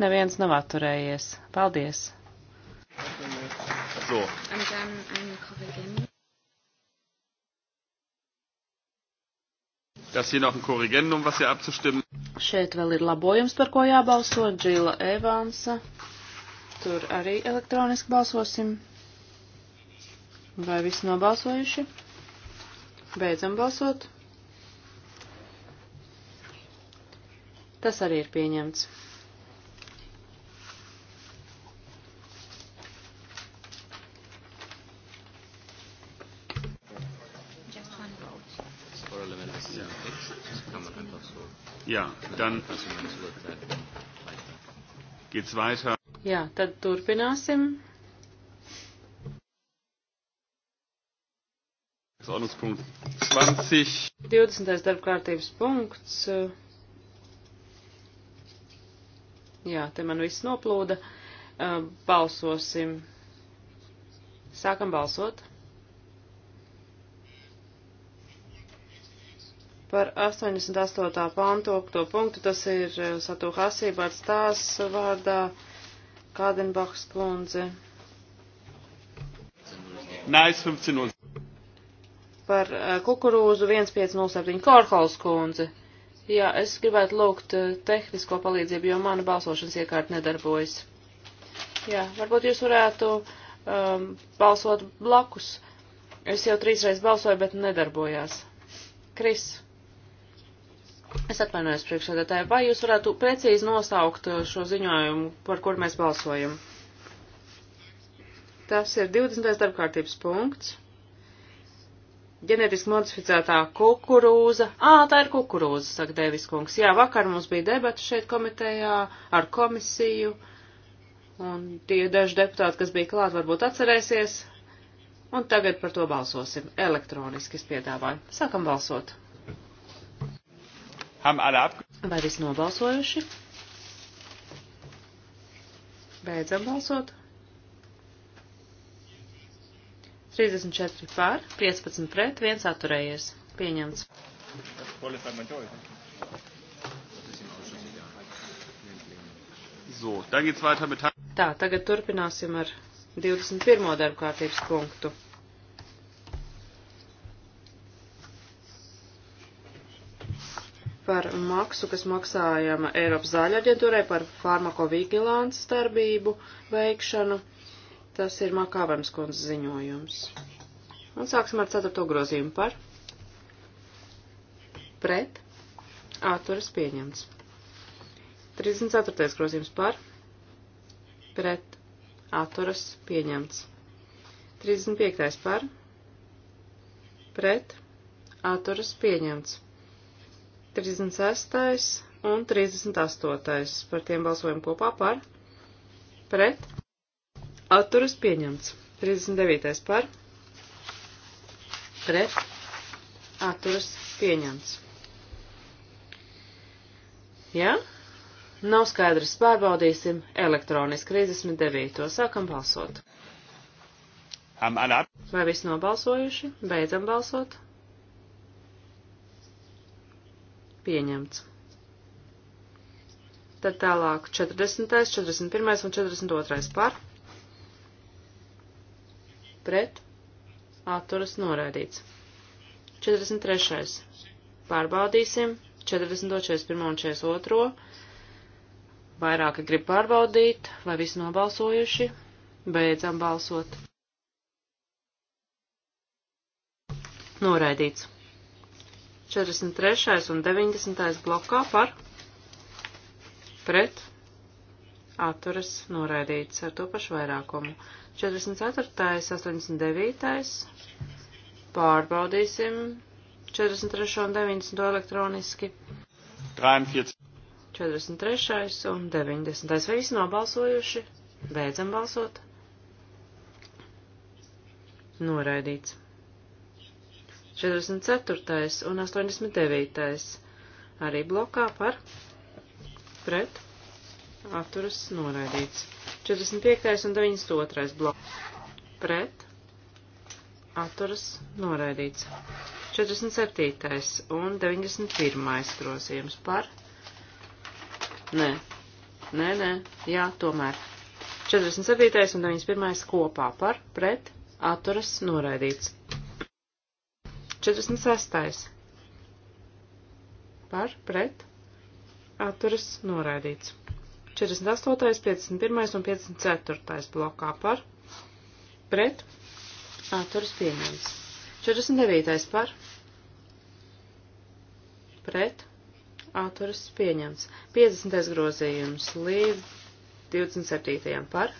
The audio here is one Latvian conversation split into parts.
Pret neviens nav atturējies. Paldies! So. And, um, Das hier noch ein Korrigendum, was hier abzustimmen. Šeit vēl ir labojums, par ko jābalso. Džila Evansa. Tur arī elektroniski balsosim. Vai visi nobalsojuši? Beidzam balsot. Tas arī ir pieņemts. Jā, dan... Geht's weiter? Jā, tad turpināsim. Ordnungspunkt 20. 20. darba kārtības punkts. Jā, te man viss noplūda. Balsosim. Sākam balsot. par 88. pantu, to punktu, tas ir eh, Satū Hasībārds tās vārdā Kādenbachs kundze. Nice 15 uz. Par eh, kukurūzu 1507 Korhols kundze. Jā, es gribētu lūgt eh, tehnisko palīdzību, jo mana balsošanas iekārta nedarbojas. Jā, varbūt jūs varētu um, balsot blakus. Es jau trīsreiz balsoju, bet nedarbojās. Kris. Es atvainojos priekšsēdētāji, vai jūs varētu precīzi nosaukt šo ziņojumu, par kur mēs balsojam? Tas ir 20. darbkārtības punkts. Ģenetiski modificētā kukurūza. Ā, tā ir kukurūza, saka Dēvis kungs. Jā, vakar mums bija debata šeit komitejā ar komisiju, un tie daži deputāti, kas bija klāt, varbūt atcerēsies. Un tagad par to balsosim. Elektroniski es piedāvāju. Sākam balsot. Vai visi nobalsojuši? Beidzam balsot. 34 pār, 15 pret, 1 atturējies. Pieņemts. So, Tā, tagad turpināsim ar 21. darbu kārtības punktu. par maksu, kas maksājama Eiropas zāļu aģentūrai par farmakovigilāns darbību veikšanu. Tas ir Makāvams kundzes ziņojums. Un sāksim ar ceturto grozījumu par. Pret. Atturas pieņemts. 34. grozījums par. Pret. Atturas pieņemts. 35. par. Pret. Atturas pieņemts. 36. un 38. Par tiem balsojam kopā par, pret, atturas pieņemts. 39. par, pret, atturas pieņemts. Ja? Nav skaidrs, pārbaudīsim elektroniski 39. Sākam balsot. Vai viss nobalsojuši? Beidzam balsot. Pieņemts. Tad tālāk 40., 41. un 42. par. Pret. Atturas noraidīts. 43. Pārbaudīsim. 40, 41 un 42. Vairāki grib pārbaudīt, vai visi nobalsojuši. Beidzam balsot. Noraidīts. 43. un 90. blokā par pret atturas noraidīts ar to pašu vairākumu. 44. 89. pārbaudīsim 43. un 90. elektroniski. 43. 43. un 90. visi nobalsojuši. Beidzam balsot. Noraidīts. 44. un 89. arī blokā par pret atturas noraidīts. 45. un 92. bloks pret atturas noraidīts. 47. un 91. grozījums par nē, nē, nē, jā, tomēr. 47. un 91. kopā par pret atturas noraidīts. 46. Par, pret, atturas noraidīts. 48., 51. un 54. blokā par, pret, atturas pieņemts. 49. par, pret, atturas pieņemts. 50. grozījums līdz 27. par,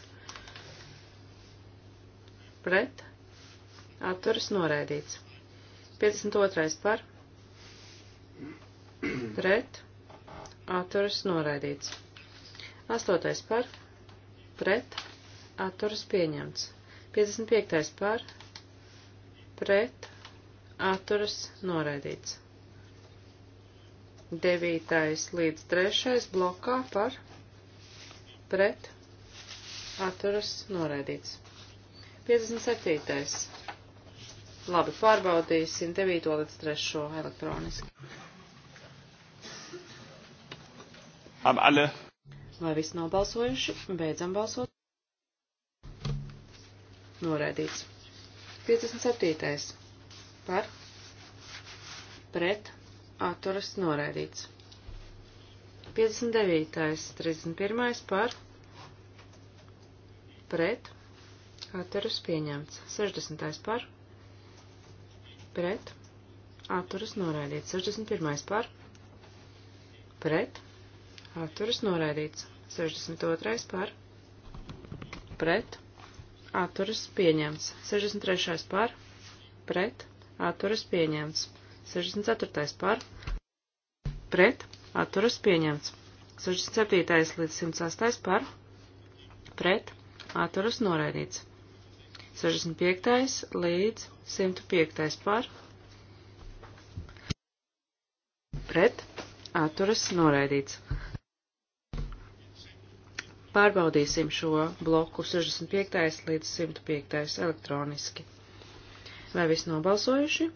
pret, atturas noraidīts. 52. par pret atturas noraidīts. 8. par pret atturas pieņemts. 55. par pret atturas noraidīts. 9. līdz 3. blokā par pret atturas noraidīts. 57. Labi, pārbaudīsim 9. līdz 3. elektroniski. Alle. Vai viss nav balsojuši? Beidzam balsot. Noraidīts. 57. Par. Pret. Atturas noraidīts. 59. 31. Par. Pret. Atturas pieņemts. 60. Par pret, atturas noraidīts. 61. par, pret, atturas noraidīts. 62. par, pret, atturas pieņemts. 63. par, pret, atturas pieņemts. 64. par, pret, atturas pieņemts. 67. līdz 108. par, pret, atturas noraidīts. 65. līdz 105. par pret atturas noraidīts. Pārbaudīsim šo bloku 65. līdz 105. elektroniski. Vai viss nobalsojuši?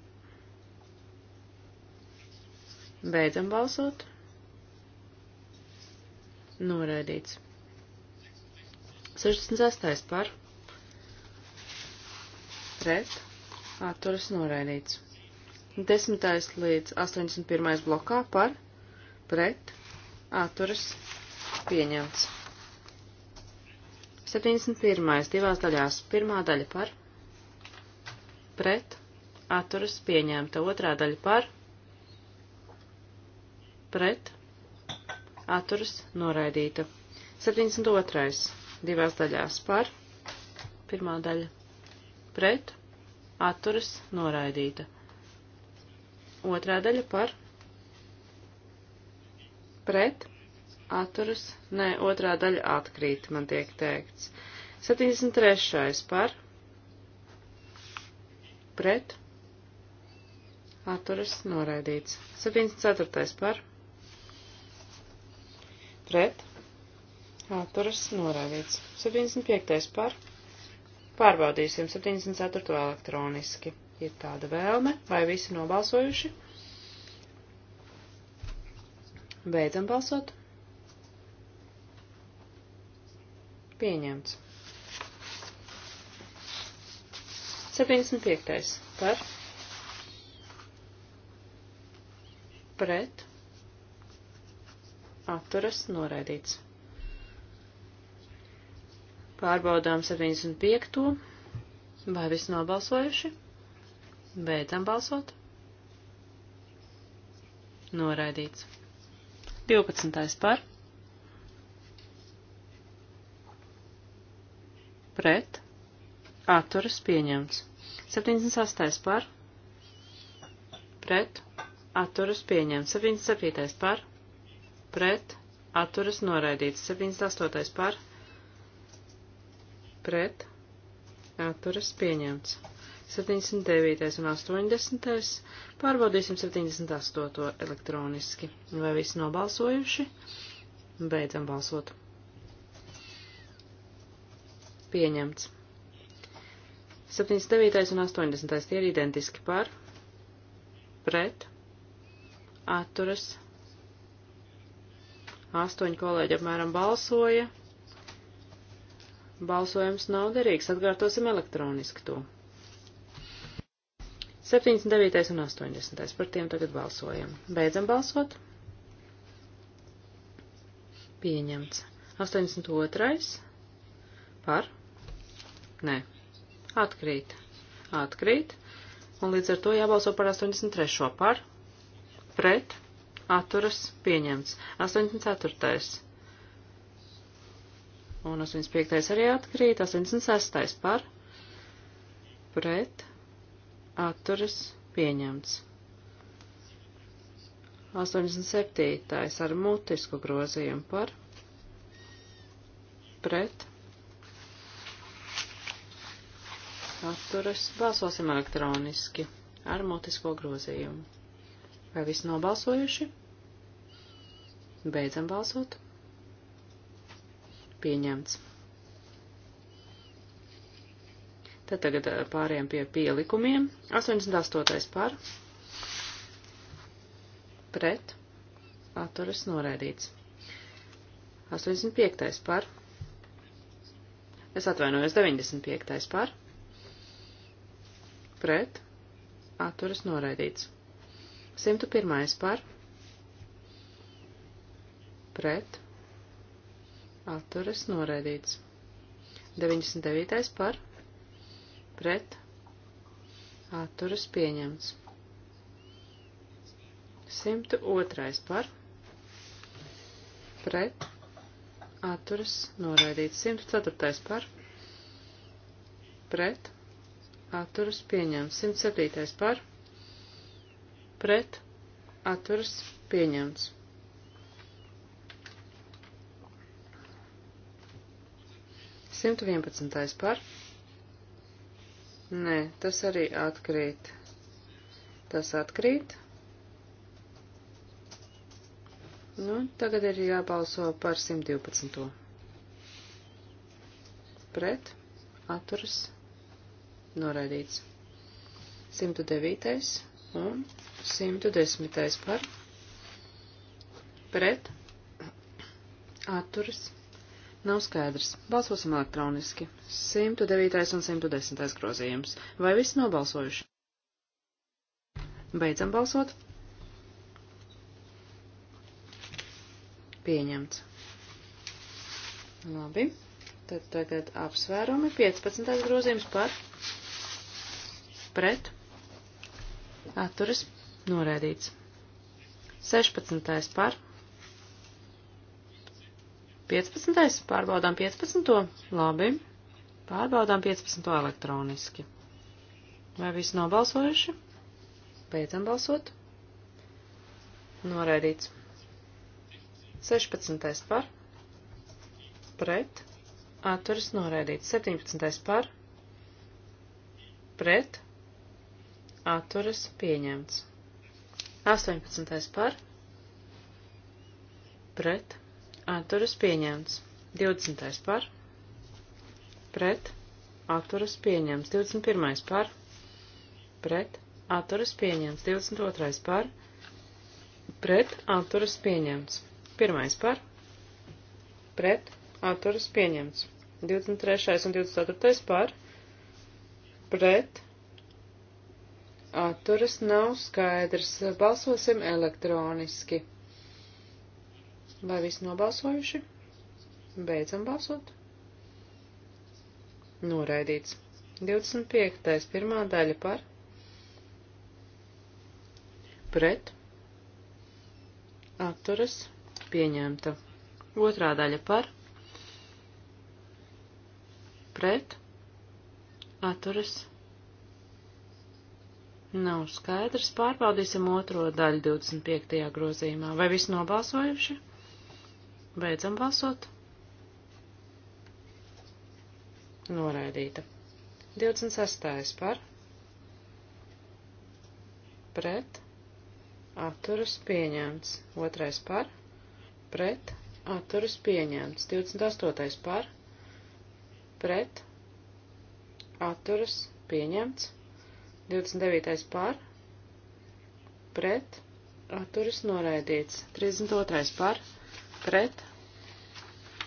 Beidzam balsot. Noraidīts. 68. par pret pret, atturas noraidīts. 10. līdz 81. blokā par, pret, atturas pieņemts. 71. divās daļās. Pirmā daļa par, pret, atturas pieņemta. Otrā daļa par, pret, atturas noraidīta. 72. divās daļās par, pirmā daļa pret, atturas noraidīta. Otrā daļa par, pret, atturas, nē, otrā daļa atkrīt, man tiek teikts. 73. par, pret, atturas noraidīts. 74. par, pret, atturas noraidīts. 75. par, Pārbaudīsim 74. elektroniski. Ir tāda vēlme, vai visi nobalsojuši? Beidzam balsot. Pieņemts. 75. par pret atturas noraidīts. Pārbaudām 75. Vai visi nobalsojuši? Beidzam balsot. Noraidīts. 12. par. Pret. Atturas pieņemts. 78. par. Pret. Atturas pieņemts. 77. par. Pret. Atturas noraidīts. 78. par pret atturas pieņemts. 79. un 80. pārbaudīsim 78. elektroniski. Vai visi nobalsojuši? Beidzam balsot. Pieņemts. 79. un 80. tie ir identiski par, pret, atturas. Astoņi kolēģi apmēram balsoja balsojums nav derīgs, atkārtosim elektroniski to. 79. un 80. par tiem tagad balsojam. Beidzam balsot. Pieņemts. 82. par. Nē. Atkrīt. Atkrīt. Un līdz ar to jābalso par 83. par. Pret. Atturas. Pieņemts. 84. Un 85. arī atkrīt, 86. par, pret, atturas, pieņemts. 87. ar mutisku grozījumu par, pret, atturas, balsosim elektroniski ar mutisko grozījumu. Vai visi nobalsojuši? Beidzam balsot pieņemts. Tad tagad eh, pāriem pie pielikumiem. 88. par. Pret. Atturas noraidīts. 85. par. Es atvainojos 95. par. Pret. Atturas noraidīts. 101. par. Pret atturas noraidīts. 99. par pret atturas pieņemts. 102. par pret atturas noraidīts. 104. par pret atturas pieņemts. 107. par pret atturas pieņemts. 111. par? Nē, tas arī atkrīt. Tas atkrīt. Nu, tagad ir jābalso par 112. Pret, atturas, noraidīts. 109. un 110. par, pret, atturas, noraidīts Nav skaidrs. Balsosim elektroniski. 109. un 110. grozījums. Vai viss nobalsojuši? Beidzam balsot. Pieņemts. Labi. Tad tagad apsvērumi. 15. grozījums par pret atturas norēdīts. 16. par pret 15. Pārbaudām 15. Labi. Pārbaudām 15. elektroniski. Vai visi nobalsojuši? Beidzam balsot. Noraidīts. 16. par. Pret. Atturis noraidīts. 17. par. Pret. Atturis pieņemts. 18. par. Pret atturas pieņemts. 20. par, pret, atturas pieņemts. 21. par, pret, atturas pieņemts. 22. par, pret, atturas pieņemts. 1. par, pret, atturas pieņemts. 23. un 24. par, pret, atturas nav skaidrs. Balsosim elektroniski. Vai visi nobalsojuši? Beidzam balsot. Noraidīts. 25. pirmā daļa par. Pret. Atturas. Pieņemta. Otrā daļa par. Pret. Atturas. Nav skaidrs. Pārbaudīsim otro daļu 25. grozījumā. Vai viss nobalsojuši? Beidzam balsot. Noraidīta. 26. par. Pret. Atturas pieņemts. Otrais par. Pret. Atturas pieņemts. 28. par. Pret. Atturas pieņemts. 29. par. Pret. Atturas noraidīts. 32. par. Pret pret,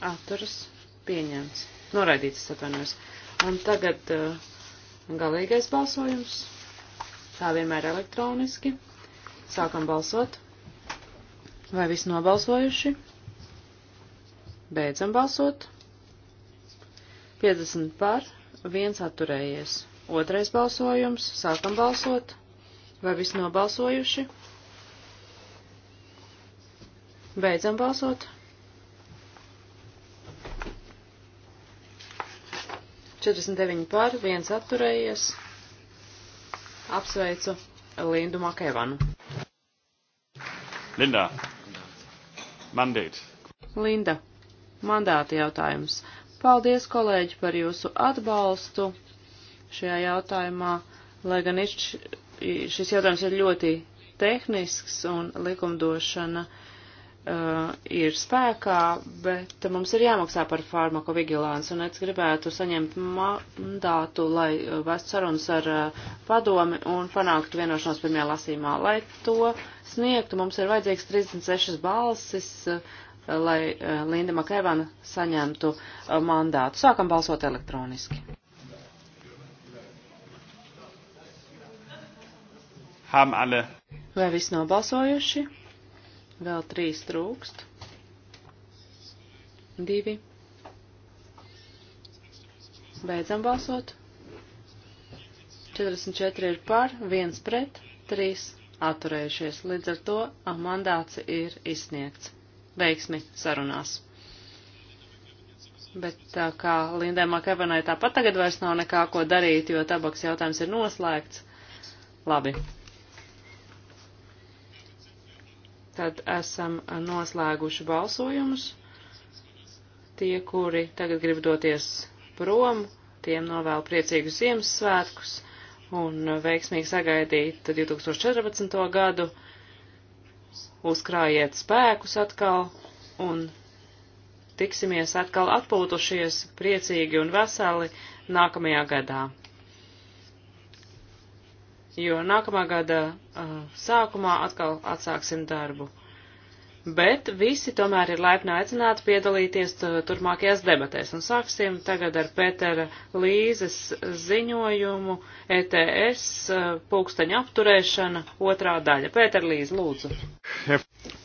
atturas, pieņemts. Noraidīts, es atvainojos. Un tagad uh, galīgais balsojums. Tā vienmēr elektroniski. Sākam balsot. Vai visi nobalsojuši? Beidzam balsot. 50 par, viens atturējies. Otrais balsojums. Sākam balsot. Vai visi nobalsojuši? Beidzam balsot. 49 par, viens atturējies. Apsveicu Lindu Makēvanu. Linda. Mandate. Linda. Mandāta jautājums. Paldies, kolēģi, par jūsu atbalstu šajā jautājumā, lai gan šis jautājums ir ļoti tehnisks un likumdošana uh, ir spēkā, bet mums ir jāmaksā par farmakovigilāns, un es gribētu saņemt mandātu, lai vēstu sarunas ar uh, padomi un panāktu vienošanos pirmajā lasīmā. Lai to sniegtu, mums ir vajadzīgs 36 balsis, uh, lai uh, Linda Makēvana saņemtu uh, mandātu. Sākam balsot elektroniski. Haben alle. Vai viss nobalsojuši? Vēl trīs trūkst. Divi. Beidzam balsot. 44 ir par, 1 pret, 3 atturējušies. Līdz ar to mandāts ir izsniegts. Veiksmi sarunās. Bet tā kā Lindai Makavenai tāpat tagad vairs nav nekā ko darīt, jo tabaks jautājums ir noslēgts. Labi. Tad esam noslēguši balsojumus. Tie, kuri tagad grib doties prom, tiem novēlu priecīgus Ziemassvētkus un veiksmīgi sagaidīt 2014. gadu, uzkrājiet spēkus atkal un tiksimies atkal atpūtušies, priecīgi un veseli nākamajā gadā jo nākamā gada uh, sākumā atkal atsāksim darbu. Bet visi tomēr ir laipni aicināti piedalīties uh, turpmākajās debatēs. Un sāksim tagad ar Pētera Līzes ziņojumu ETS uh, pulksteņa apturēšana otrā daļa. Pēter Līze, lūdzu.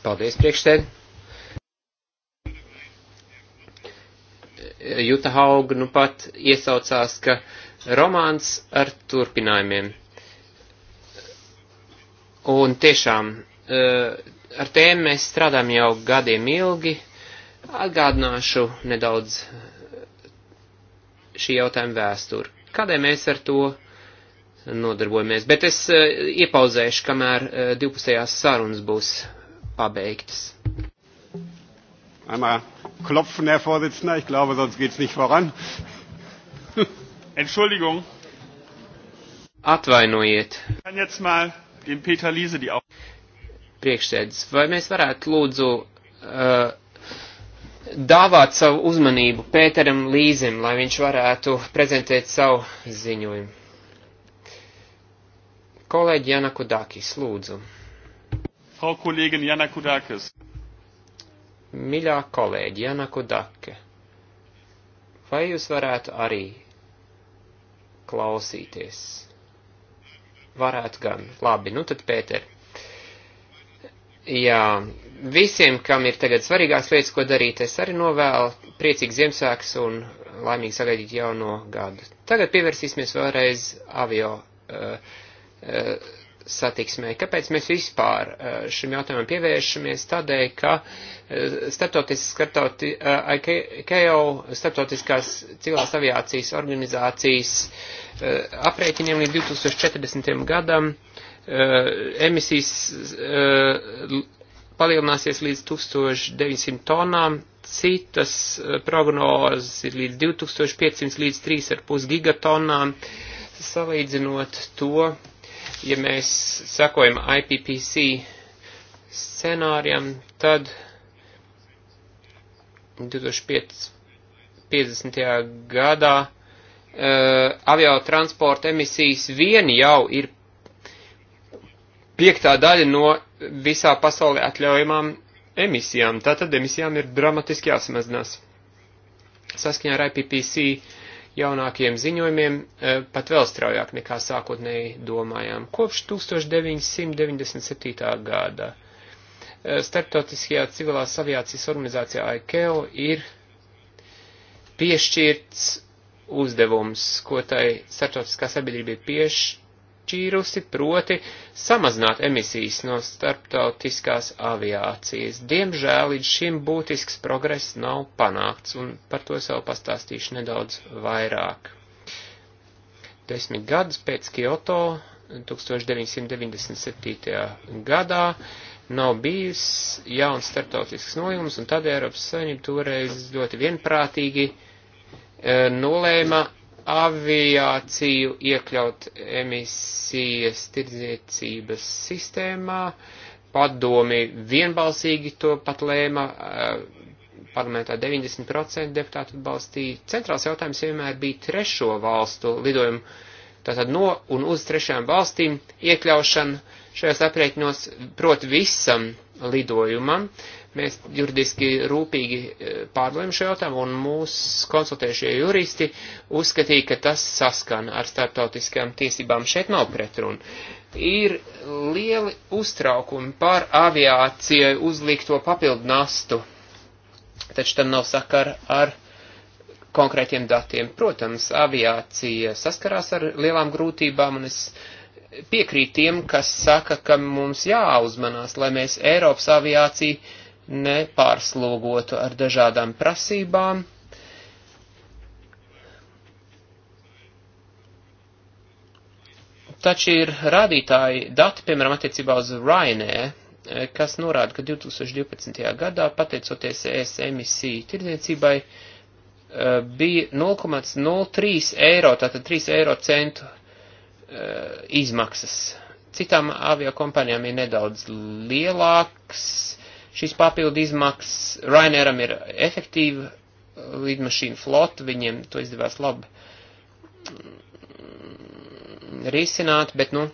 Paldies, priekšsēd. Juta Haug nu pat iesaucās, ka romāns ar turpinājumiem Un tiešām eh, ar tēmu mēs strādājam jau gadiem ilgi. Atgādināšu nedaudz eh, šī jautājuma vēsturi. Kādēļ mēs ar to nodarbojamies? Bet es eh, iepauzēšu, kamēr divpusējās sarunas būs pabeigtas. Einmal klopfen, Herr Vorsitzender. Ich glaube, sonst geht es nicht voran. Entschuldigung. Atvainojiet. Ich kann jetzt mal dem Peter Liese die auch. Priekšsēdis, vai mēs varētu lūdzu uh, dāvāt savu uzmanību Pēteram Līzim, lai viņš varētu prezentēt savu ziņojumu? Kolēģi Jana Kudakis, lūdzu. Frau Kollegin Jana Kudakis. Miļā kolēģi Jana Kudake, vai jūs varētu arī klausīties? varētu gan. Labi, nu tad Pēter. Jā, visiem, kam ir tagad svarīgās lietas, ko darīt, es arī novēlu priecīgu Ziemassvētku un laimīgi sagaidīt jauno gadu. Tagad pievērsīsimies vēlreiz avio. Uh, satiksmē. Kāpēc mēs vispār uh, šim jautājumam pievēršamies? Tādēļ, ka uh, starptautis, ICAO, uh, starptautiskās civilās aviācijas organizācijas aprēķiniem līdz 2040. gadam emisijas palielināsies līdz 1900 tonām, citas prognozes ir līdz 2500 līdz 3,5 gigatonām, salīdzinot to Ja mēs sakojam IPPC scenārijam, tad 2050. gadā uh, eh, avio transporta emisijas vien jau ir piektā daļa no visā pasaulē atļaujamām emisijām. Tātad emisijām ir dramatiski jāsamazinās. Saskaņā ar IPPC jaunākiem ziņojumiem eh, pat vēl straujāk nekā sākotnēji domājām. Kopš 1997. gada eh, Startautiskajā civilās aviācijas organizācijā ICAO e ir piešķirts uzdevums, ko tai starptautiskā sabiedrība ir piešķirta piešķīrusi, proti samazināt emisijas no starptautiskās aviācijas. Diemžēl līdz šim būtisks progress nav panākts, un par to es vēl pastāstīšu nedaudz vairāk. Desmit gadus pēc Kyoto 1997. gadā nav bijis jauns starptautisks nolīgums, un tad Eiropas Savienība toreiz ļoti vienprātīgi e, nolēma aviāciju iekļaut emisijas tirdzniecības sistēmā. Padomi vienbalsīgi to pat lēma, eh, parlamentā 90% deputātu atbalstīja. Centrāls jautājums vienmēr bija trešo valstu lidojumu, tātad no un uz trešajām valstīm iekļaušana šajos aprēķinos proti visam lidojumam. Uh, Mēs juridiski rūpīgi e, pārdomājam šo jautājumu, un mūsu konsultējušie juristi uzskatīja, ka tas saskan ar starptautiskajām tiesībām. Šeit nav pretruna. Ir lieli uztraukumi par aviācijai uzlikto papildu nastu, taču tam nav sakara ar konkrētiem datiem. Protams, aviācija saskarās ar lielām grūtībām, un es piekrītu tiem, kas saka, ka mums jāuzmanās, lai mēs Eiropas aviāciju nepārslogotu ar dažādām prasībām. Taču ir rādītāji dati, piemēram, attiecībā uz Ryanair, kas norāda, ka 2012. gadā, pateicoties ES emisiju tirdzniecībai, eh, bija 0,03 eiro, tātad 3 eiro centu eh, izmaksas. Citām aviokompānijām ir nedaudz lielāks Šīs papildu izmaksas Raineram ir efektīva lidmašīna flota, viņiem to izdevās labi mm, risināt, bet, nu,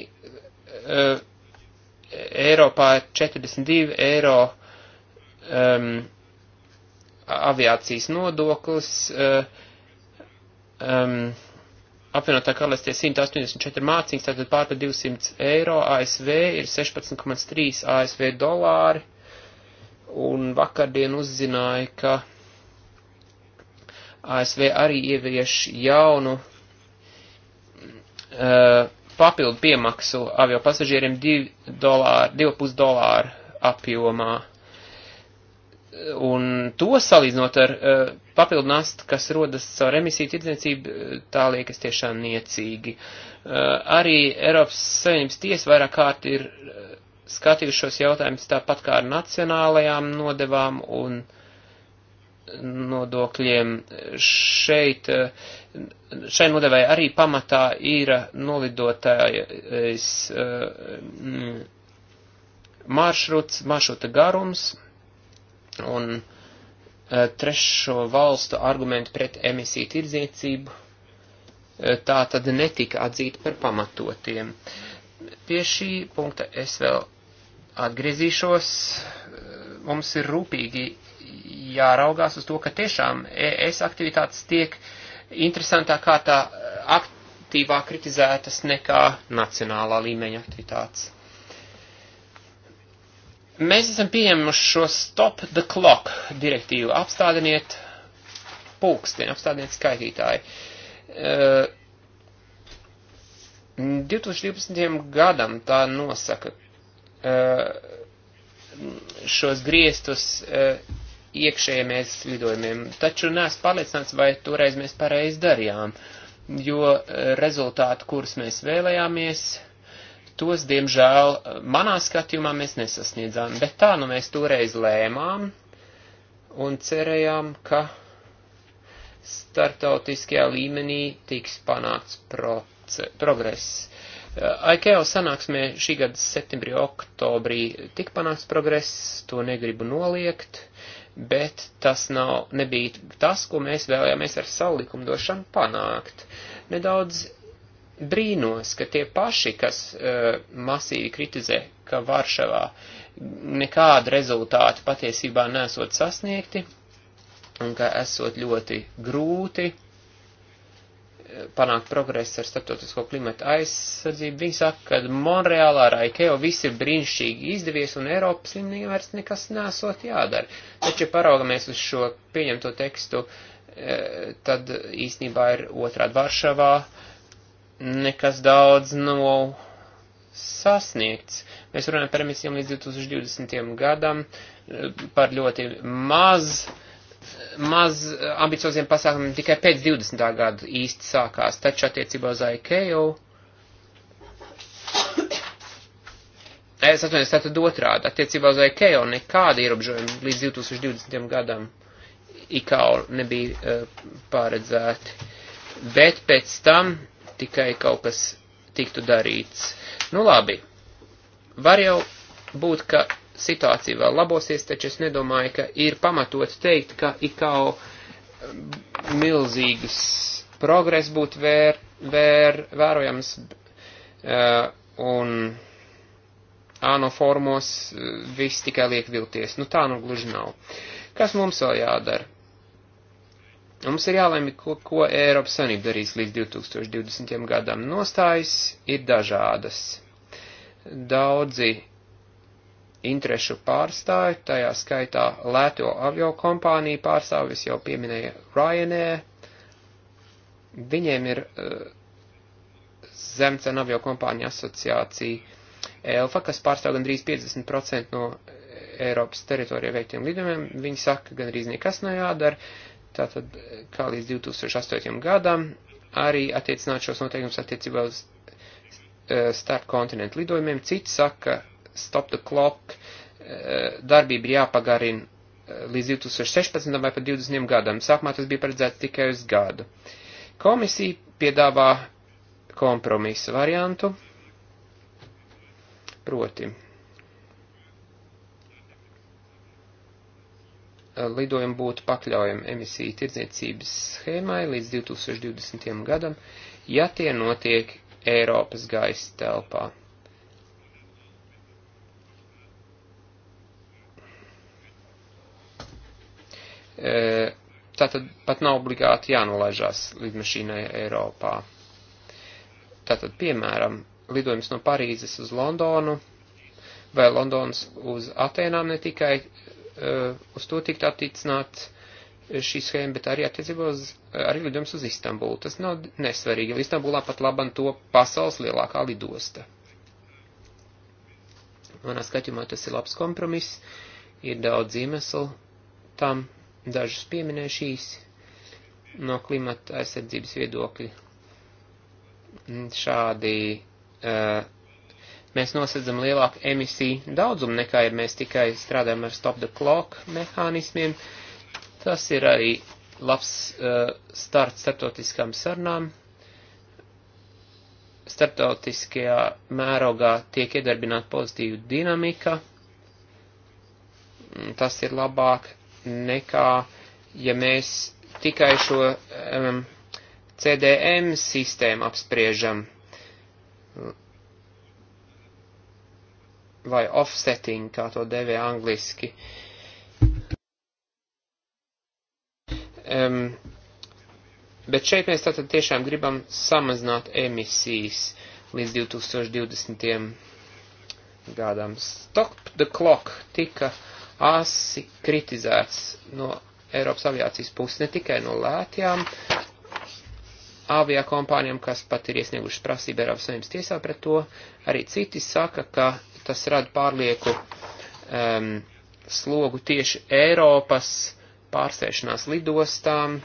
e, Eiropā 42 eiro um, aviācijas nodoklis, uh, um, apvienotā karalistē 184 mācīgs, tātad pār par 200 eiro, ASV ir 16,3 ASV dolāri, un vakardien uzzināja, ka ASV arī ievieš jaunu uh, papildu piemaksu avio pasažieriem 2,5 dolāru, dolāru apjomā un to salīdzinot ar uh, eh, papildināstu, kas rodas caur emisiju tirdzniecību, eh, tā liekas tiešām niecīgi. Uh, arī Eiropas Savienības tiesa vairāk kārt ir uh, skatījušos jautājumus tāpat kā ar nacionālajām nodevām un nodokļiem. Šeit, uh, šai nodevai arī pamatā ir nolidotājs uh, maršruts, maršruta garums Un uh, trešo valstu argumentu pret emisiju tirdzniecību uh, tā tad netika atzīta par pamatotiem. Pie šī punkta es vēl atgriezīšos. Eh, mums ir rūpīgi jāraugās uz to, ka tiešām ES aktivitātes tiek interesantā kārtā aktīvāk kritizētas nekā nacionālā līmeņa aktivitātes. Mēs esam pieņemuši šo stop the clock direktīvu. Apstādiniet pulksteni, apstādiniet skaitītāji. Uh, eh, 2012. gadam tā nosaka uh, šos griestus uh, iekšējiem mēs lidojumiem, taču neesmu pārliecināts, vai toreiz mēs pareizi darījām, jo rezultāti, kurus mēs vēlējāmies, tos, diemžēl, manā skatījumā mēs nesasniedzām. Bet tā nu mēs toreiz lēmām un cerējām, ka startautiskajā līmenī tiks panākts progress. IKEA sanāksmē šī gada septembrī, oktobrī tik panāks progress, to negribu noliegt, bet tas nav, nebija tas, ko mēs vēlējāmies ar savu likumdošanu panākt. Nedaudz brīnos, ka tie paši, kas uh, masīvi kritizē, ka Varšavā nekāda rezultāta patiesībā nesot sasniegti un ka esot ļoti grūti e, panākt progresu ar starptautisko klimatu aizsardzību, viņi saka, ka Monreālā ar IKEO viss ir brīnišķīgi izdevies un Eiropas līmenī vairs nekas nesot jādara. Taču, ja paraugamies uz šo pieņemto tekstu, e, tad īstenībā ir otrādi Varšavā, uh, nekas daudz nav no sasniegts. Mēs runājam par emisijām līdz 2020. gadam, eh, par ļoti maz, maz ambicioziem pasākumiem tikai pēc 20. gadu īsti sākās, taču attiecībā uz IKEA. Es atvainojos, tātad otrādi, attiecībā uz IKEA nekāda ierobežojuma līdz 2020. gadam IKAO nebija uh, paredzēti. Bet pēc tam tikai kaut kas tiktu darīts. Nu labi, var jau būt, ka situācija vēl labosies, taču es nedomāju, ka ir pamatot teikt, ka ikau mm, milzīgas progress būtu vēr, vēr, vērojams uh, un āno formos eh, viss tikai liek vilties. Nu tā nu gluži nav. Kas mums vēl jādara? Mums ir jālemj, ko, ko Eiropas Savienība darīs līdz 2020. gadam. Nostājas ir dažādas. Daudzi interešu pārstāvi, tajā skaitā lēto avio kompāniju pārstāvis jau pieminēja Ryanair. Viņiem ir uh, Zemcena avio kompāņu asociācija Elfa, kas pārstāv gandrīz 50% no Eiropas teritorijā veiktiem lidojumiem. Viņi saka, ka gandrīz nekas nav jādara. Uh, tātad kā līdz 2008. gadam, arī attiecināt šos noteikumus attiecībā uz eh, starp kontinentu lidojumiem. Cits saka, stop the clock, eh, darbība ir jāpagarina eh, līdz 2016. vai pat 20. gadam. Sākumā tas bija paredzēts tikai uz gadu. Komisija piedāvā kompromisa variantu, proti lidojumi būtu pakļaujami emisiju tirdzniecības schēmai līdz 2020. gadam, ja tie notiek Eiropas gaisa telpā. E, tātad pat nav obligāti jānolaižās lidmašīnai Eiropā. Tātad, piemēram, lidojums no Parīzes uz Londonu vai Londons uz Atēnām ne tikai uz to tikt attiecināts eh, šī schēma, bet arī attiecībā uz, eh, arī lidojums uz Istanbulu. Tas nav nesvarīgi, jo Istanbulā pat laban to pasaules lielākā lidosta. Manā skatījumā tas ir labs kompromiss, ir daudz iemeslu tam, dažus pieminēšīs no klimata aizsardzības viedokļa. Mm, šādi uh, mēs nosedzam lielāku emisiju daudzumu nekā, ja mēs tikai strādājam ar stop the clock mehānismiem. Tas ir arī labs uh, starts starptautiskām sarunām. Starptautiskajā mērogā tiek iedarbināta pozitīva dinamika. Mm, tas ir labāk nekā, ja mēs tikai šo um, CDM sistēmu apspriežam vai offsetting, kā to devē angliski. Um, bet šeit mēs tātad tiešām gribam samazināt emisijas līdz 2020. gadam. Stop the clock tika asi kritizēts no Eiropas aviācijas puses, ne tikai no lētjām aviokompānijām, kas pat ir iesniegušas prasību Eiropas Savienības tiesā pret to, arī citi saka, ka tas rada pārlieku um, slogu tieši Eiropas pārsēšanās lidostām.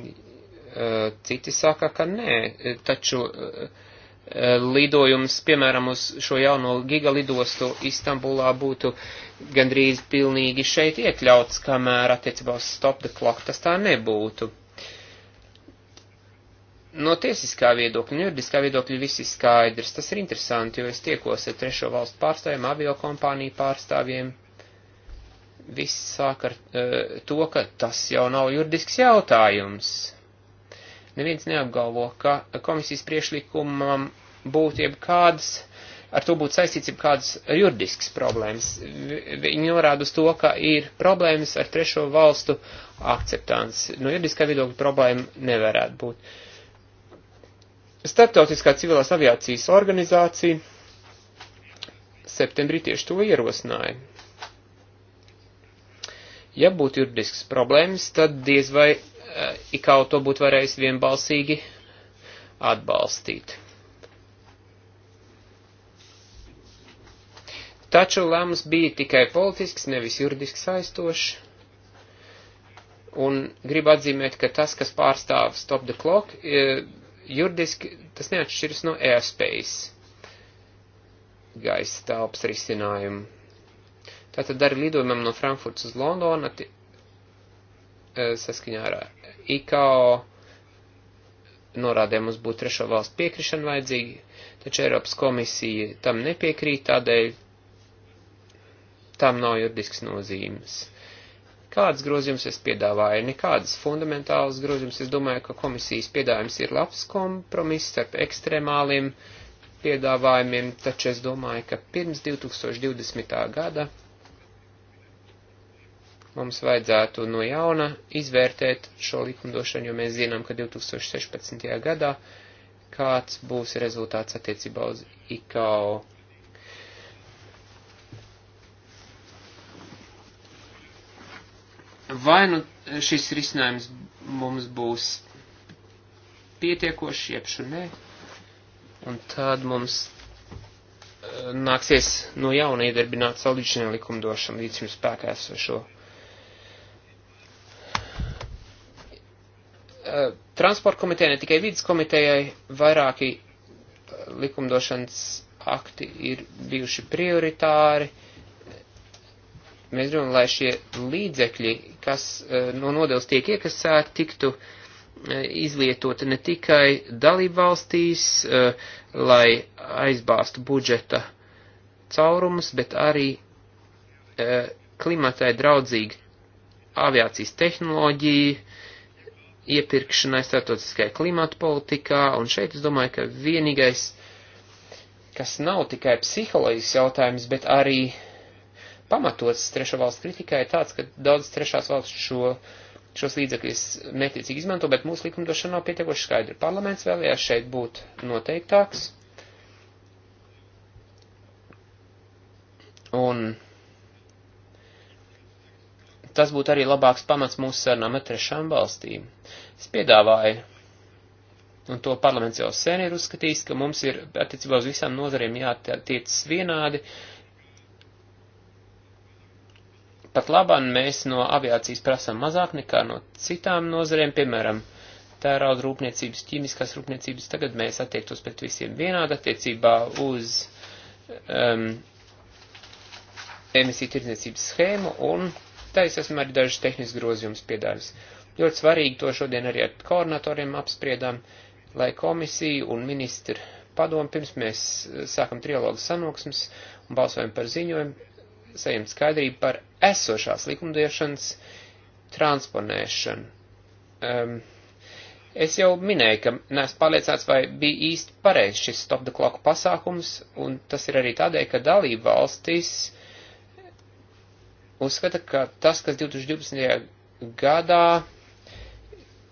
E, citi saka, ka nē, taču e, lidojums, piemēram, uz šo jauno gigalidostu Istambulā būtu gandrīz pilnīgi šeit iekļauts, kamēr attiecībā uz stop the clock tas tā nebūtu. No tiesiskā viedokļa un juridiskā viedokļa viss ir skaidrs. Tas ir interesanti, jo es tiekos ar trešo valstu pārstāvjiem, aviokompāniju pārstāvjiem. Viss sāk ar uh, to, ka tas jau nav juridisks jautājums. Neviens neapgalvo, ka komisijas priešlikumam būtu jebkādas ar to būtu saistīts jau kādas juridiskas problēmas. Viņi norāda uz to, ka ir problēmas ar trešo valstu akceptants. No juridiskā viedokļa problēma nevarētu būt. Startautiskā civilās aviācijas organizācija septembrī tieši to ierosināja. Ja būtu juridisks problēmas, tad diez vai uh, eh, IKAU to būtu varējis vienbalsīgi atbalstīt. Taču lēmums bija tikai politisks, nevis juridiski saistošs. Un gribu atzīmēt, ka tas, kas pārstāv Stop the Clock, eh, juridiski tas neatšķiras no airspace gaisa telpas risinājumu. Tātad arī lidojumam no Frankfurts uz Londonu e, saskaņā ar ICAO norādēm mums būtu trešo valstu piekrišana vajadzīga, taču Eiropas komisija tam nepiekrīt, tādēļ tam nav juridisks nozīmes. Kādas grozījums es piedāvāju? Nekādas fundamentālas grozījums. Es domāju, ka komisijas piedāvājums ir labs kompromiss starp ekstremāliem piedāvājumiem, taču es domāju, ka pirms 2020. gada mums vajadzētu no jauna izvērtēt šo likumdošanu, jo mēs zinām, ka 2016. gadā kāds būs rezultāts attiecībā uz IKO vai nu šis risinājums mums būs pietiekoši, iepšu nē, un tad mums eh, nāksies no jauna iedarbināt salīdzinājumu likumdošanu līdz jums spēkā esošo. Eh, transporta komiteja, ne tikai vidas komitejai, vairāki eh, likumdošanas akti ir bijuši prioritāri. Uh, Mēs gribam, lai šie līdzekļi, kas e, no nodevas tiek iekasēti, tiktu e, izlietoti ne tikai dalību valstīs, e, lai aizbāstu budžeta caurumus, bet arī klimatai draudzīgi aviācijas tehnoloģiju, iepirkšanai starptautiskajā klimata politikā, un šeit es domāju, ka vienīgais, kas nav tikai psiholoģisks jautājums, bet arī uh, pamatots trešo valstu kritikai ir tāds, ka daudz trešās valsts šo, šos līdzekļus netiecīgi izmanto, bet mūsu likumdošana nav pietiekoši skaidra. Parlaments vēlējās šeit būt noteiktāks. Un tas būtu arī labāks pamats mūsu sarunām ar trešām valstīm. Es piedāvāju, un to parlaments jau sen ir uzskatījis, ka mums ir attiecībā uz visām nozarēm jātiec vienādi, pat labāk mēs no aviācijas prasām mazāk nekā no citām nozarēm, piemēram, tērauda rūpniecības, ķīmiskās rūpniecības, tagad mēs attiektos pret visiem vienādi attiecībā uz um, emisiju tirdzniecības schēmu un taisa esmu arī dažas tehniskas grozījumus piedāvis. Ļoti svarīgi to šodien arī ar koordinatoriem apspriedām, lai komisija un ministri padomu pirms mēs sākam trialogu sanoksmes un balsojam par ziņojumu, saņemt skaidrību par esošās likumdiešanas transponēšanu. Um, es jau minēju, ka neesmu pārliecināts, vai bija īsti pareizs šis stop the clock pasākums, un tas ir arī tādēļ, ka dalība valstis uzskata, ka tas, kas 2020. gadā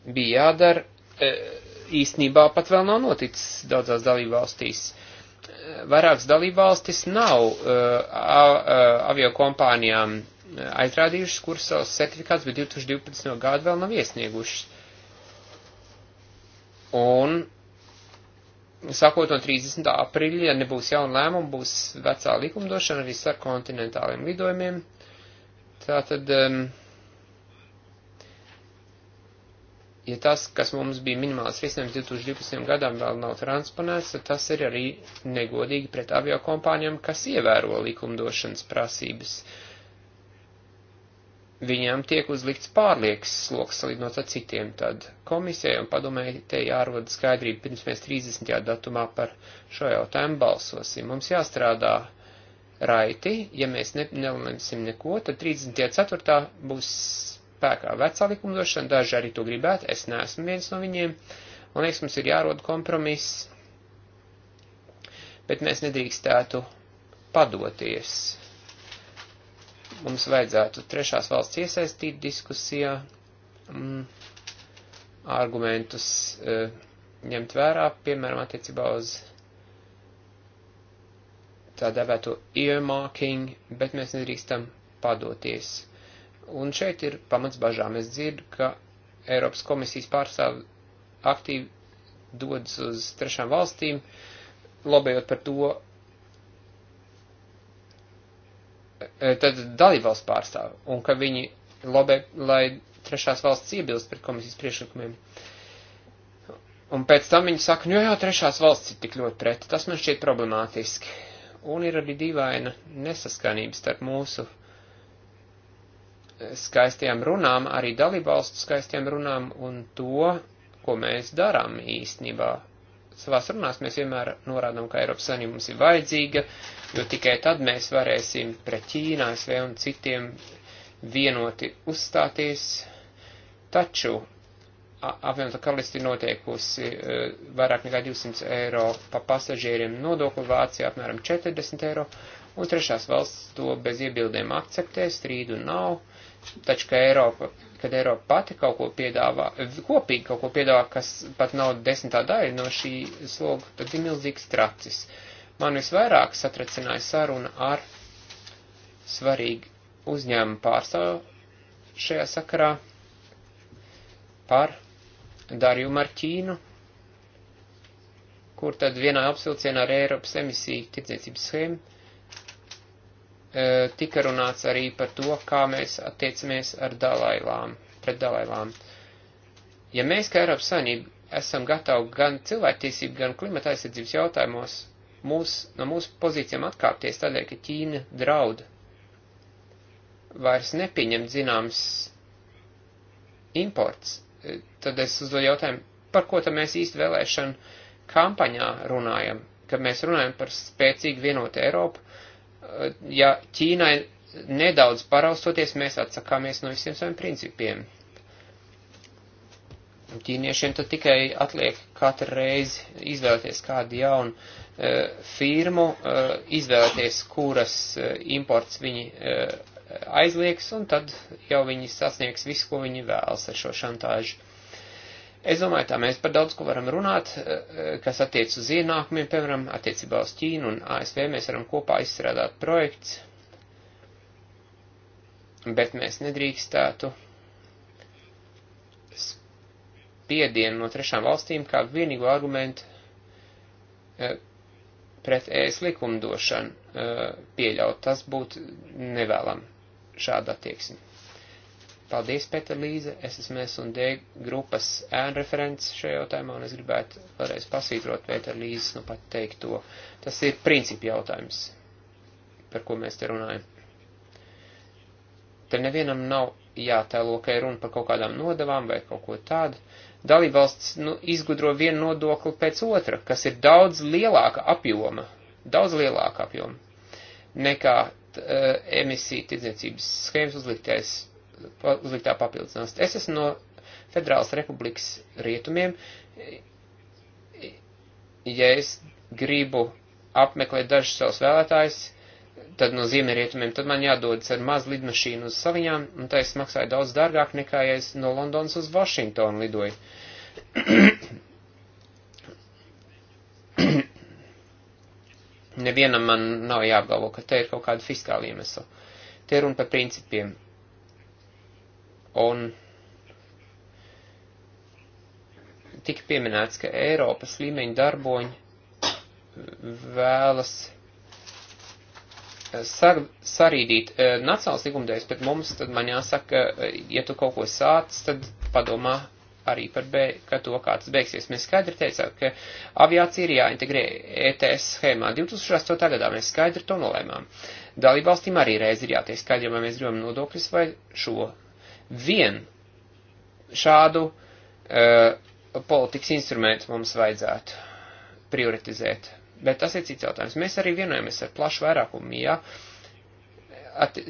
bija jādara, eh, īstenībā pat vēl nav noticis daudzās dalība valstīs. Uh, vairākas dalībvalstis nav uh, uh avio kompānijām uh, aizrādījušas, kuras savus certifikātus, bet 2012. gadu vēl nav iesniegušas. Un, sakot, no 30. aprīļa, ja nebūs jauna lēmuma, būs vecā likumdošana arī ar kontinentāliem lidojumiem. Tātad. Um, ja tas, kas mums bija minimāls risinājums 2012. gadam, vēl nav transponēts, tad tas ir arī negodīgi pret avio kompānijām, kas ievēro likumdošanas prasības. Viņām tiek uzlikts pārlieks sloks salīdzinot ar citiem, tad komisijai un padomēji te jāroda skaidrība, pirms mēs 30. datumā par šo jautājumu balsosim. Mums jāstrādā raiti, ja mēs ne, nelemsim neko, tad 34. būs spēkā vecā likumdošana, daži arī to gribētu, es neesmu viens no viņiem. Man liekas, mums ir jāroda kompromiss, bet mēs nedrīkstētu padoties. Mums vajadzētu trešās valsts iesaistīt diskusijā, mm, argumentus e, ņemt vērā, piemēram, attiecībā uz tā devēto earmarking, bet mēs nedrīkstam padoties. Un šeit ir pamats bažām. Es dzirdu, ka Eiropas komisijas pārstāvi aktīvi dodas uz trešām valstīm, lobējot par to, e, tad dalībvalsts pārstāvi, un ka viņi lobē, lai trešās valsts iebilst pret komisijas priekšlikumiem. Un pēc tam viņi saka, nu jā, trešās valsts ir tik ļoti pret, tas man šķiet problemātiski. Un ir arī dīvaina nesaskanība starp mūsu skaistiem runām, arī dalībvalstu skaistiem runām un to, ko mēs darām īstenībā. Savās runās mēs vienmēr norādām, ka Eiropas Savienība mums ir vajadzīga, jo tikai tad mēs varēsim pret Ķīnā, SV un citiem vienoti uzstāties. Taču apvienotā karalistī noteikusi e, vairāk nekā 200 eiro pa pasažieriem nodokli, Vācija apmēram 40 eiro, un trešās valsts to bez iebildēm akceptē, strīdu nav. Taču, ka Eiropa, kad Eiropa pati kaut ko piedāvā, kopīgi kaut ko piedāvā, kas pat nav desmitā daļa no šī sloga, tad ir milzīgs tracis. Man visvairāk satracināja saruna ar svarīgu uzņēmumu pārstāvu šajā sakarā par darījumu ar Ķīnu, kur tad vienā apsilcienā ar Eiropas emisiju tirdzniecības schēmu Eh, tika runāts arī par to, kā mēs attiecamies ar dalailām, pret dalailām. Ja mēs, kā Eiropas Savienība, esam gatavi gan cilvēktiesību, gan klimata aizsardzības jautājumos mūs, no mūsu pozīcijām atkāpties tādēļ, ka Ķīna draud vairs nepieņem zināms imports, eh, tad es uzdodu jautājumu, par ko tad mēs īsti vēlēšanu kampaņā runājam, kad mēs runājam par spēcīgu vienotu Eiropu, ja Ķīnai nedaudz paraustoties, mēs atsakāmies no visiem saviem principiem. Ķīniešiem tad tikai atliek katru reizi izvēlēties kādu jaunu e, firmu, e, izvēlēties, kuras e, imports viņi e, aizliegs, un tad jau viņi sasniegs visu, ko viņi vēlas ar šo šantāžu. Es domāju, tā mēs par daudz ko varam runāt, eh, eh, kas attiec uz ienākumiem, piemēram, attiecībā uz Ķīnu un ASV mēs varam kopā izstrādāt projekts, bet mēs nedrīkstētu spiedienu no trešām valstīm kā vienīgu argumentu eh, pret ēs e likumdošanu pieļaut. Tas būtu nevēlam šāda attieksme. Paldies, Pēter Līze. Es esmu S un D grupas ēnreferents šajā jautājumā, un es gribētu vēlreiz pasītrot Pēter Līzes, nu pat teikt to. Tas ir principi jautājums, par ko mēs te runājam. Te nevienam nav jātēlo, ka ir runa par kaut kādām nodavām vai kaut ko tādu. Dalībvalsts nu, izgudro vienu nodokli pēc otra, kas ir daudz lielāka apjoma, daudz lielāka apjoma nekā t, uh, eh, emisija tirdzniecības schēmas uzliktais uzliktā papildinās. Es esmu no Federālas republikas rietumiem. Ja es gribu apmeklēt dažus savus vēlētājus, tad no ziemeļrietumiem, tad man jādodas ar mazu lidmašīnu uz saviņām, un tā es maksāju daudz dārgāk nekā, ja es no Londonas uz Vašingtonu lidoju. Nevienam man nav jāapgalvo, ka te ir kaut kāda fiskāla iemesla. Te runa par principiem. Un tika pieminēts, ka Eiropas līmeņa darboņi vēlas eh, sar, sarīdīt e, eh, nacionāls likumdējs, bet mums tad man jāsaka, eh, ja tu kaut ko sāc, tad padomā arī par be, ka to, kā tas beigsies. Mēs skaidri teicām, ka aviācija ir jāintegrē ETS schēmā. 2008. gadā mēs skaidri to nolēmām. Dalībvalstīm arī reiz ir jātiek skaidri, vai mēs gribam nodokļus vai šo Vien šādu uh, politikas instrumentu mums vajadzētu prioritizēt. Bet tas ir cits jautājums. Mēs arī vienojamies ar plašu vairākumu, ja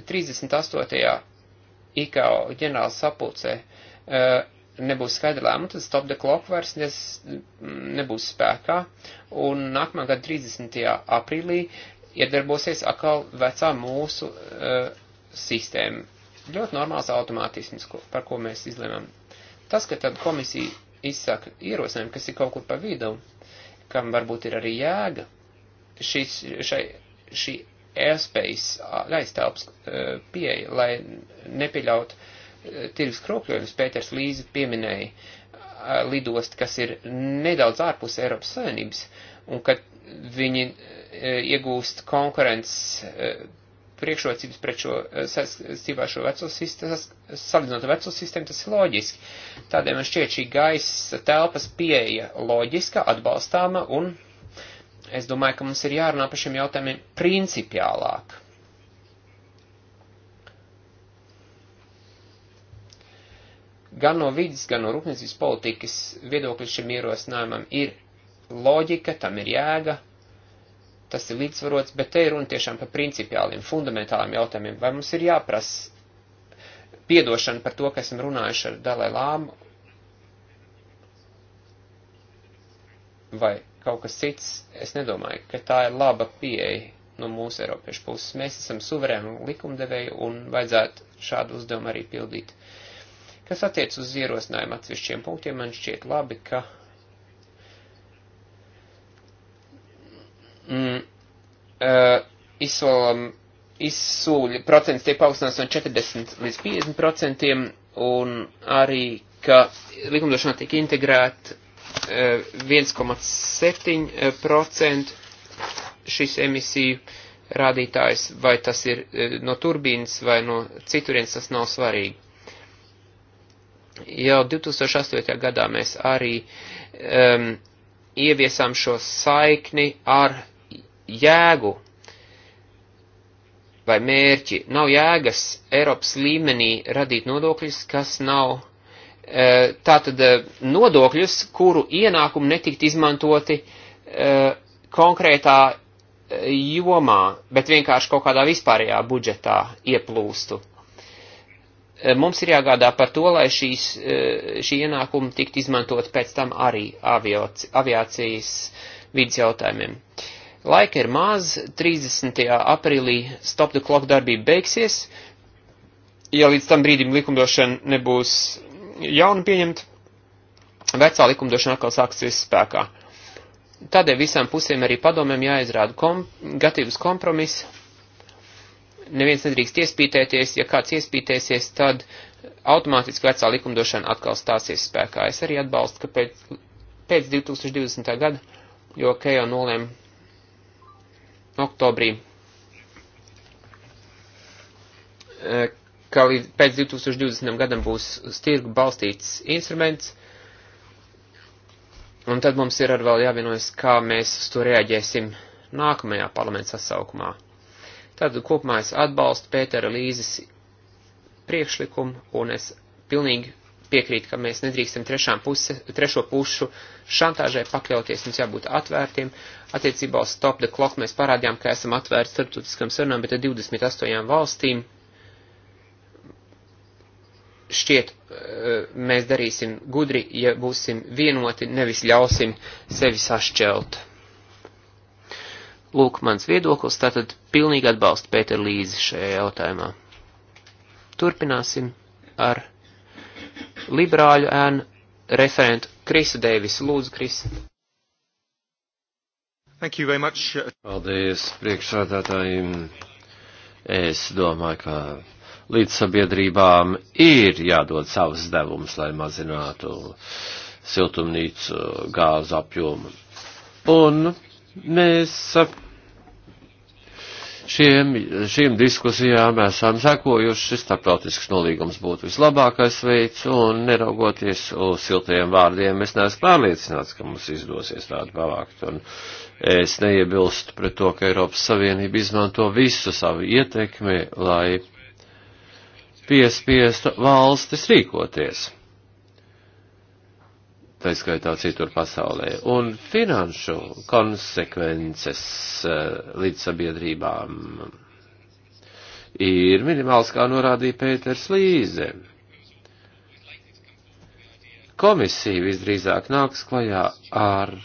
38. IKO ģenerāla sapulcē uh, nebūs skaidra lēmuma, tad stop the clock vairs nebūs spēkā. Un nākamā gada 30. aprīlī iedarbosies atkal vecā mūsu uh, sistēma Ļoti normāls automātisms, ko, par ko mēs izlēmām. Tas, ka tad komisija izsaka ierosinājumu, kas ir kaut kur pa vidu, kam varbūt ir arī jēga, šis, šai, šī airspace, aiztelps eh, pieeja, lai nepieļaut eh, tirgus kropļojumus. Pēters Līze pieminēja eh, lidost, kas ir nedaudz ārpus Eiropas Savienības, un kad viņi iegūst konkurences priekšrocības pret šo eh, saistībā ar šo veco sistēmu, salīdzinot ar veco sistēmu, tas ir loģiski. Tādēļ man šķiet šī gaisa telpas pieeja loģiska, atbalstāma un es domāju, ka mums ir jārunā par šiem jautājumiem principiālāk. Gan no vidas, gan no rūpniecības politikas viedokļa šim ierosinājumam ir loģika, tam ir jēga, tas ir līdzsvarots, bet te ir runa tiešām par principiāliem, fundamentāliem jautājumiem. Vai mums ir jāprasa piedošana par to, ka esam runājuši ar Dalai Lāmu, vai kaut kas cits? Es nedomāju, ka tā ir laba pieeja no mūsu Eiropiešu puses. Mēs esam suverēni likumdevēji un vajadzētu šādu uzdevumu arī pildīt. Kas attiec uz ierosinājumu atsevišķiem punktiem, man šķiet labi, ka mm, uh, izsolam, izsūļa procents tiek paaugstināts no 40 līdz 50 procentiem, un arī, ka likumdošanā tiek integrēt uh, 1,7% šis emisiju rādītājs, vai tas ir uh, no turbīnas vai no citurienes, tas nav svarīgi. Jau 2008. gadā mēs arī um, ieviesām šo saikni ar jēgu vai mērķi. Nav jēgas Eiropas līmenī radīt nodokļus, kas nav e, tātad e, nodokļus, kuru ienākumi netikt izmantoti e, konkrētā jomā, bet vienkārši kaut kādā vispārējā budžetā ieplūstu. Mums ir jāgādā par to, lai šīs, šī ienākuma tikt izmantot pēc tam arī aviācijas vidas jautājumiem. Uh, Laika ir maz, 30. aprīlī stop the clock darbība beigsies, ja līdz tam brīdim likumdošana nebūs jauna pieņemta, vecā likumdošana atkal sāksies spēkā. Tādēļ visām pusēm arī padomēm jāizrāda kom gatavs kompromiss. Neviens nedrīkst iespītēties, ja kāds iespītēsies, tad automātiski vecā likumdošana atkal stāsies spēkā. Es arī atbalstu, ka pēc, pēc 2020. gada, jo Kejo nolēma oktobrī, ka pēc 2020. gadam būs uz tirgu balstīts instruments, un tad mums ir ar vēl jāvienojas, kā mēs uz to reaģēsim nākamajā parlamenta sasaukumā. Tad kopumā es atbalstu Pētera Līzes priekšlikumu, un es pilnīgi piekrīt, ka mēs nedrīkstam puse, trešo pušu šantāžai pakļauties, mums jābūt atvērtiem. Attiecībā uz Stop the Clock mēs parādījām, ka esam atvērti starptautiskam sarunām, bet ar 28 valstīm šķiet eh, mēs darīsim gudri, ja būsim vienoti, nevis ļausim sevi sašķelt. Lūk, mans viedoklis, tātad pilnīgi atbalstu Pēter Līzi šajā jautājumā. Turpināsim ar liberāļu ēnu referentu Krisu Deivisu. Lūdzu, Kris. Paldies priekšsādātājiem. Es domāju, ka līdz sabiedrībām ir jādod savus devumus, lai mazinātu siltumnīcu gāzu apjomu. Un mēs Šiem, šīm diskusijām esam sekojuši, starptautisks nolīgums būtu vislabākais veids, un neraugoties uz siltajiem vārdiem, es neesmu pārliecināts, ka mums izdosies tādu pavākt, un es neiebilstu pret to, ka Eiropas Savienība izmanto visu savu ietekmi, lai piespiestu valstis rīkoties tā skaitā citur pasaulē. Un finanšu konsekvences eh, līdz sabiedrībām ir minimāls, kā norādīja Pēters Līze. Komisija visdrīzāk nāks klajā ar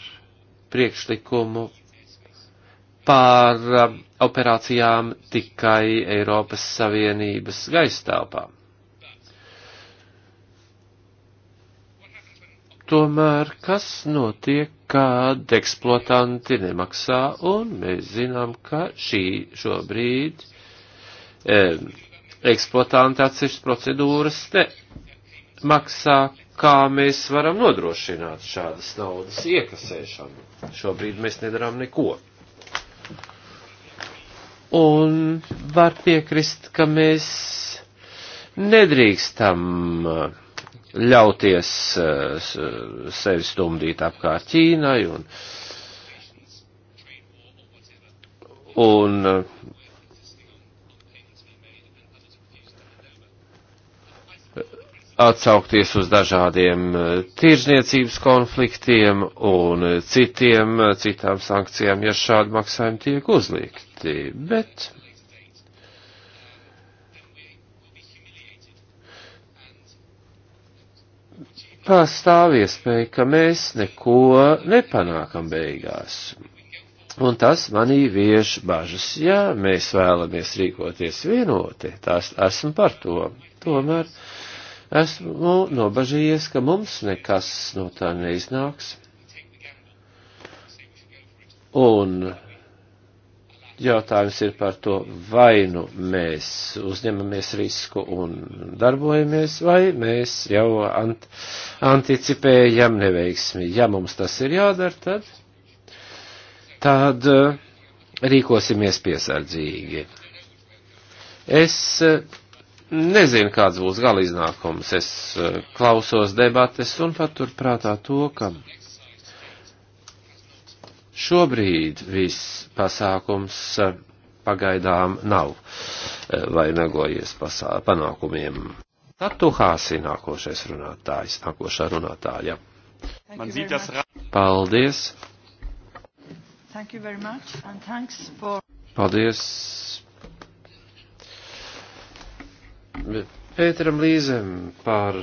priekšlikumu par eh, operācijām tikai Eiropas Savienības gaistāpām. Tomēr, kas notiek, kad eksploatanti nemaksā, un mēs zinām, ka šī šobrīd e, eksploatanti atsevišķas procedūras nemaksā, kā mēs varam nodrošināt šādas naudas iekasēšanu. Šobrīd mēs nedarām neko. Un var piekrist, ka mēs nedrīkstam ļauties eh, sevi stumdīt apkārt Ķīnai un, un eh, atsaukties uz dažādiem eh, tirzniecības konfliktiem un citiem, citām sankcijām, ja šādi maksājumi tiek uzlikti. Bet pastāv iespēja, ka mēs neko nepanākam beigās. Un tas manī vieš bažas, jā, mēs vēlamies rīkoties vienoti, tās esmu par to. Tomēr esmu nobažījies, ka mums nekas no tā neiznāks. Un Jautājums ir par to, vai nu mēs uzņemamies risku un darbojamies, vai mēs jau ant anticipējam neveiksmi. Ja mums tas ir jādara, tad, tad eh, rīkosimies piesardzīgi. Es eh, nezinu, kāds būs gala iznākums. Es eh, klausos debates un paturprātā to, ka Šobrīd viss pasākums eh, pagaidām nav eh, vainagojies panākumiem. Tatu Hāsī nākošais runātājs, nākošā runātāja. Man zītas rā. Paldies. Thank you very much and thanks for. Paldies. Pēteram Līzem par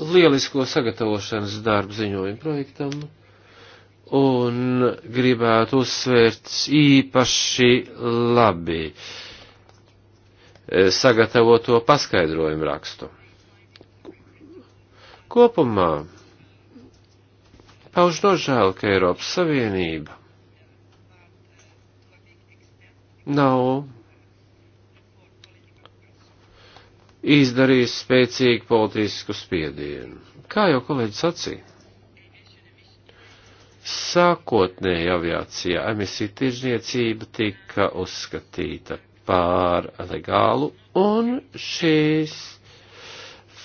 lielisko sagatavošanas darbu ziņojumu projektam un gribētu uzsvērt īpaši labi eh, sagatavoto paskaidrojumu rakstu. Kopumā pauž nožēlu, ka Eiropas Savienība nav izdarījusi spēcīgu politisku spiedienu. Kā jau kolēģis sacīja? Sākotnēji aviācijā emisija tirzniecība tika uzskatīta par legālu, un šīs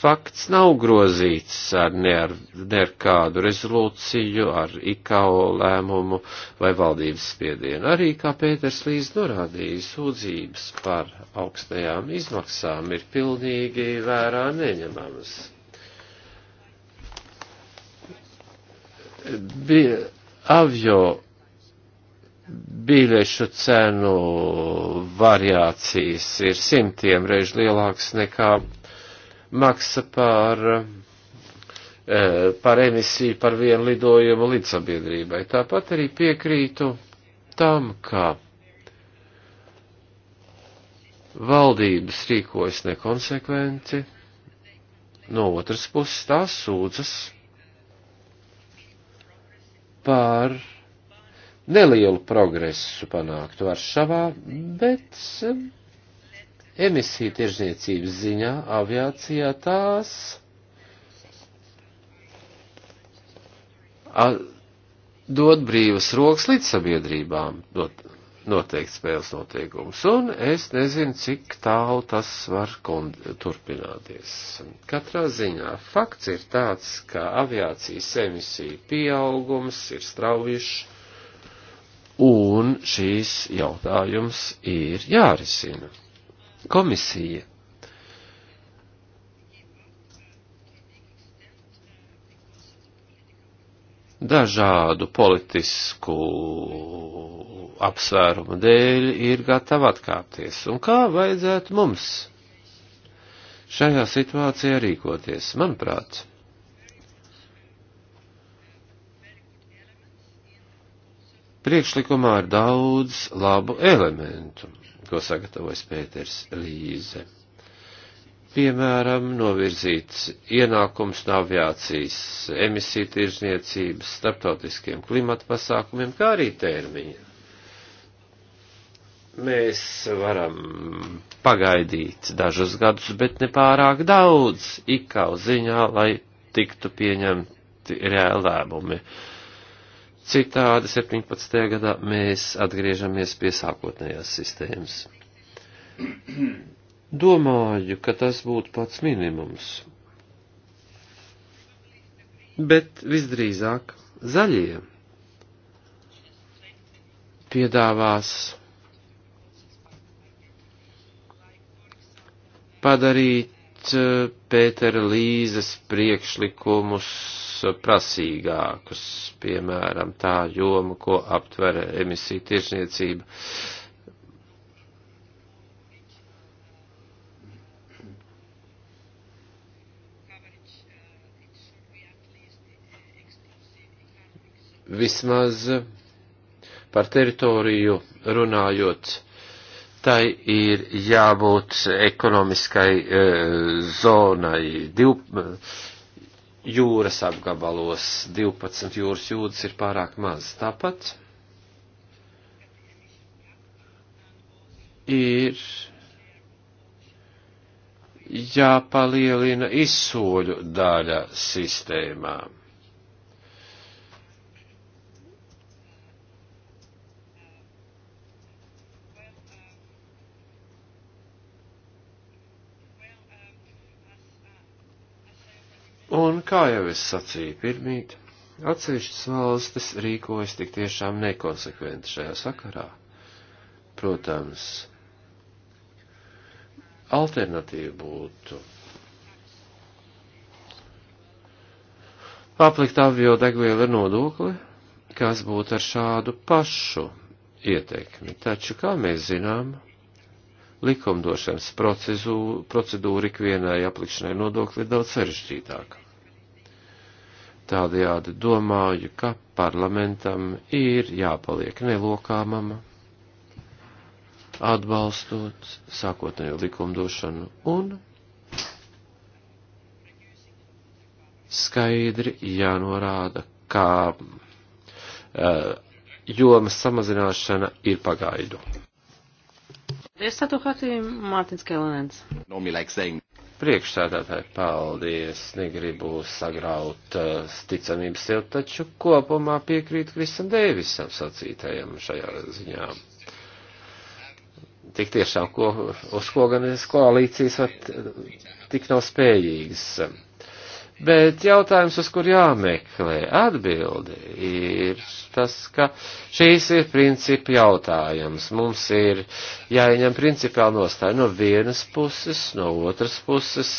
fakts nav grozīts ar ne ar, ne ar kādu rezolūciju, ar IKO lēmumu vai valdības spiedienu. Arī, kā Pēters Līs norādīja, sūdzības par augstajām izmaksām ir pilnīgi vērā neņemamas. bi, avio bīļešu cenu variācijas ir simtiem reiz lielāks nekā maksa par, eh, par emisiju par vienu lidojumu līdz sabiedrībai. Tāpat arī piekrītu tam, ka valdības rīkojas nekonsekventi, no otras puses tās sūdzas par nelielu progresu panāktu Varšavā, bet emisiju tirzniecības ziņā aviācijā tās dod brīvas rokas līdz sabiedrībām, dod noteikti spēles noteikumus, un es nezinu, cik tālu tas var turpināties. Katrā ziņā fakts ir tāds, ka aviācijas emisiju pieaugums ir straujišs, un šīs jautājums ir jārisina. Komisija dažādu politisku apsvērumu dēļ ir gatava atkāpties. Un kā vajadzētu mums šajā situācijā rīkoties, manuprāt? Priekšlikumā ir daudz labu elementu, ko sagatavojas Pēters Līze piemēram, novirzīts ienākums no aviācijas, emisiju tirzniecības, starptautiskiem klimata pasākumiem, kā arī termiņa. Mēs varam pagaidīt dažus gadus, bet ne pārāk daudz ikā ziņā, lai tiktu pieņemti reāli lēmumi. Citādi 17. gadā mēs atgriežamies pie sākotnējās sistēmas. Domāju, ka tas būtu pats minimums. Bet visdrīzāk zaļie piedāvās padarīt eh, Pētera Līzes priekšlikumus prasīgākus, piemēram, tā joma, ko aptver emisiju tiešniecība vismaz par teritoriju runājot, tai ir jābūt ekonomiskai e, zonai. Div, jūras apgabalos 12 jūras jūdzes ir pārāk maz. Tāpat ir jāpalielina izsoļu daļa sistēmām Un, kā jau es sacīju pirmīt, atsevišķas valstis rīkojas tik tiešām nekonsekventi šajā sakarā. Protams, alternatīva būtu aplikt avio degvielu ar nodokli, kas būtu ar šādu pašu ietekmi. Taču, kā mēs zinām, likumdošanas procedūra ikvienai aplikšanai nodokli ir daudz sarežģītāka. Tādējādi domāju, ka parlamentam ir jāpaliek nelokāmam, atbalstot sākotnējo likumdošanu un skaidri jānorāda, kā uh, eh, jomas samazināšana ir pagaidu. Es tādu hatīju Mārtiņš Kelenens. Normally like saying priekšsēdētāji, paldies, negribu sagraut uh, sticamības sev, taču kopumā piekrīt Krisam Dēvisam sacītajam šajā ziņā. Tik tiešām, ko, uz ko gan es koalīcijas var tik nav spējīgas. Bet jautājums, uz kur jāmeklē atbildi, ir tas, ka šīs ir principi jautājums. Mums ir jāieņem principiāli nostāja no vienas puses, no otras puses.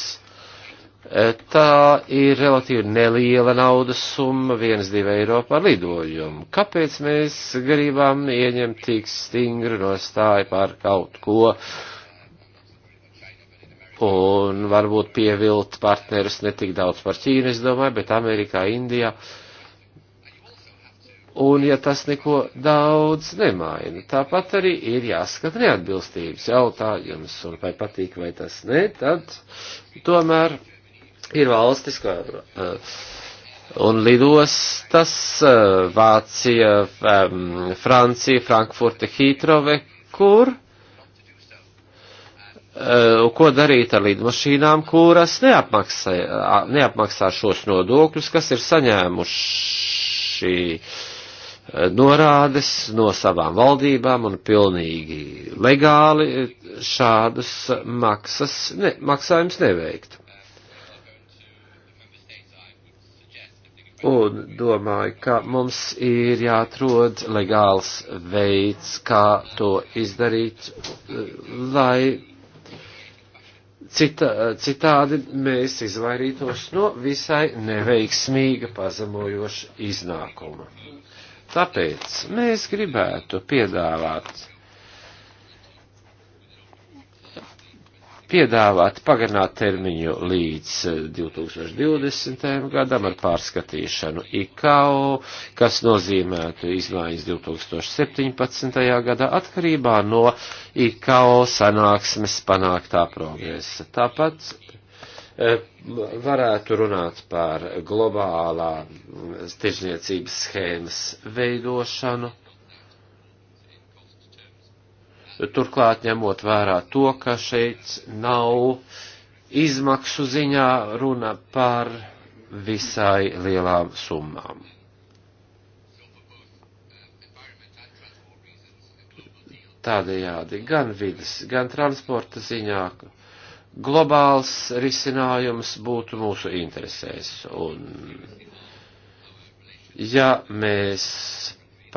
E, tā ir relatīvi neliela naudas summa, 1-2 eiro par lidojumu. Kāpēc mēs gribam ieņemt tik stingru nostāju par kaut ko? Uh, un varbūt pievilt partnerus ne tik daudz par Ķīnu, es domāju, bet Amerikā, Indijā. Un ja tas neko daudz nemaina, tāpat arī ir jāskat neatbilstības jautājums, un vai patīk vai tas ne, tad tomēr ir valstis, kā. Uh, un lidostas eh, Vācija, Francija, Frankfurte, Hītrove, kur Eh, ko darīt ar lidmašīnām, kuras neapmaksā, neapmaksā šos nodokļus, kas ir saņēmuši eh, norādes no savām valdībām un pilnīgi legāli šādas maksas, ne, maksājums neveikt. un domāju, ka mums ir jāatrod legāls veids, kā to izdarīt, eh, lai Cita, citādi mēs izvairītos no visai neveiksmīga pazemojoša iznākuma. Tāpēc mēs gribētu piedāvāt piedāvāt pagarināt termiņu līdz 2020. Eh, gadam ar pārskatīšanu IKO, kas nozīmētu izmaiņas 2017. gadā atkarībā no IKO sanāksmes panāktā progresa. Tāpat eh, varētu runāt par globālā tirzniecības schēmas veidošanu Turklāt ņemot vērā to, ka šeit nav izmaksu ziņā runa par visai lielām summām. Tādējādi gan vidas, gan transporta ziņā globāls risinājums būtu mūsu interesēs. Un ja mēs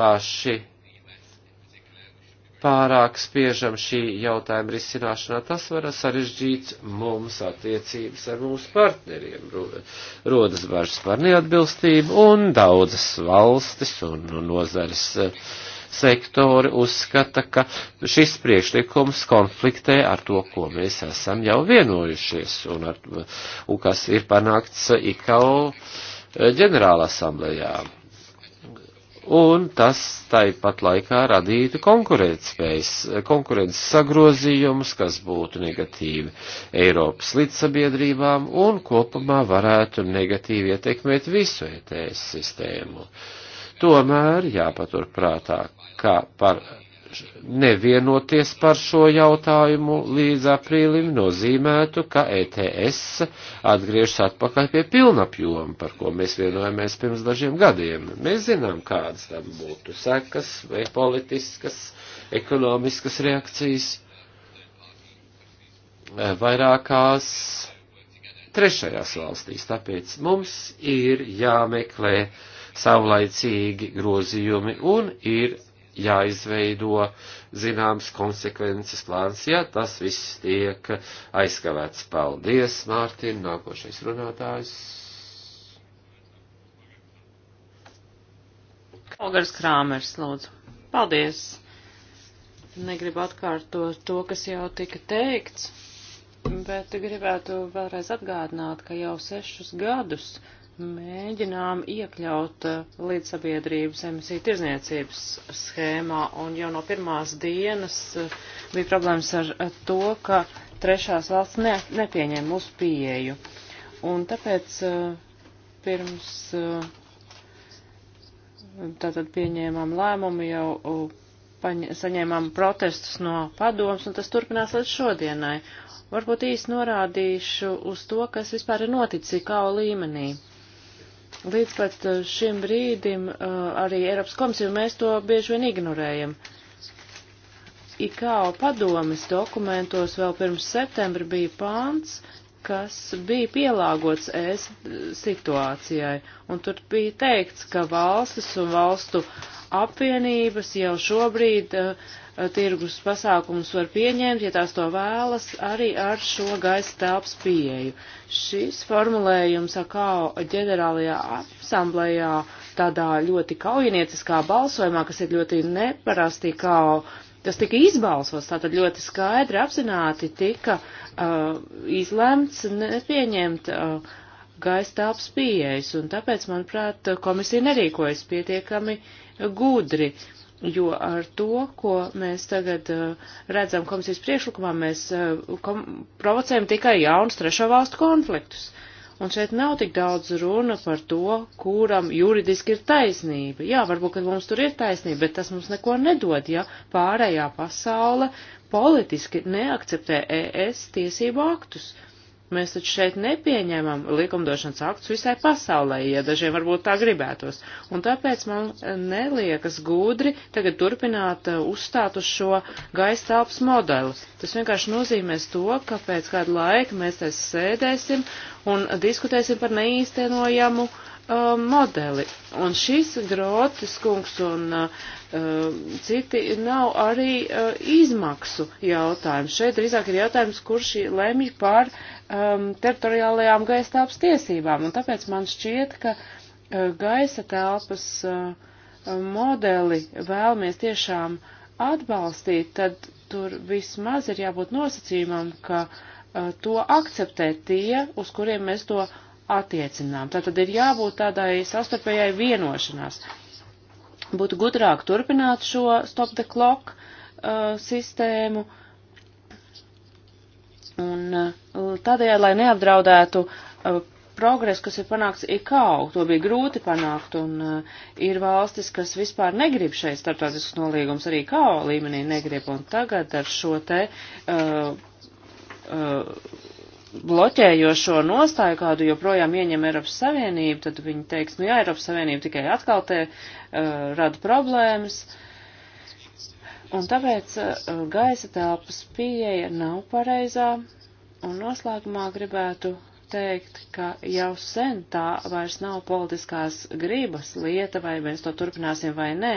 paši pārāk spiežam šī jautājuma risināšanā, tas var sarežģīt mums attiecības ar mūsu partneriem. Rodas bažas par neatbilstību un daudzas valstis un nozares eh, sektori uzskata, ka šis priekšlikums konfliktē ar to, ko mēs esam jau vienojušies un, ar, un kas ir panākts IKO eh, ģenerāla asamblējām un tas taipat laikā radītu konkurētspējas, konkurences sagrozījumus, kas būtu negatīvi Eiropas līdzsabiedrībām un kopumā varētu negatīvi ietekmēt visu ETS sistēmu. Tomēr jāpatur prātā, ka par nevienoties par šo jautājumu līdz aprīlim nozīmētu, ka ETS atgriežas atpakaļ pie pilnapjoma, par ko mēs vienojāmies pirms dažiem gadiem. Mēs zinām, kādas tam būtu sekas vai politiskas, ekonomiskas reakcijas vairākās trešajās valstīs. Tāpēc mums ir jāmeklē savlaicīgi grozījumi un ir jāizveido zināms konsekvences plāns, ja tas viss tiek aizskavēts. Paldies, Mārtiņ, nākošais runātājs. Ogars Krāmers, lūdzu. Paldies. Negribu atkārtot to, kas jau tika teikts, bet gribētu vēlreiz atgādināt, ka jau sešus gadus mēģinām iekļaut eh, līdzsabiedrības emisiju tirzniecības schēmā, un jau no pirmās dienas eh, bija problēmas ar eh, to, ka trešās valsts ne, nepieņēma mūsu pieeju. Un tāpēc pirms tātad pieņēmām lēmumu jau paņ, saņēmām protestus no padoms, un tas turpinās līdz šodienai. Varbūt īsti norādīšu uz to, kas vispār ir noticis kā līmenī. Līdz pat uh, šim brīdim uh, arī Eiropas komisija mēs to bieži vien ignorējam. IKO padomes dokumentos vēl pirms septembra bija pāns, kas bija pielāgots ES situācijai, un tur bija teikts, ka valstis un valstu apvienības jau šobrīd uh, tirgus pasākumus var pieņemt, ja tās to vēlas, arī ar šo gaisa telpas pieeju. Šis formulējums akā ģenerālajā asamblējā tādā ļoti kaujinieciskā balsojumā, kas ir ļoti neparasti kā Tas tika izbalsos, tātad ļoti skaidri apzināti tika uh, izlemts nepieņemt uh, gaisa tāps pieejas, un tāpēc, manuprāt, komisija nerīkojas pietiekami gudri. Uh, jo ar to, ko mēs tagad uh, redzam komisijas priekšlikumā, mēs uh, kom provocējam tikai jaunus trešo valstu konfliktus. Un šeit nav tik daudz runa par to, kuram juridiski ir taisnība. Jā, varbūt, ka mums tur ir taisnība, bet tas mums neko nedod, ja pārējā pasaule politiski neakceptē ES tiesību aktus. Uh, Mēs taču šeit nepieņemam likumdošanas aktus visai pasaulē, ja dažiem varbūt tā gribētos. Un tāpēc man neliekas gudri tagad turpināt eh, uzstāt uz šo gaisa telpas modeli. Tas vienkārši nozīmēs to, ka pēc kādu laiku mēs te sēdēsim un diskutēsim par neīstenojamu uh, Um, modeli. Un šis Grotis kungs un uh, um, citi nav arī uh, izmaksu jautājums. Šeit drīzāk ir jautājums, kurš lemj par um, teritoriālajām gaistāps tiesībām. Un tāpēc man šķiet, ka uh, gaisa telpas uh, modeli vēlamies tiešām atbalstīt, tad tur vismaz ir jābūt nosacījumam, ka uh, to akceptē tie, uz kuriem mēs to atbalstīt attiecinām. Tātad ir jābūt tādai savstarpējai vienošanās. Būtu gudrāk turpināt šo stop the clock uh, sistēmu un uh, tādējādi, lai neapdraudētu uh, progresu, kas ir panākts IKAU, to bija grūti panākt, un uh, ir valstis, kas vispār negrib šeit starptautiskus nolīgumus, arī IKAU līmenī negrib, un tagad ar šo te uh, uh, bloķējošo nostāju, kādu joprojām ieņem Eiropas Savienība, tad viņi teiks, nu jā, Eiropas Savienība tikai atkal te uh, rada problēmas. Un tāpēc uh, gaisa telpas pieeja nav pareizā. Un noslēgumā gribētu teikt, ka jau sen tā vairs nav politiskās grības lieta, vai mēs to turpināsim vai nē,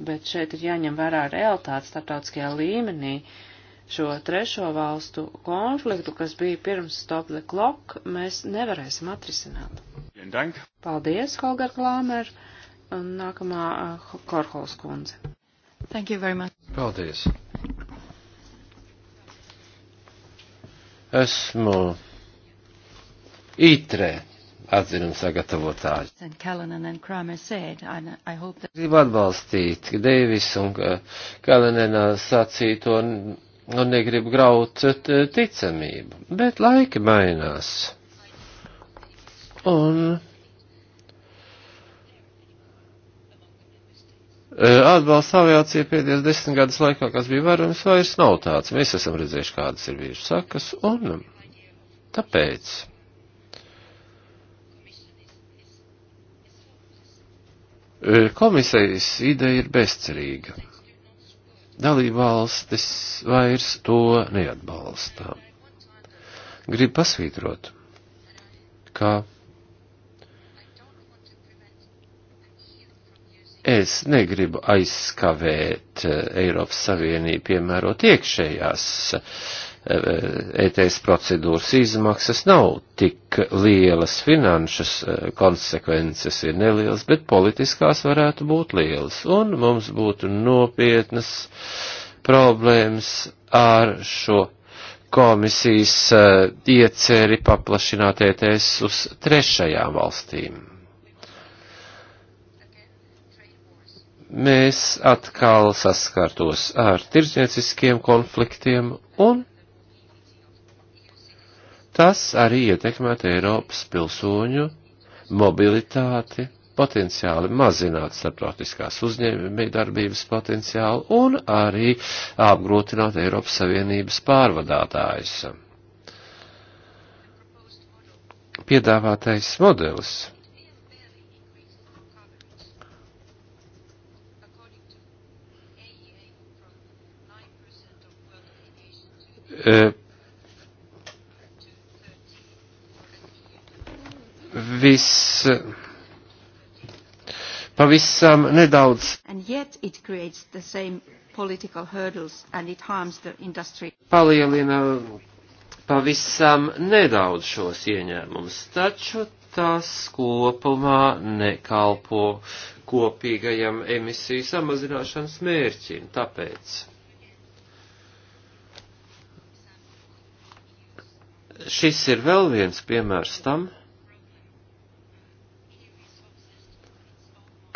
bet šeit ir jāņem vērā realitāte starptautiskajā līmenī. Uh, šo trešo valstu konfliktu, kas bija pirms Stop the Clock, mēs nevarēsim atrisināt. Paldies, Holger Klāmer, un nākamā uh, Korhols kundze. Thank you very much. Paldies. Esmu ITRE atzinuma sagatavotāji. Gribu atbalstīt Deivis un Kalenenā sacīto un un negribu graut eh, ticamību, bet laiki mainās. Un eh, atbalsta aviācija pēdējos desmit gadus laikā, kas bija varams, vairs nav tāds. Mēs esam redzējuši, kādas ir bijušas sakas, un tāpēc. Komisijas ideja ir bezcerīga dalībvalstis vairs to neatbalstā. Gribu pasvītrot, ka es negribu aizskavēt eh, Eiropas Savienību piemērot iekšējās uh, ETS procedūras izmaksas nav tik lielas, finanšas e, konsekvences ir nelielas, bet politiskās varētu būt lielas, un mums būtu nopietnas problēmas ar šo komisijas e, ieceri paplašināt ETS uz trešajām valstīm. Mēs atkal saskārtos ar tirdznieciskiem konfliktiem un Tas arī ietekmētu Eiropas pilsoņu mobilitāti, potenciāli mazināt starptautiskās uzņēmēju darbības potenciālu un arī apgrūtināt Eiropas Savienības pārvadātājus. Piedāvātais modelis Uh, vis pavisam nedaudz. Palielina pavisam nedaudz šos ieņēmumus, taču tas kopumā nekalpo kopīgajam emisiju samazināšanas mērķim. Tāpēc šis ir vēl viens piemērs tam,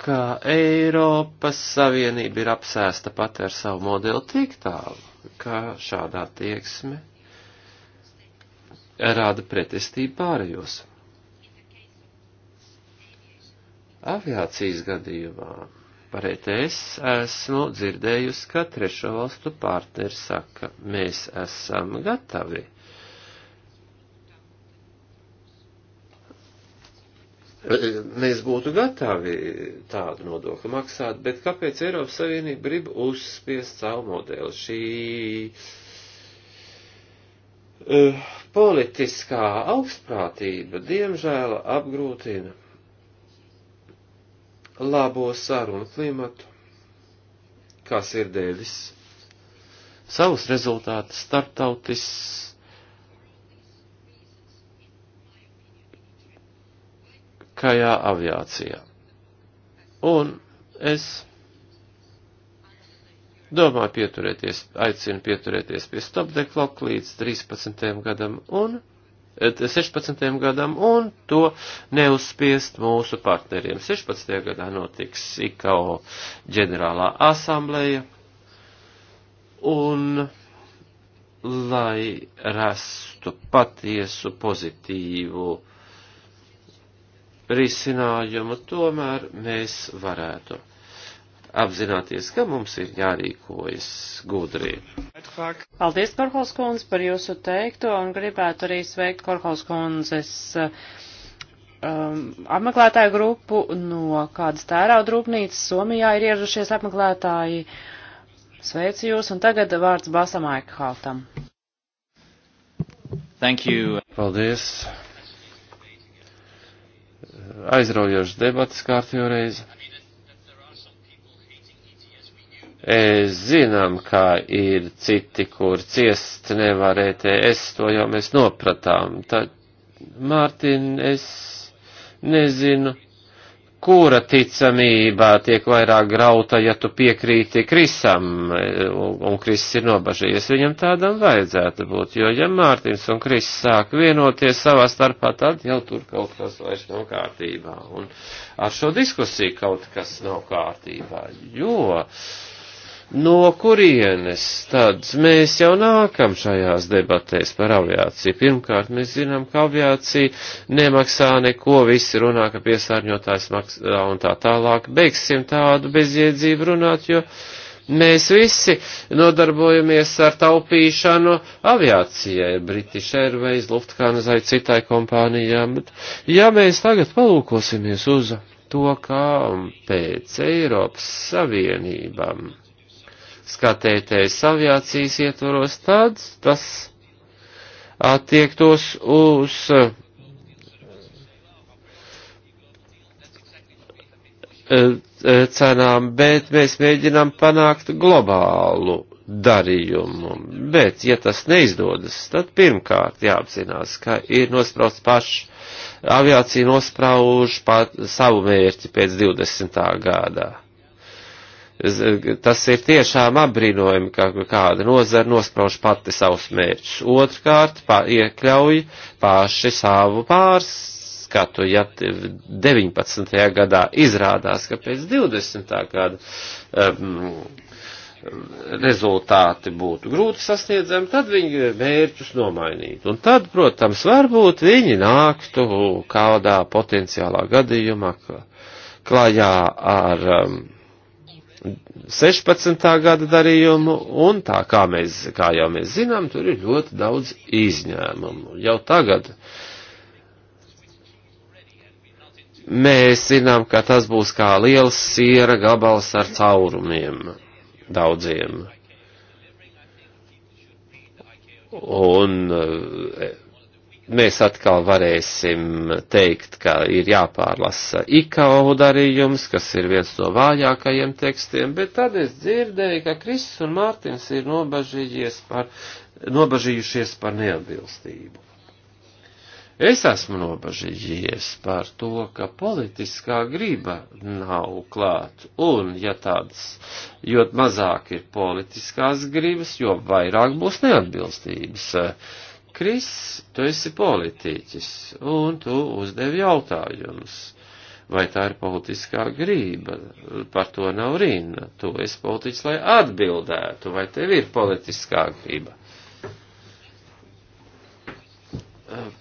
ka Eiropas Savienība ir apsēsta pat ar savu modeli tik tālu, ka šādā tieksme rāda pretestību pārējos. Aviācijas gadījumā par ETS esmu dzirdējusi, ka trešo valstu partneri saka, mēs esam gatavi mēs būtu gatavi tādu nodokli maksāt, bet kāpēc Eiropas Savienība grib uzspiest savu modeli? Šī uh, politiskā augstprātība diemžēl apgrūtina labo sarunu klimatu, kas ir devis savus rezultātus starptautis kājā aviācijā. Un es domāju pieturēties, aicinu pieturēties pie stop the clock līdz 13. gadam un 16. Eh, gadam un to neuzspiest mūsu partneriem. 16. gadā notiks IKO ģenerālā asambleja un lai rastu patiesu pozitīvu risinājumu, tomēr mēs varētu apzināties, ka mums ir jārīkojas gudri. Paldies, Korhols kundze, par jūsu teikto un gribētu arī sveikt Korhols kundzes um, apmeklētāju grupu no kādas tērauda rūpnīcas. Somijā ir ieradušies apmeklētāji. Sveicu jūs un tagad vārds Basam Aikhaltam. Thank you. Paldies aizraujošas debatas kārtējo reizi. Es zinām, kā ir citi, kur ciest nevar ETS, to jau mēs nopratām. Tad, Mārtiņ, es nezinu kura ticamība tiek vairāk grauta, ja tu piekrīti Krisam, e, un Kriss ir nobažījies, viņam tādam vajadzētu būt, jo ja Mārtins un Kriss sāk vienoties savā starpā, tad jau tur kaut kas vairs nav kārtībā, un ar šo diskusiju kaut kas nav kārtībā, jo uh, no kurienes tad mēs jau nākam šajās debatēs par aviāciju? Pirmkārt, mēs zinām, ka aviācija nemaksā neko, visi runā, ka piesārņotājs maksā un tā tālāk. Beigsim tādu bezjēdzību runāt, jo mēs visi nodarbojamies ar taupīšanu aviācijai, British Airways, Lufthansa vai citai kompānijām. Bet, ja mēs tagad palūkosimies uz to, kā pēc Eiropas Savienībām skatētējas aviācijas ietvaros, tad tas attiektos uz eh, eh, cenām, bet mēs mēģinām panākt globālu darījumu. Bet, ja tas neizdodas, tad pirmkārt jāapzinās, ka ir nosprausts pašs, aviācija nosprauž pat savu mērķi pēc 20. gadā. Tas ir tiešām apbrīnojami, ka kāda nozara nosprauž pati savus mērķus. Otrkārt, pa, iekļauj paši savu pārskatu. Ja 19. gadā izrādās, ka pēc 20. gada um, rezultāti būtu grūti sasniedzami, tad viņi mērķus nomainītu. Un tad, protams, varbūt viņi nāktu kādā potenciālā gadījumā klajā ar um, 16. gada darījumu, un tā kā mēs, kā jau mēs zinām, tur ir ļoti daudz izņēmumu. Jau tagad mēs zinām, ka tas būs kā liels siera gabals ar caurumiem daudziem. Un eh, mēs atkal varēsim teikt, ka ir jāpārlasa IKO darījums, kas ir viens no vājākajiem tekstiem, bet tad es dzirdēju, ka Krists un Mārtins ir par, nobažījušies par neatbilstību. Es esmu nobažījies par to, ka politiskā griba nav klāt, un ja tāds, jo mazāk ir politiskās gribas, jo vairāk būs neatbilstības. Uh, Kris, tu esi politiķis, un tu uzdevi jautājumus. Vai tā ir politiskā grība? Par to nav rīna. Tu esi politiķis, lai atbildētu, vai tev ir politiskā grība.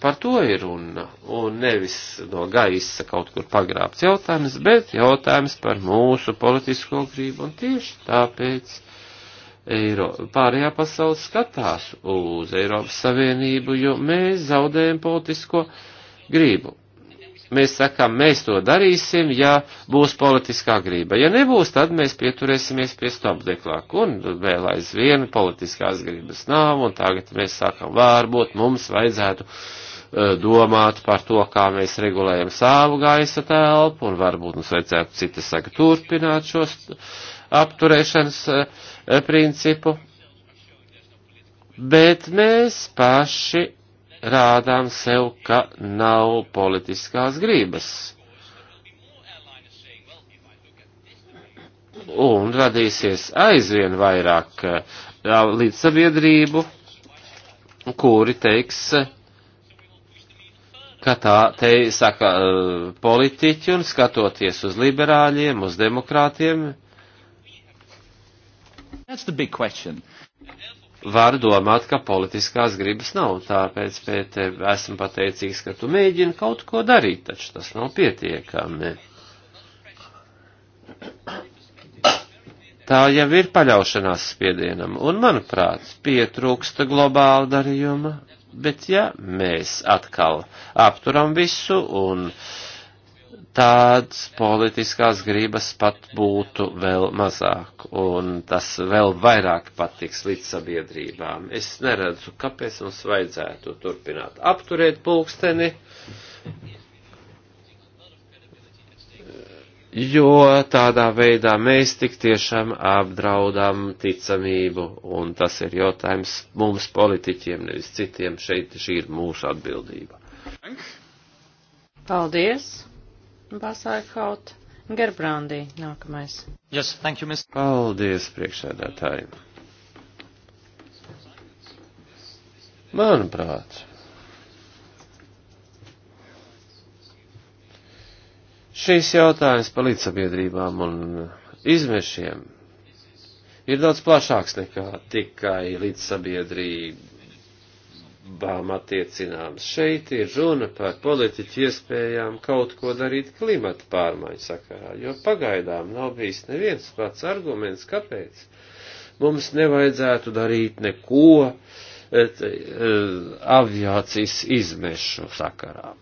Par to ir runa, un nevis no gaisa kaut kur pagrābts jautājums, bet jautājums par mūsu politisko grību, un tieši tāpēc Eiro. Pārējā pasaule skatās uz Eiropas Savienību, jo mēs zaudējam politisko gribu. Mēs sakām, mēs to darīsim, ja būs politiskā grība. Ja nebūs, tad mēs pieturēsimies pie stopdeklāku. Un vēl aizvien politiskās gribas nav, un tagad mēs sakām, varbūt mums vajadzētu e, domāt par to, kā mēs regulējam savu gaisa telpu, un varbūt mums vajadzētu citi saka turpināt šos apturēšanas uh, Eh, principu, bet mēs paši rādām sev, ka nav politiskās grības. Un radīsies aizvien vairāk eh, līdz sabiedrību, kuri teiks, eh, ka tā te saka politiķi un skatoties uz liberāļiem, uz demokrātiem, Var domāt, ka politiskās gribas nav, tāpēc pēc esmu pateicīgs, ka tu mēģini kaut ko darīt, taču tas nav pietiekami. Tā jau ir paļaušanās spiedienam, un, manuprāt, pietrūksta globāla darījuma, bet ja mēs atkal apturam visu un uh, tāds politiskās gribas pat būtu vēl mazāk, un tas vēl vairāk patiks līdz sabiedrībām. Es neredzu, kāpēc mums vajadzētu turpināt apturēt pulksteni, jo tādā veidā mēs tik tiešām apdraudām ticamību, un tas ir jautājums mums politiķiem, nevis citiem. Šeit šī ir mūsu atbildība. Paldies! Basāikaut. Gerbrandī nākamais. Yes, thank you, Ms. Paldies, priekšsēdētāji. Manuprāt, šīs jautājums par līdzsabiedrībām un izmešiem ir daudz plašāks nekā tikai līdzsabiedrība abām attiecināms. Šeit ir runa par politiķu iespējām kaut ko darīt klimata pārmaiņu sakarā, jo pagaidām nav bijis neviens pats arguments, kāpēc mums nevajadzētu darīt neko et, eh, et, eh, aviācijas izmešu sakarā.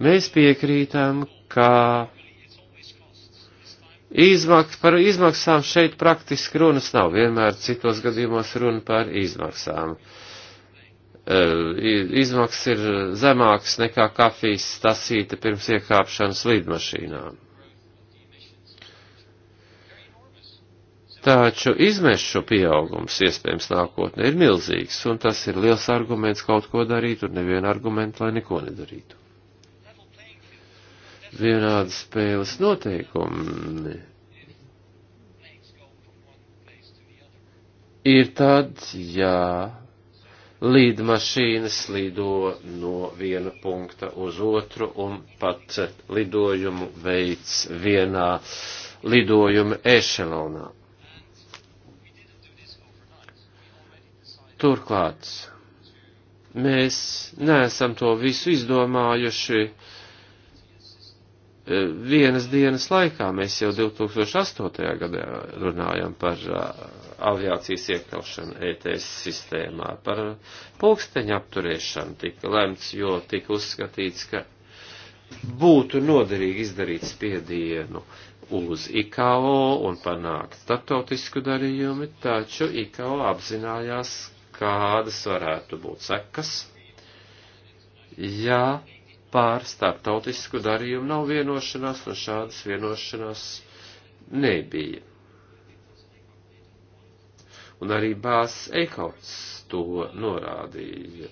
Mēs piekrītam, ka Izmaks, par izmaksām šeit praktiski runas nav, vienmēr citos gadījumos runa par izmaksām. Uh, Eh, izmaksas ir zemākas nekā kafijas stasīte pirms iekāpšanas lidmašīnā. Taču izmešu pieaugums iespējams nākotnē ir milzīgs, un tas ir liels arguments kaut ko darīt, un neviena argumenta, lai neko nedarītu. Vienādas spēles noteikumi ir tad, jā, ja lidmašīnas lido no viena punkta uz otru un pat lidojumu veids vienā lidojuma ešelonā. Turklāt mēs neesam to visu izdomājuši vienas dienas laikā. Mēs jau 2008. gadā runājam par uh, aviācijas iekļaušanu ETS sistēmā, par pulksteņa apturēšanu tika lemts, jo tika uzskatīts, ka būtu noderīgi izdarīt spiedienu uz IKO un panākt startautisku darījumu, taču IKO apzinājās, kādas varētu būt sekas, ja pār starptautisku darījumu nav vienošanās, un šādas vienošanās nebija. Un arī Bās Eikauts to norādīja.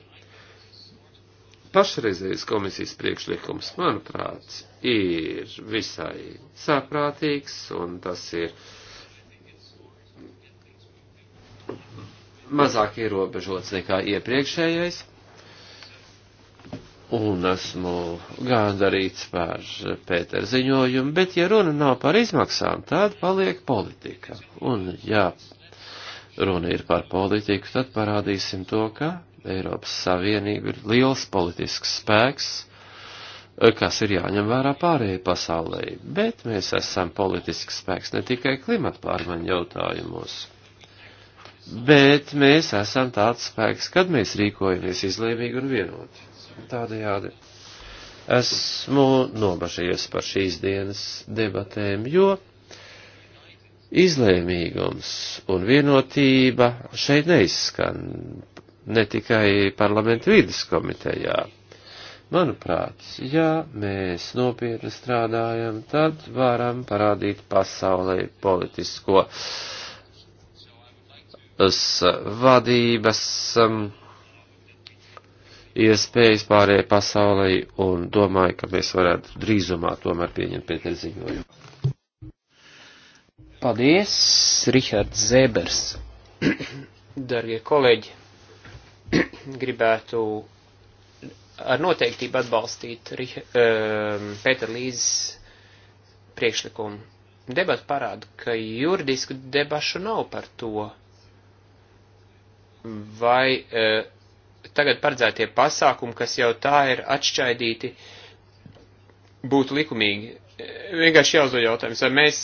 Pašreizējais komisijas priekšlikums, manuprāt, ir visai sāprātīgs, un tas ir mazāk ierobežots nekā iepriekšējais un esmu gandarīts par Pētera ziņojumu, bet ja runa nav par izmaksām, tad paliek politika. Un ja runa ir par politiku, tad parādīsim to, ka Eiropas Savienība ir liels politisks spēks, kas ir jāņem vērā pārējai pasaulē, bet mēs esam politisks spēks ne tikai klimata pārmaiņu jautājumos. Bet mēs esam tāds spēks, kad mēs rīkojamies izlēmīgi un vienoti. Tādējādi esmu nobažījies par šīs dienas debatēm, jo izlēmīgums un vienotība šeit neizskan ne tikai parlamenta vidas komitejā. Manuprāt, ja mēs nopietni strādājam, tad varam parādīt pasaulē politisko vadības um, iespējas pārējai pasaulē un domāju, ka mēs varētu drīzumā tomēr pieņemt Pēteru ziņojumu. Paldies, Rihards Zēbers. Darbie kolēģi, gribētu ar noteiktību atbalstīt ehm, Pēter Līzes priekšlikumu. Debata parāda, ka juridisku debašu nav par to, vai uh, tagad paredzētie pasākumi, kas jau tā ir atšķaidīti, būtu likumīgi. Vienkārši jāuzdod jautājums, vai mēs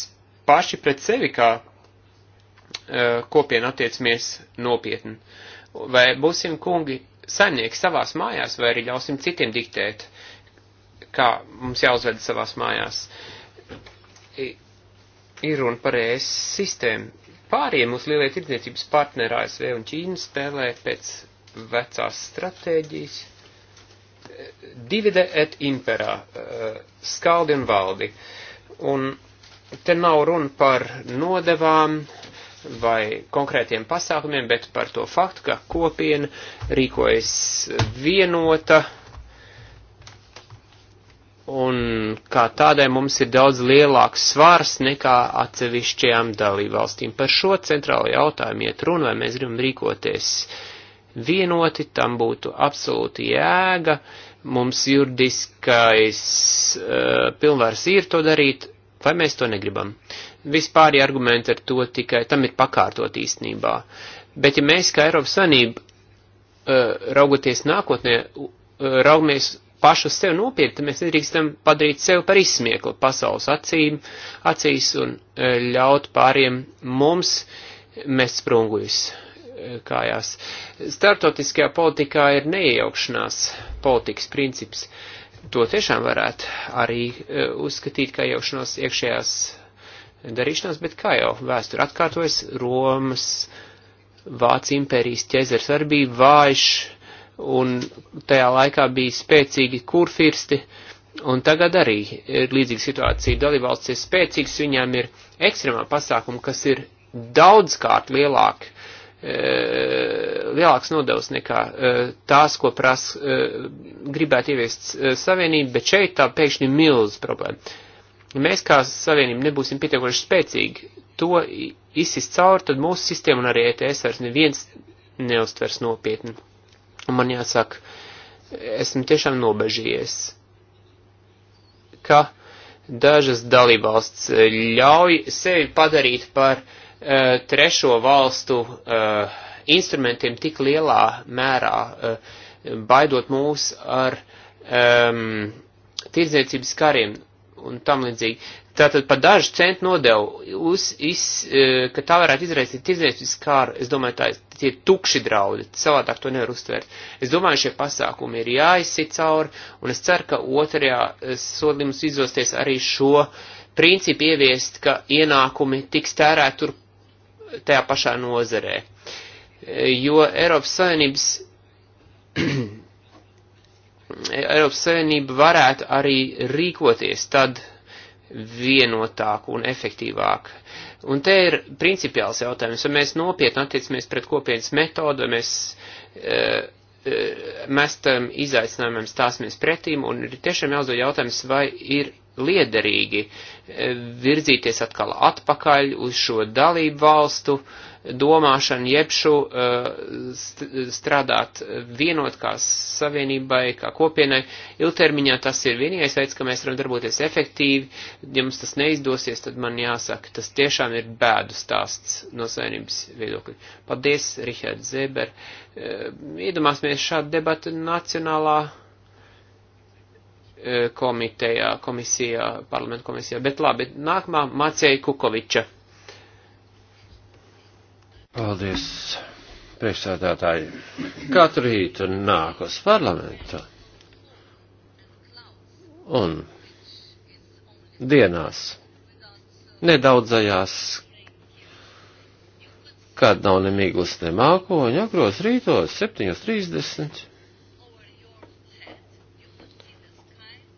paši pret sevi kā e, kopien attiecamies nopietni. Vai būsim kungi saimnieki savās mājās, vai arī ļausim citiem diktēt, kā mums jāuzved savās mājās. Ir runa par ES sistēmu. Pāriem mūsu lielie tirdzniecības partneri ASV un Ķīna spēlē pēc vecās stratēģijas. Divide et imperā, eh, skaldi un valdi. Un te nav runa par nodevām vai konkrētiem pasākumiem, bet par to faktu, ka kopiena rīkojas vienota un kā tādai mums ir daudz lielāks svars nekā atsevišķajām dalībvalstīm. Par šo centrālo jautājumu iet runa, vai mēs gribam rīkoties vienoti, tam būtu absolūti jēga, mums juridiskais uh, eh, pilnvars ir to darīt, vai mēs to negribam. Vispār argumenti ar to tikai tam ir pakārtot īstenībā. Bet ja mēs kā Eiropas Sanība uh, eh, raugoties nākotnē, uh, raugamies pašu sev nopietni, tad mēs nedrīkstam padarīt sev par izsmieklu pasaules acīm, acīs un ļaut pāriem mums mest sprungus kājās. Startautiskajā politikā ir neiejaukšanās politikas princips. To tiešām varētu arī e, uzskatīt kā iejaukšanos iekšējās darīšanās, bet kā jau vēsture atkārtojas, Romas, Vācija impērijas ķezers arī bija vājš, un tajā laikā bija spēcīgi kurfirsti, un tagad arī ir līdzīga situācija. Dalībvalsts ir spēcīgs, viņām ir ekstremā pasākuma, kas ir daudzkārt lielāki Eh, lielāks nodevs nekā eh, tās, ko prasa eh, gribētu ieviest savienība, bet šeit tā pēkšņi milz problēma. Ja mēs kā savienība nebūsim pietiekoši spēcīgi, to izsist cauri, tad mūsu sistēma un arī ETS vairs neviens neustvers nopietni. Un man jāsaka, esmu tiešām nobežījies, ka dažas dalībvalsts ļauj sevi padarīt par uh, Eh, trešo valstu eh, instrumentiem tik lielā mērā, eh, baidot mūs ar um, tirdzniecības kariem un tam līdzīgi. Tātad par dažu centu nodevu, uz, iz, ka tā varētu izraisīt tirdzniecības kāru, es domāju, tā tie ir tukši draudi, savādāk to nevar uztvert. Es domāju, šie pasākumi ir jāizsit cauri, un es ceru, ka otrajā sodījums izosties arī šo principu ieviest, ka ienākumi tiks tērēt tur, tajā pašā nozerē. Jo Eiropas Savienības Eiropas Savienība varētu arī rīkoties tad vienotāk un efektīvāk. Un te ir principiāls jautājums, vai mēs nopietni attiecamies pret kopienas metodu, vai mēs e, e, mestam izaicinājumiem stāsimies pretīm, un ir tiešām jāuzdod jautājums, vai ir liederīgi eh, virzīties atkal atpakaļ uz šo dalību valstu domāšanu, jeb šo eh, strādāt vienot kā savienībai, kā kopienai. Ilgtermiņā tas ir vienīgais veids, ka mēs varam darboties efektīvi. Ja mums tas neizdosies, tad man jāsaka, tas tiešām ir bēdu stāsts no savienības viedokļa. Paldies, Rihards Zeber. Eh, iedomāsimies šādu debatu nacionālā E, komitejā, komisijā, parlamentu komisijā. Bet labi, nākamā Mācēja Kukoviča. Paldies, priekšsēdētāji. Katru rītu nāk uz parlamentu. Un dienās, nedaudzajās, kad nav ne miglas, ne mākoņa, agros rītos, 7.30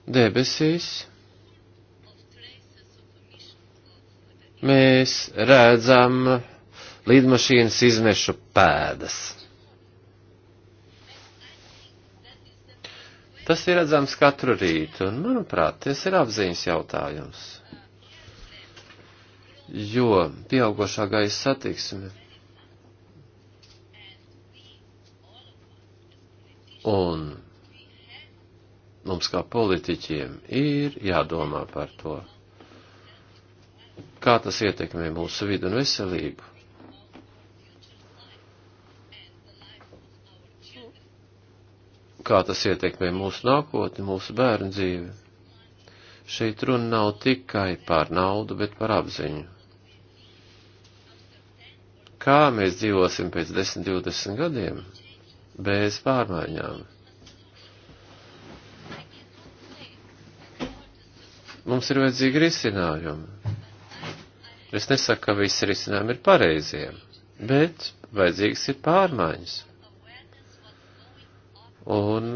debesīs mēs redzam lidmašīnas izmešu pēdas. Tas ir redzams katru rītu, un, manuprāt, tas ir apziņas jautājums. Jo pieaugošā gaisa satiksme un Mums kā politiķiem ir jādomā par to, kā tas ietekmē mūsu vidu un veselību. Kā tas ietekmē mūsu nākotni, mūsu bērnu dzīvi. Šeit runa nav tikai par naudu, bet par apziņu. Kā mēs dzīvosim pēc 10, 20 gadiem bez pārmaiņām? Mums ir vajadzīgi risinājumi. Es nesaku, ka visi risinājumi ir pareizie, bet vajadzīgs ir pārmaiņas. Un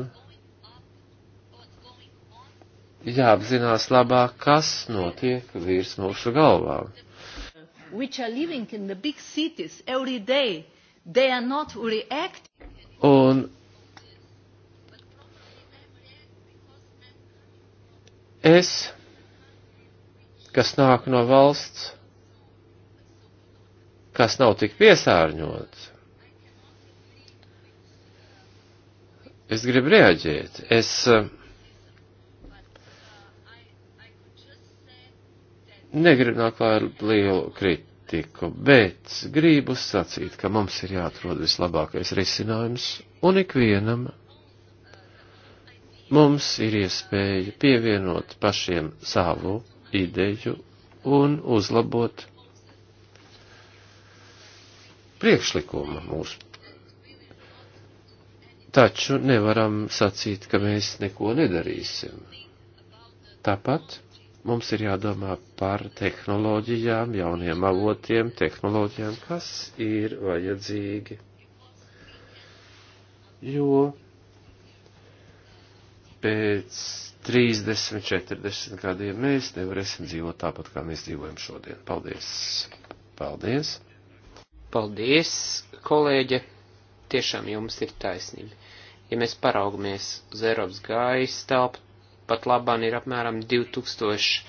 jāapzinās labāk, kas notiek virs mūsu galvām. Un es kas nāk no valsts, kas nav tik piesārņots. Es gribu reaģēt. Es eh, negribu nākt ar lielu kritiku, bet gribu sacīt, ka mums ir jāatrod vislabākais risinājums, un ikvienam mums ir iespēja pievienot pašiem savu ideju un uzlabot priekšlikumu mūsu. Taču nevaram sacīt, ka mēs neko nedarīsim. Tāpat mums ir jādomā par tehnoloģijām, jauniem avotiem, tehnoloģijām, kas ir vajadzīgi. Jo pēc 30, 40 gadiem mēs nevarēsim dzīvot tāpat, kā mēs dzīvojam šodien. Paldies! Paldies! Paldies, kolēģe! Tiešām jums ir taisnība. Ja mēs paraugamies uz Eiropas gaisa telpu, pat labāk ir apmēram 2000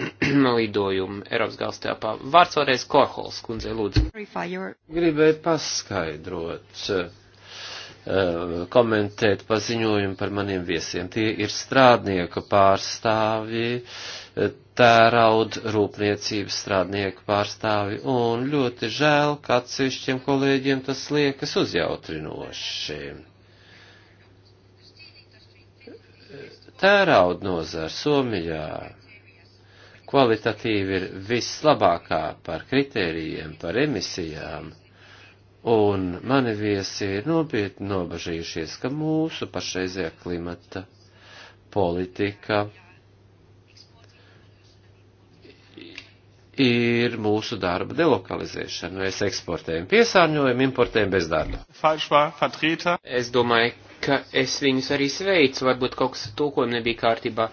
lidojumu Eiropas galstāpā. Vārds vēlreiz Korhols, kundzei lūdzu. Gribēju paskaidrot Eh, komentēt paziņojumu par maniem viesiem. Tie ir strādnieku pārstāvji, eh, tēraud rūpniecības strādnieku pārstāvji, un ļoti žēl, ka atsevišķiem kolēģiem tas liekas uzjautrinoši. Tēraud nozara Somijā kvalitatīvi ir vislabākā par kritērijiem, par emisijām un mani viesi ir nopietni nobažījušies, ka mūsu pašreizējā klimata politika ir mūsu darba delokalizēšana. Mēs eksportējam piesārņojumu, importējam bezdarbu. Es domāju, ka es viņus arī sveicu, varbūt kaut kas tulkojumi nebija kārtībā.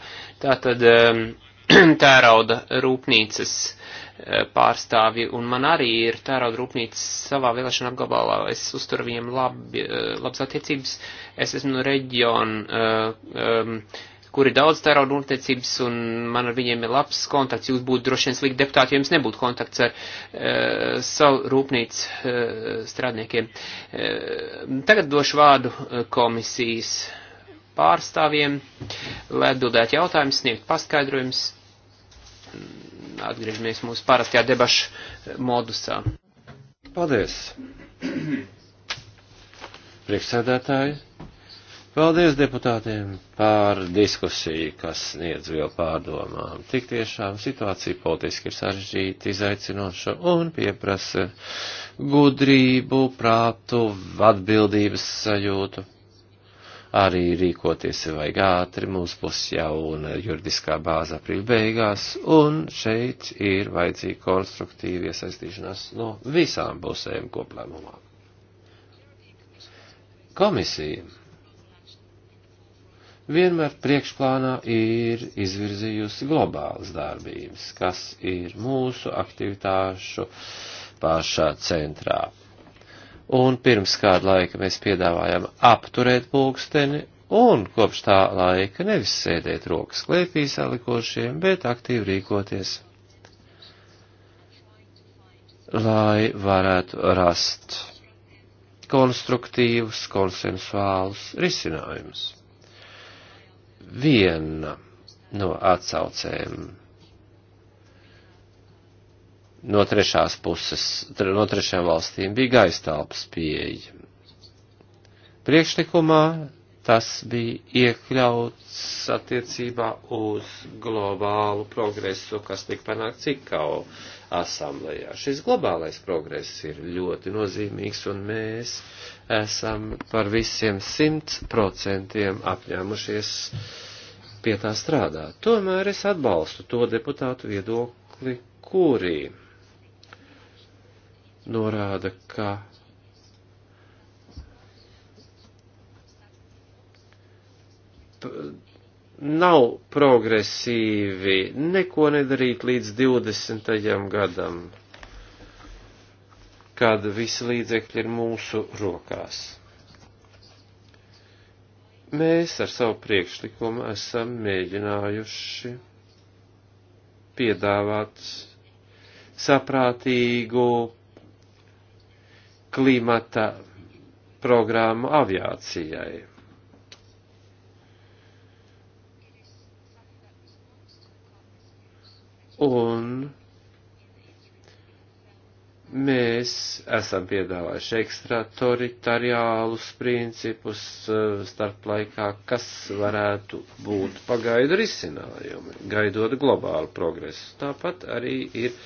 Tātad. Um, tērauda rūpnīcas eh, pārstāvji, un man arī ir tērauda rūpnīcas savā vēlēšana apgabalā. Es uzturu viņiem labi, eh, labas attiecības. Es esmu no reģiona, um, kur ir daudz tērauda rūpniecības, un man ar viņiem ir labs kontakts. Jūs būtu droši vien slikti deputāti, ja jums nebūtu kontakts ar uh, savu rūpnīcu uh, strādniekiem. Uh, tagad došu vārdu komisijas. Uh, pārstāvjiem, lai atbildētu jautājumus, sniegt paskaidrojumus. Atgriežamies mūsu parastajā debašu modusā. Paldies! Priekšsēdētāji, paldies deputātiem par diskusiju, kas sniedz vēl pārdomām. Tik tiešām situācija politiski ir sarežģīta, izaicinoša un pieprasa gudrību, prātu, atbildības sajūtu arī rīkoties vajag ātri, mums būs jauna juridiskā bāze aprīļa beigās, un šeit ir vajadzīga konstruktīva iesaistīšanās no visām pusēm koplēmumā. Komisija vienmēr priekšplānā ir izvirzījusi globālas darbības, kas ir mūsu aktivitāšu pašā centrā un pirms kāda laika mēs piedāvājam apturēt pulksteni, un kopš tā laika nevis sēdēt rokas klēpī salikošiem, bet aktīvi rīkoties, lai varētu rast konstruktīvus, konsensuālus risinājumus. Viena no atsaucēm no trešās puses, no trešām valstīm bija gaistālpas pieeja. Priekšlikumā tas bija iekļauts attiecībā uz globālu progresu, kas tika panākts Cikau asamblējā. Šis globālais progress ir ļoti nozīmīgs, un mēs esam par visiem simt procentiem apņēmušies pie tā strādāt. Tomēr es atbalstu to deputātu viedokli, kuri norāda, ka nav progresīvi neko nedarīt līdz 20. gadam, kad visi līdzekļi ir mūsu rokās. Mēs ar savu priekšlikumu esam mēģinājuši piedāvāt saprātīgu klimata programmu aviācijai. Un mēs esam piedāvājuši ekstraterritoriālus principus eh, starp laikā, kas varētu būt pagaidu risinājumi, gaidot globālu progresu. Tāpat arī ir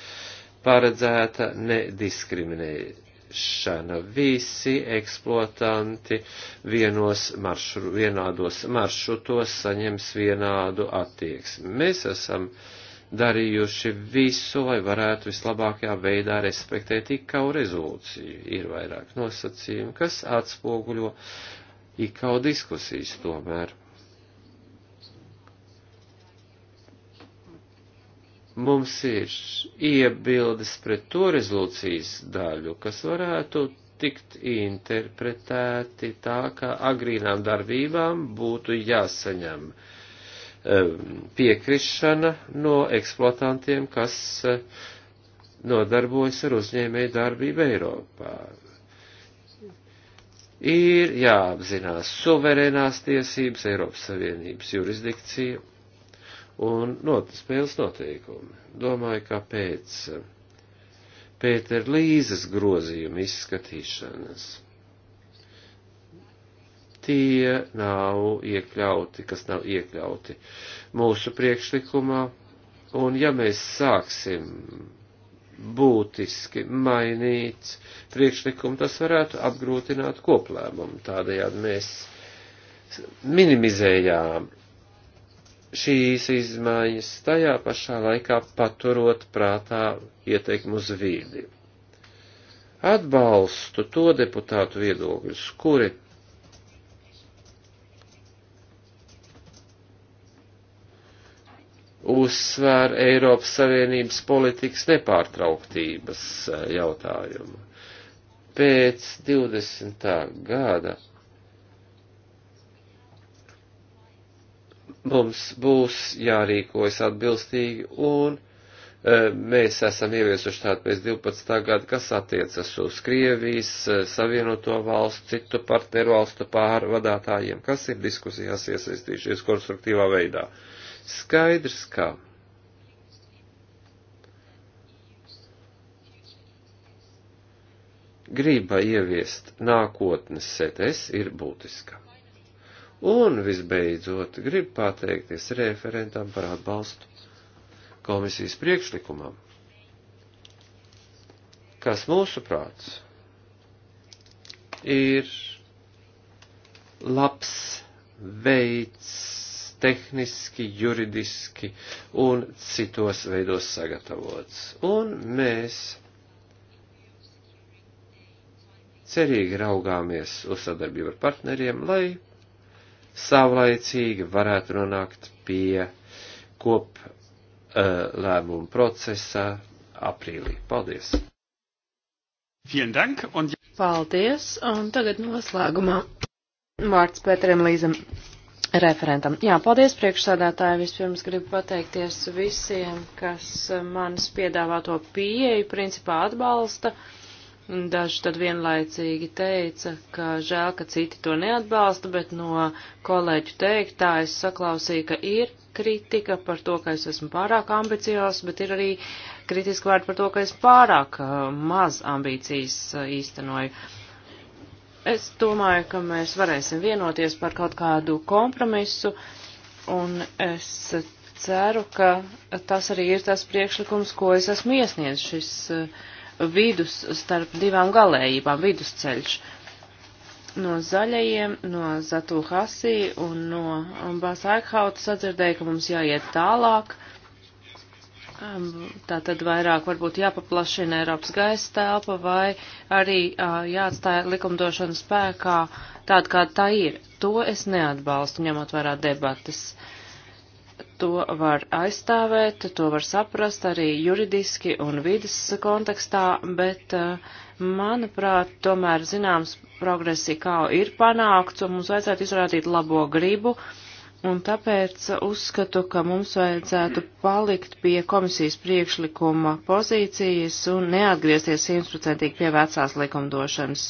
paredzēta nediskriminēšana ieviešana. Visi eksploatanti vienos maršru, vienādos maršrutos saņems vienādu attieksmi. Mēs esam darījuši visu, lai varētu vislabākajā veidā respektēt IKAU rezolūciju. Ir vairāk nosacījumi, kas atspoguļo IKAU diskusijas tomēr. mums ir iebildes pret to rezolūcijas daļu, kas varētu tikt interpretēti tā, ka agrīnām darbībām būtu jāsaņem um, piekrišana no eksploatantiem, kas uh, nodarbojas ar uzņēmēju darbību Eiropā. Ir jāapzinās suverēnās tiesības Eiropas Savienības jurisdikcija un not, spēles noteikumi. Domāju, ka pēc Pēter Līzes grozījuma izskatīšanas tie nav iekļauti, kas nav iekļauti mūsu priekšlikumā, un ja mēs sāksim būtiski mainīt priekšlikumu, tas varētu apgrūtināt koplēmumu. Tādējādi mēs minimizējām šīs izmaiņas tajā pašā laikā paturot prātā ieteikumu uz vīdi. Atbalstu to deputātu viedokļus, kuri uzsvēr Eiropas Savienības politikas nepārtrauktības eh, jautājumu. Pēc 20. gada mums būs jārīkojas atbilstīgi un e, mēs esam ieviesuši tādu pēc 12. gada, kas attiecas uz Krievijas, e, Savienoto valstu, citu partneru valstu pārvadātājiem, kas ir diskusijās iesaistījušies konstruktīvā veidā. Skaidrs, ka griba ieviest nākotnes setes ir būtiska. Un visbeidzot, gribu pateikties referentam par atbalstu komisijas priekšlikumam, kas mūsu prāts ir labs veids tehniski, juridiski un citos veidos sagatavots. Un mēs cerīgi raugāmies uz sadarbību ar partneriem, lai savlaicīgi varētu nonākt pie kop uh, lēmumu procesa aprīlī. Paldies! Paldies, un tagad noslēgumā vārds Pēterim Līzam referentam. Jā, paldies priekšsādātāji. Vispirms gribu pateikties visiem, kas manas piedāvāto pieeju principā atbalsta. Uh, Daži tad vienlaicīgi teica, ka žēl, ka citi to neatbalsta, bet no kolēģu teiktā es saklausīju, ka ir kritika par to, ka es esmu pārāk ambiciozs, bet ir arī kritiski vārdi par to, ka es pārāk uh, maz ambīcijas uh, īstenoju. Es domāju, ka mēs varēsim vienoties par kaut kādu kompromisu, un es ceru, ka tas arī ir tas priekšlikums, ko es esmu iesniedzis. Šis, uh, vidus starp divām galējībām, vidusceļš. No zaļajiem, no Zatū Hasī un no Bāsa Aikhauta sadzirdēju, ka mums jāiet tālāk. Um, tā tad vairāk varbūt jāpaplašina Eiropas gaisa telpa vai arī uh, jāatstāja likumdošana spēkā tāda, kā tā ir. To es neatbalstu, ņemot vērā debatas. Uh, to var aizstāvēt, to var saprast arī juridiski un vidas kontekstā, bet, eh, manuprāt, tomēr zināms progresi kā ir panākts, un mums vajadzētu izrādīt labo gribu, un tāpēc uzskatu, ka mums vajadzētu palikt pie komisijas priekšlikuma pozīcijas un neatgriezties 100% pie vecās likumdošanas.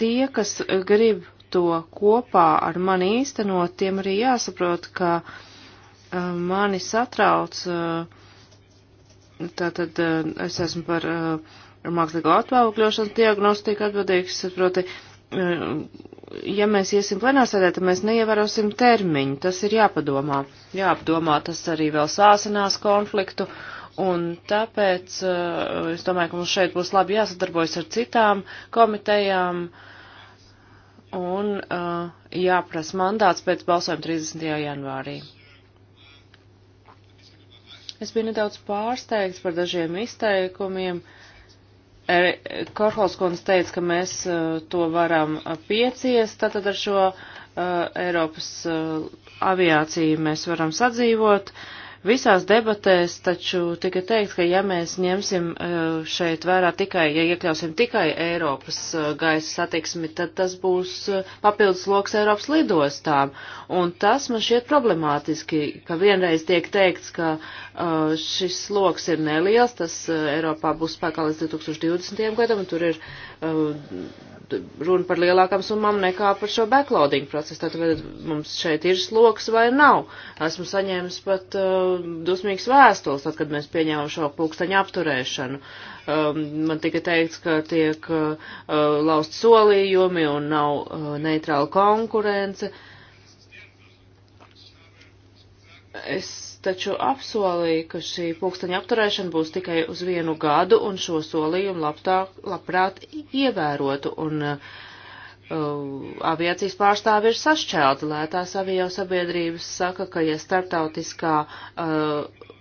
Tie, kas grib to kopā ar mani īstenot, tiem arī jāsaprot, ka uh, mani satrauc, uh, tātad uh, es esmu par mākslīgo atvēlkļošanas diagnostiku atbildīgs, proti, ja mēs iesim plenārsēdē, tad mēs neievērosim termiņu, tas ir jāpadomā. Jāpadomā, tas arī vēl sāsinās konfliktu. Un tāpēc es domāju, ka mums šeit būs labi jāsadarbojas ar citām komitejām, uh, un uh, jāprasa mandāts pēc balsojuma 30. janvārī. Es biju nedaudz pārsteigts par dažiem izteikumiem. Er, Korhols kundze teica, ka mēs uh, to varam uh, pieciest, tātad ar šo uh, Eiropas uh, aviāciju mēs varam sadzīvot. Uh, Visās debatēs taču tika teikt, ka ja mēs ņemsim eh, šeit vērā tikai, ja iekļausim tikai Eiropas eh, gaisa satiksmi, tad tas būs eh, papildus loks Eiropas lidostām. Un tas man šķiet problemātiski, ka vienreiz tiek teikts, ka šis loks ir neliels, tas Eiropā būs spēkā līdz 2020. gadam, un tur ir runa par lielākām summām nekā par šo backloading procesu. Tātad vai mums šeit ir sloks vai nav? Esmu saņēmis pat uh, dusmīgas vēstules, tad, kad mēs pieņēmām šo pulksteņu apturēšanu. Um, man tika teikts, ka tiek uh, uh laust solījumi un nav uh, neitrāla konkurence. Es taču apsolīja, ka šī pulksteņa apturēšana būs tikai uz vienu gadu, un šo solījumu labtāk, labprāt ievērotu. Un, uh, Uh, aviācijas pārstāvi ir sašķelti. Lētās avio sabiedrības saka, ka ja starptautiskā uh,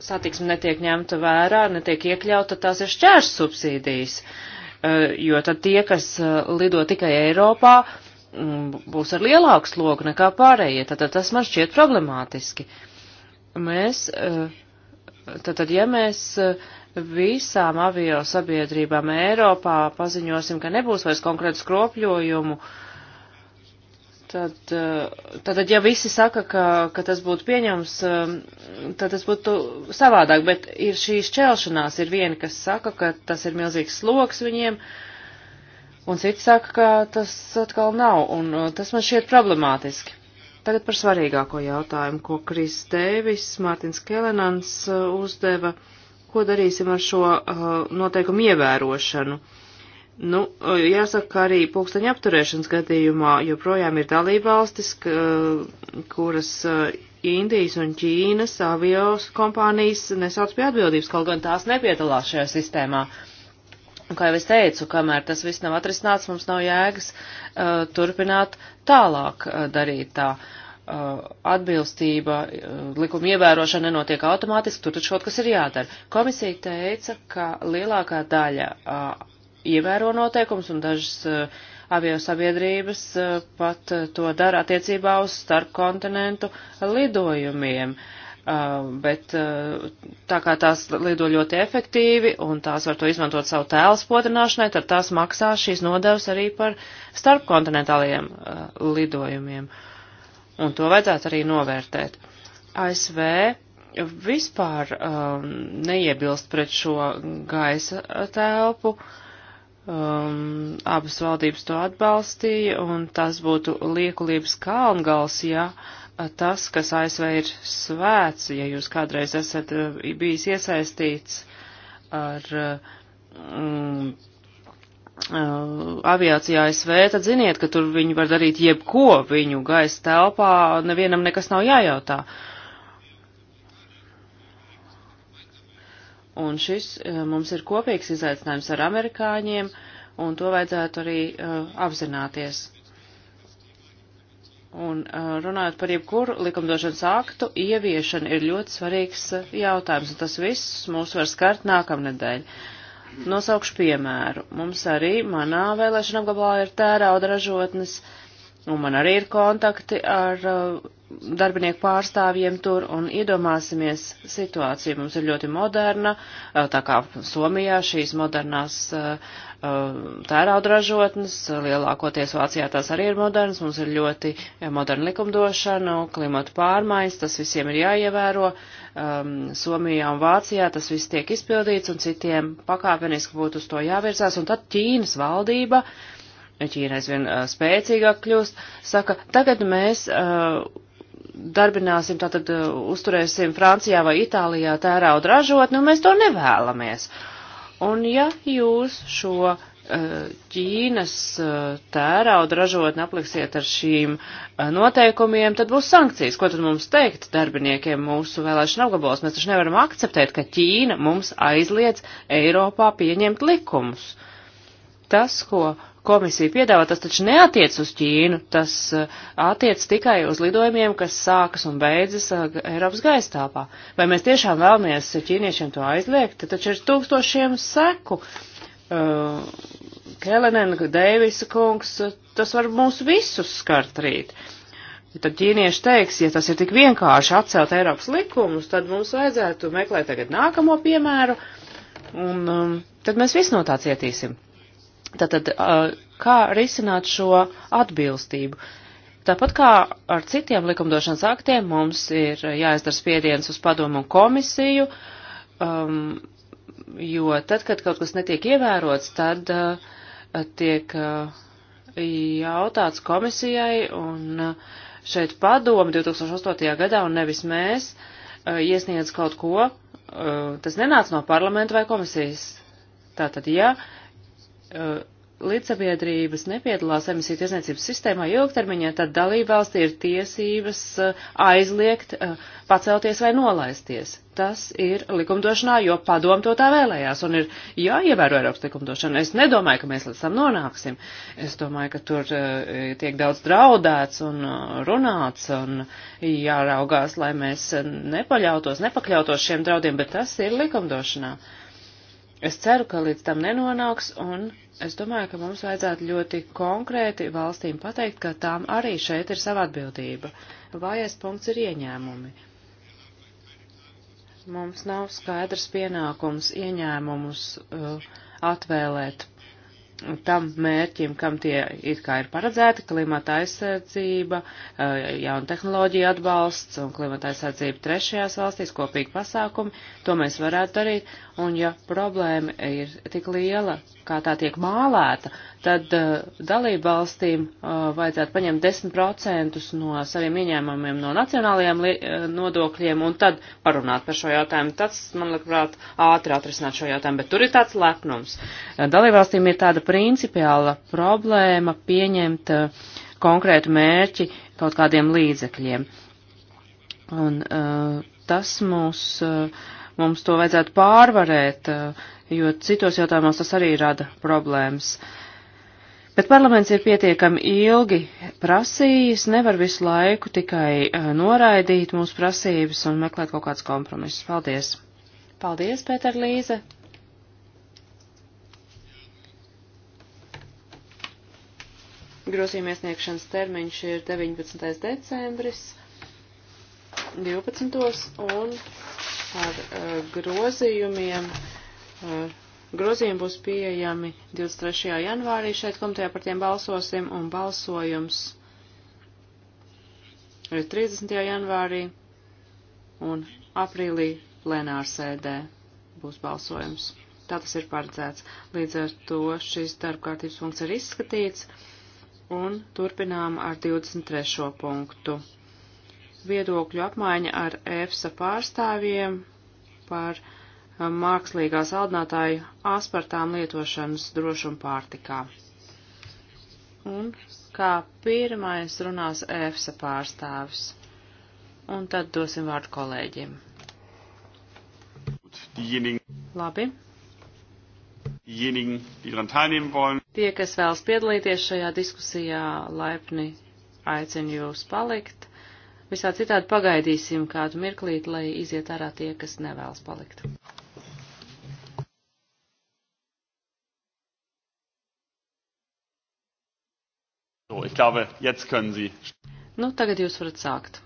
satiksme netiek ņemta vērā, netiek iekļauta, tās ir šķēršs subsīdijas. Uh, jo tad tie, kas uh, lido tikai Eiropā, Mm, būs ar lielāku slogu nekā pārējie. Tātad tas man šķiet problemātiski. Mēs, eh, tātad, ja mēs eh, visām avio sabiedrībām Eiropā paziņosim, ka nebūs vairs konkrētu skropļojumu, tad, eh, tad, ja visi saka, ka, ka tas būtu pieņems, tad tas būtu savādāk, bet ir šī šķelšanās, ir viena, kas saka, ka tas ir milzīgs sloks viņiem, uh, un citi saka, ka tas atkal nav, un uh, tas man šķiet problemātiski. Tagad par svarīgāko jautājumu, ko Kris Dēvis, Mārtins Kelenans uh, uzdeva, ko darīsim ar šo uh, noteikumu ievērošanu. Nu, uh, jāsaka, ka arī pulksteņa apturēšanas gadījumā joprojām ir dalībvalstis, kuras Indijas un Ķīnas avios kompānijas nesauc pie atbildības, kaut gan tās nepiedalās šajā sistēmā. Uh, Kā jau es teicu, kamēr tas viss nav atrisināts, mums nav jēgas uh, turpināt tālāk uh, darīt tā. Uh, atbilstība, uh, likuma ievērošana nenotiek automātiski, tur taču kaut kas ir jādara. Komisija teica, ka lielākā daļa uh, ievēro noteikums un dažas uh, avio sabiedrības uh, pat uh, to dara attiecībā uz starpkontinentu lidojumiem. Uh, Uh, bet uh, tā kā tās lido ļoti efektīvi un tās var to izmantot savu tēlu spodrināšanai, tad tās maksā šīs nodevas arī par starpkontinentāliem uh, lidojumiem. Un to vajadzētu arī novērtēt. ASV vispār um, neiebilst pret šo gaisa telpu. Um, abas valdības to atbalstīja, un tas būtu liekulības kalngals, ja uh, tas, kas ASV ir svēts, ja jūs kādreiz esat e, bijis iesaistīts ar e, mm, e, aviācijā ASV, tad ziniet, ka tur viņi var darīt jebko viņu gaisa telpā, nevienam nekas nav jājautā. Un šis mums ir kopīgs izaicinājums ar amerikāņiem, un to vajadzētu arī uh, apzināties. Un uh, runājot par jebkuru likumdošanas aktu, ieviešana ir ļoti svarīgs uh, jautājums, un tas viss mūs var skart nākamnedēļ. Nosaukšu piemēru. Mums arī manā vēlēšana apgabalā ir tērauda ražotnes, uh, un nu, man arī ir kontakti ar uh, darbinieku pārstāvjiem tur, un iedomāsimies situāciju. Mums ir ļoti moderna, uh, tā kā Somijā šīs modernās uh, tērauda ražotnes, lielākoties Vācijā tās arī ir modernas, mums ir ļoti moderna likumdošana, klimata pārmaiņas, tas visiem ir jāievēro. Um, Somijā un Vācijā tas viss tiek izpildīts, un citiem pakāpeniski būtu uz to jāvirzās, un tad Ķīnas valdība uh, Ķīna aizvien uh, spēcīgāk kļūst, saka, tagad mēs uh, darbināsim, tātad uh, uzturēsim Francijā vai Itālijā tērauda ražotni, un mēs to nevēlamies. Un ja jūs šo uh, Ķīnas tērauda ražotni apliksiet ar šīm noteikumiem, tad būs sankcijas. Ko tad mums teikt darbiniekiem mūsu vēlēšana apgabalos? Mēs taču nevaram akceptēt, ka Ķīna mums aizliedz Eiropā pieņemt likumus. Tas, ko uh, komisija piedāvā, tas taču neatiec uz Ķīnu, tas eh, attiec tikai uz lidojumiem, kas sākas un beidzas eh, Eiropas gaistāpā. Vai mēs tiešām vēlamies ķīniešiem to aizliegt, taču ir tūkstošiem seku. Uh, Kelenen, Deivisa kungs, tas var mūs visus skart rīt. Ja tad ķīnieši teiks, ja tas ir tik vienkārši atcelt Eiropas likumus, tad mums vajadzētu meklēt tagad nākamo piemēru, un um, tad mēs visi no tā cietīsim. Tātad, kā risināt šo atbilstību? Tāpat kā ar citiem likumdošanas aktiem, mums ir jāizdara spiediens uz padomu un komisiju, um, jo tad, kad kaut kas netiek ievērots, tad uh, tiek uh, jautāts komisijai, un uh, šeit padomu 2008. gadā, un nevis mēs, uh, iesniedz kaut ko, uh, tas nenāca no parlamenta vai komisijas. Tātad, ja uh, uh, līdzsabiedrības nepiedalās emisiju tiesniecības sistēmā ilgtermiņā, tad dalībvalstī ir tiesības uh, aizliegt uh, pacelties vai nolaisties. Tas ir likumdošanā, jo padomu to tā vēlējās un ir jāievēro Eiropas likumdošana. Es nedomāju, ka mēs līdz tam nonāksim. Es domāju, ka tur uh, tiek daudz draudēts un runāts un jāraugās, lai mēs nepaļautos, nepakļautos šiem draudiem, bet tas ir likumdošanā. Uh, Es ceru, ka līdz tam nenonāks, un es domāju, ka mums vajadzētu ļoti konkrēti valstīm pateikt, ka tām arī šeit ir sava atbildība. Vājais punkts ir ieņēmumi. Mums nav skaidrs pienākums ieņēmumus uh, atvēlēt tam mērķim, kam tie it kā ir paredzēti, klimata aizsardzība, uh, jauna tehnoloģija atbalsts un klimata aizsardzība trešajās valstīs, kopīgi pasākumi, to mēs varētu darīt, Un ja problēma ir tik liela, kā tā tiek mālēta, tad uh, dalību valstīm uh, vajadzētu paņemt 10% no saviem ieņēmumiem no nacionālajiem uh, nodokļiem un tad parunāt par šo jautājumu. Tas, man liekas, ātri atrisināt šo jautājumu, bet tur ir tāds lepnums. Uh, dalību valstīm ir tāda principiāla problēma pieņemt uh, konkrētu mērķi kaut kādiem līdzekļiem. Un uh, tas mūs. Uh, Mums to vajadzētu pārvarēt, eh, jo citos jautājumos tas arī rada problēmas. Bet parlaments ir pietiekami ilgi prasījis, nevar visu laiku tikai eh, noraidīt mūsu prasības un meklēt kaut kāds kompromiss. Paldies! Paldies, Pēter Līze! Grozījuma iesniegšanas termiņš ir 19. decembris 12. un ar eh, grozījumiem. Eh, grozījumi būs pieejami 23. janvārī šeit komitejā par tiem balsosim un balsojums ir 30. janvārī un aprīlī plenārsēdē būs balsojums. Tā tas ir paredzēts. Līdz ar to šis darbkārtības punkts ir izskatīts un turpinām ar 23. punktu viedokļu apmaiņa ar EFSA pārstāvjiem par eh, mākslīgā saldinātāju aspartām lietošanas drošumu pārtikā. Un kā pirmais runās EFSA pārstāvis. Un tad dosim vārdu kolēģiem. Labi. Tie, kas vēlas piedalīties šajā diskusijā, laipni aicinu jūs palikt Visā citādi pagaidīsim kādu mirklīti, lai iziet ārā tie, kas nevēlas palikt. So, ich glaube, jetzt können Sie. Nu, tagad jūs varat sākt.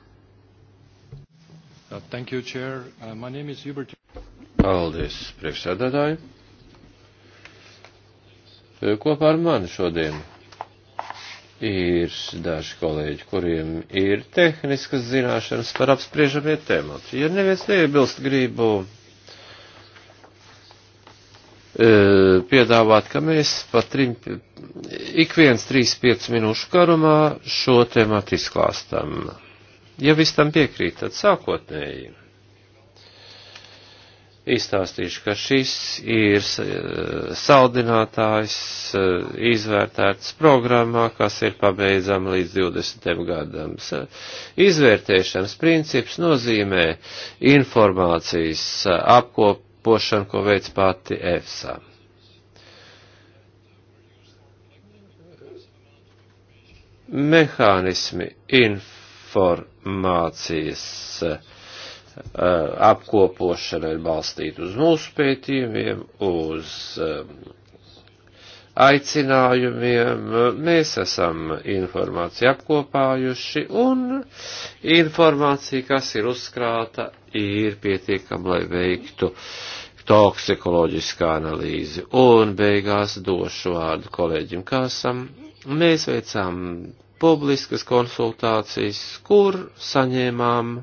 Uh, thank you, Chair. Uh, my name is Hubert. Paldies, priekšsēdētāji. Uh, kopā ar mani šodien ir daži kolēģi, kuriem ir tehniskas zināšanas par apspriežamie tēmati. Ja neviens neiebilst, gribu e, piedāvāt, ka mēs pa trim, ik viens 3-5 minūšu garumā šo tēmatu izklāstam. Ja viss tam piekrīt, tad sākotnēji izstāstīšu, ka šis ir e, saldinātājs e, izvērtēts programmā, kas ir pabeidzama līdz 20. gadam. Izvērtēšanas princips nozīmē informācijas e, apkopošanu, ko veic pati EFSA. Mehānismi informācijas uh, Uh, apkopošana ir balstīta uz mūsu pētījumiem, uz um, aicinājumiem. Mēs esam informāciju apkopājuši un informācija, kas ir uzkrāta, ir pietiekama, lai veiktu toksikoloģiskā analīzi. Un beigās došu vārdu kolēģim Kāsam. Mēs veicām publiskas konsultācijas, kur saņēmām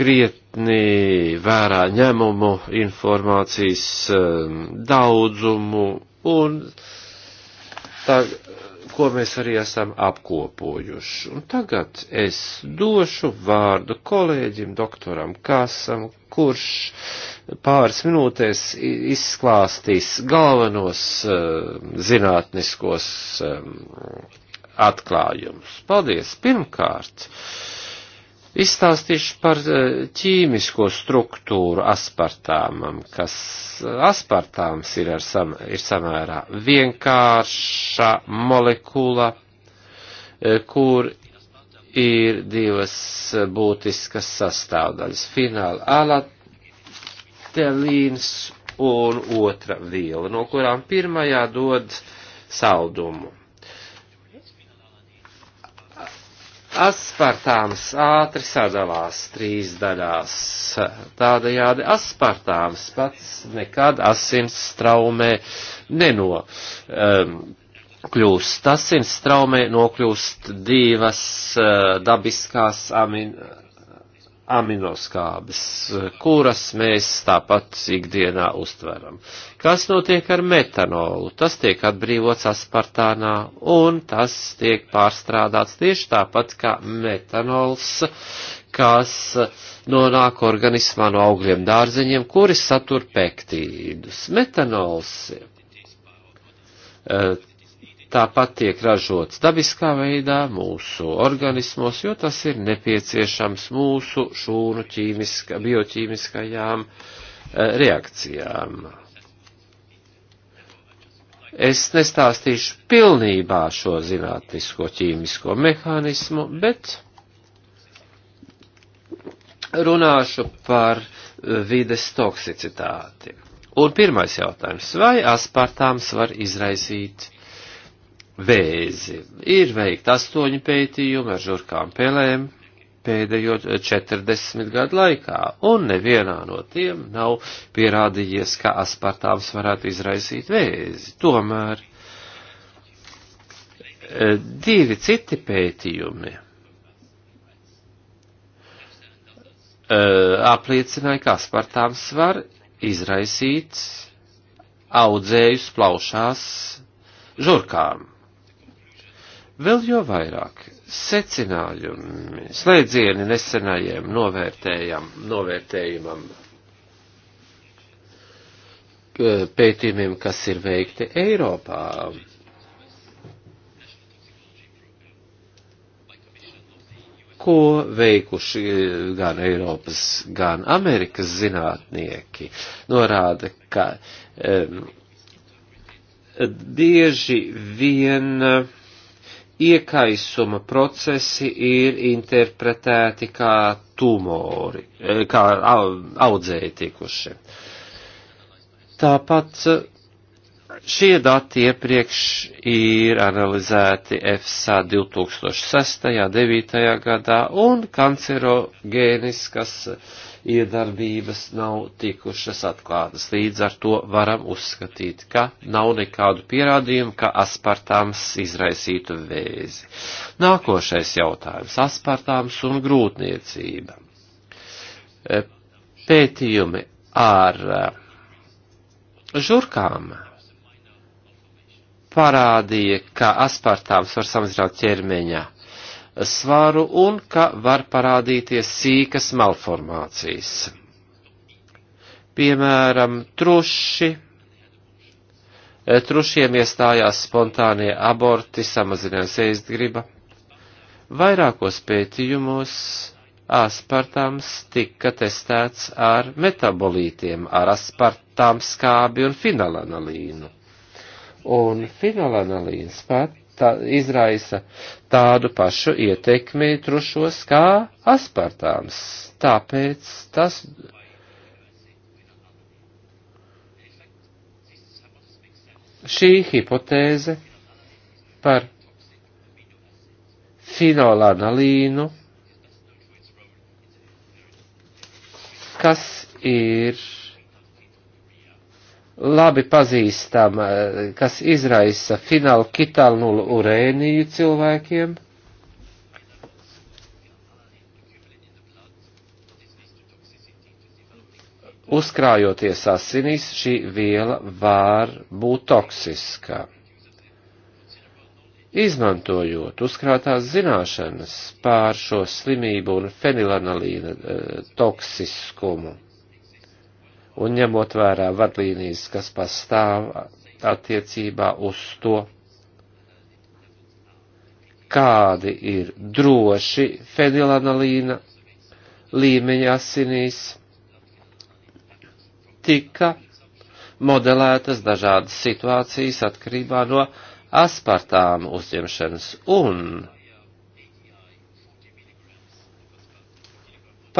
krietni vērā ņemumu, informācijas um, daudzumu un tā, ko mēs arī esam apkopojuši. Un tagad es došu vārdu kolēģim, doktoram Kāsam, kurš pāris minūtēs izklāstīs galvenos um, zinātniskos um, atklājumus. Paldies! Pirmkārt! Uh, Izstāstīšu par eh, ķīmisko struktūru aspartāmam, kas eh, aspartāms ir, ar sam, ir samērā vienkārša molekula, eh, kur ir divas būtiskas sastāvdaļas - fināla alatelīns un otra viela, no kurām pirmajā dod saldumu. Aspartāms ātri sadalās trīs daļās. Tādējādi aspartāms pats nekad asins straumē neno. Um, Kļūst asins straumē, nokļūst divas uh, dabiskās amino aminoskābes, kuras mēs tāpat ikdienā uztveram. Kas notiek ar metanolu? Tas tiek atbrīvots aspartānā un tas tiek pārstrādāts tieši tāpat kā metanols, kas nonāk organismā no augļiem dārzeņiem, kuri satur pektīdus. Metanols eh, tāpat tiek ražots dabiskā veidā mūsu organismos, jo tas ir nepieciešams mūsu šūnu ķīmiska, bioķīmiskajām eh, reakcijām. Es nestāstīšu pilnībā šo zinātnisko ķīmisko mehānismu, bet runāšu par eh, vides toksicitāti. Un pirmais jautājums, vai aspartāms var izraisīt vēzi. Ir veikta astoņi pētījumi ar žurkām pelēm pēdējo 40 gadu laikā, un nevienā no tiem nav pierādījies, ka aspartāms varētu izraisīt vēzi. Tomēr e, divi citi pētījumi e, apliecināja, ka aspartāms var izraisīt audzējus plaušās žurkām. Vēl jo vairāk secinājumi, slēdzieni nesenajiem novērtējumam pētījumiem, kas ir veikti Eiropā. Ko veikuši gan Eiropas, gan Amerikas zinātnieki, norāda, ka um, bieži vien uh, iekaisuma procesi ir interpretēti kā tumori, eh, kā audzēji tikuši. Tāpat eh, šie dati iepriekš ir analizēti EFSA 2006. 9. gadā un kancerogēniskas uh, iedarbības nav tikušas atklātas. Līdz ar to varam uzskatīt, ka nav nekādu pierādījumu, ka aspartāms izraisītu vēzi. Nākošais jautājums - aspartāms un grūtniecība. E, pētījumi ar e, žurkām parādīja, ka aspartāms var samazināt ķermeņa svaru un ka var parādīties sīkas malformācijas. Piemēram, truši. E, trušiem iestājās spontānie aborti, samazinājās ēstgriba. Vairākos pētījumos aspartams tika testēts ar metabolītiem, ar aspartām skābi un finalanalīnu. Un finalanalīns pat tā, izraisa tādu pašu ietekmi trušos kā aspartāms. Tāpēc tas. Šī hipotēze par finolanalīnu, kas ir labi pazīstama, eh, kas izraisa finālu kitalnulu urēniju cilvēkiem. Uzkrājoties asinīs, šī viela var būt toksiska. Izmantojot uzkrātās zināšanas pār šo slimību un fenilanalīna e, toksiskumu un ņemot vērā vadlīnijas, kas pastāv attiecībā uz to, kādi ir droši fenilanalīna līmeņa asinīs, tika modelētas dažādas situācijas atkarībā no aspartāmu uzņemšanas un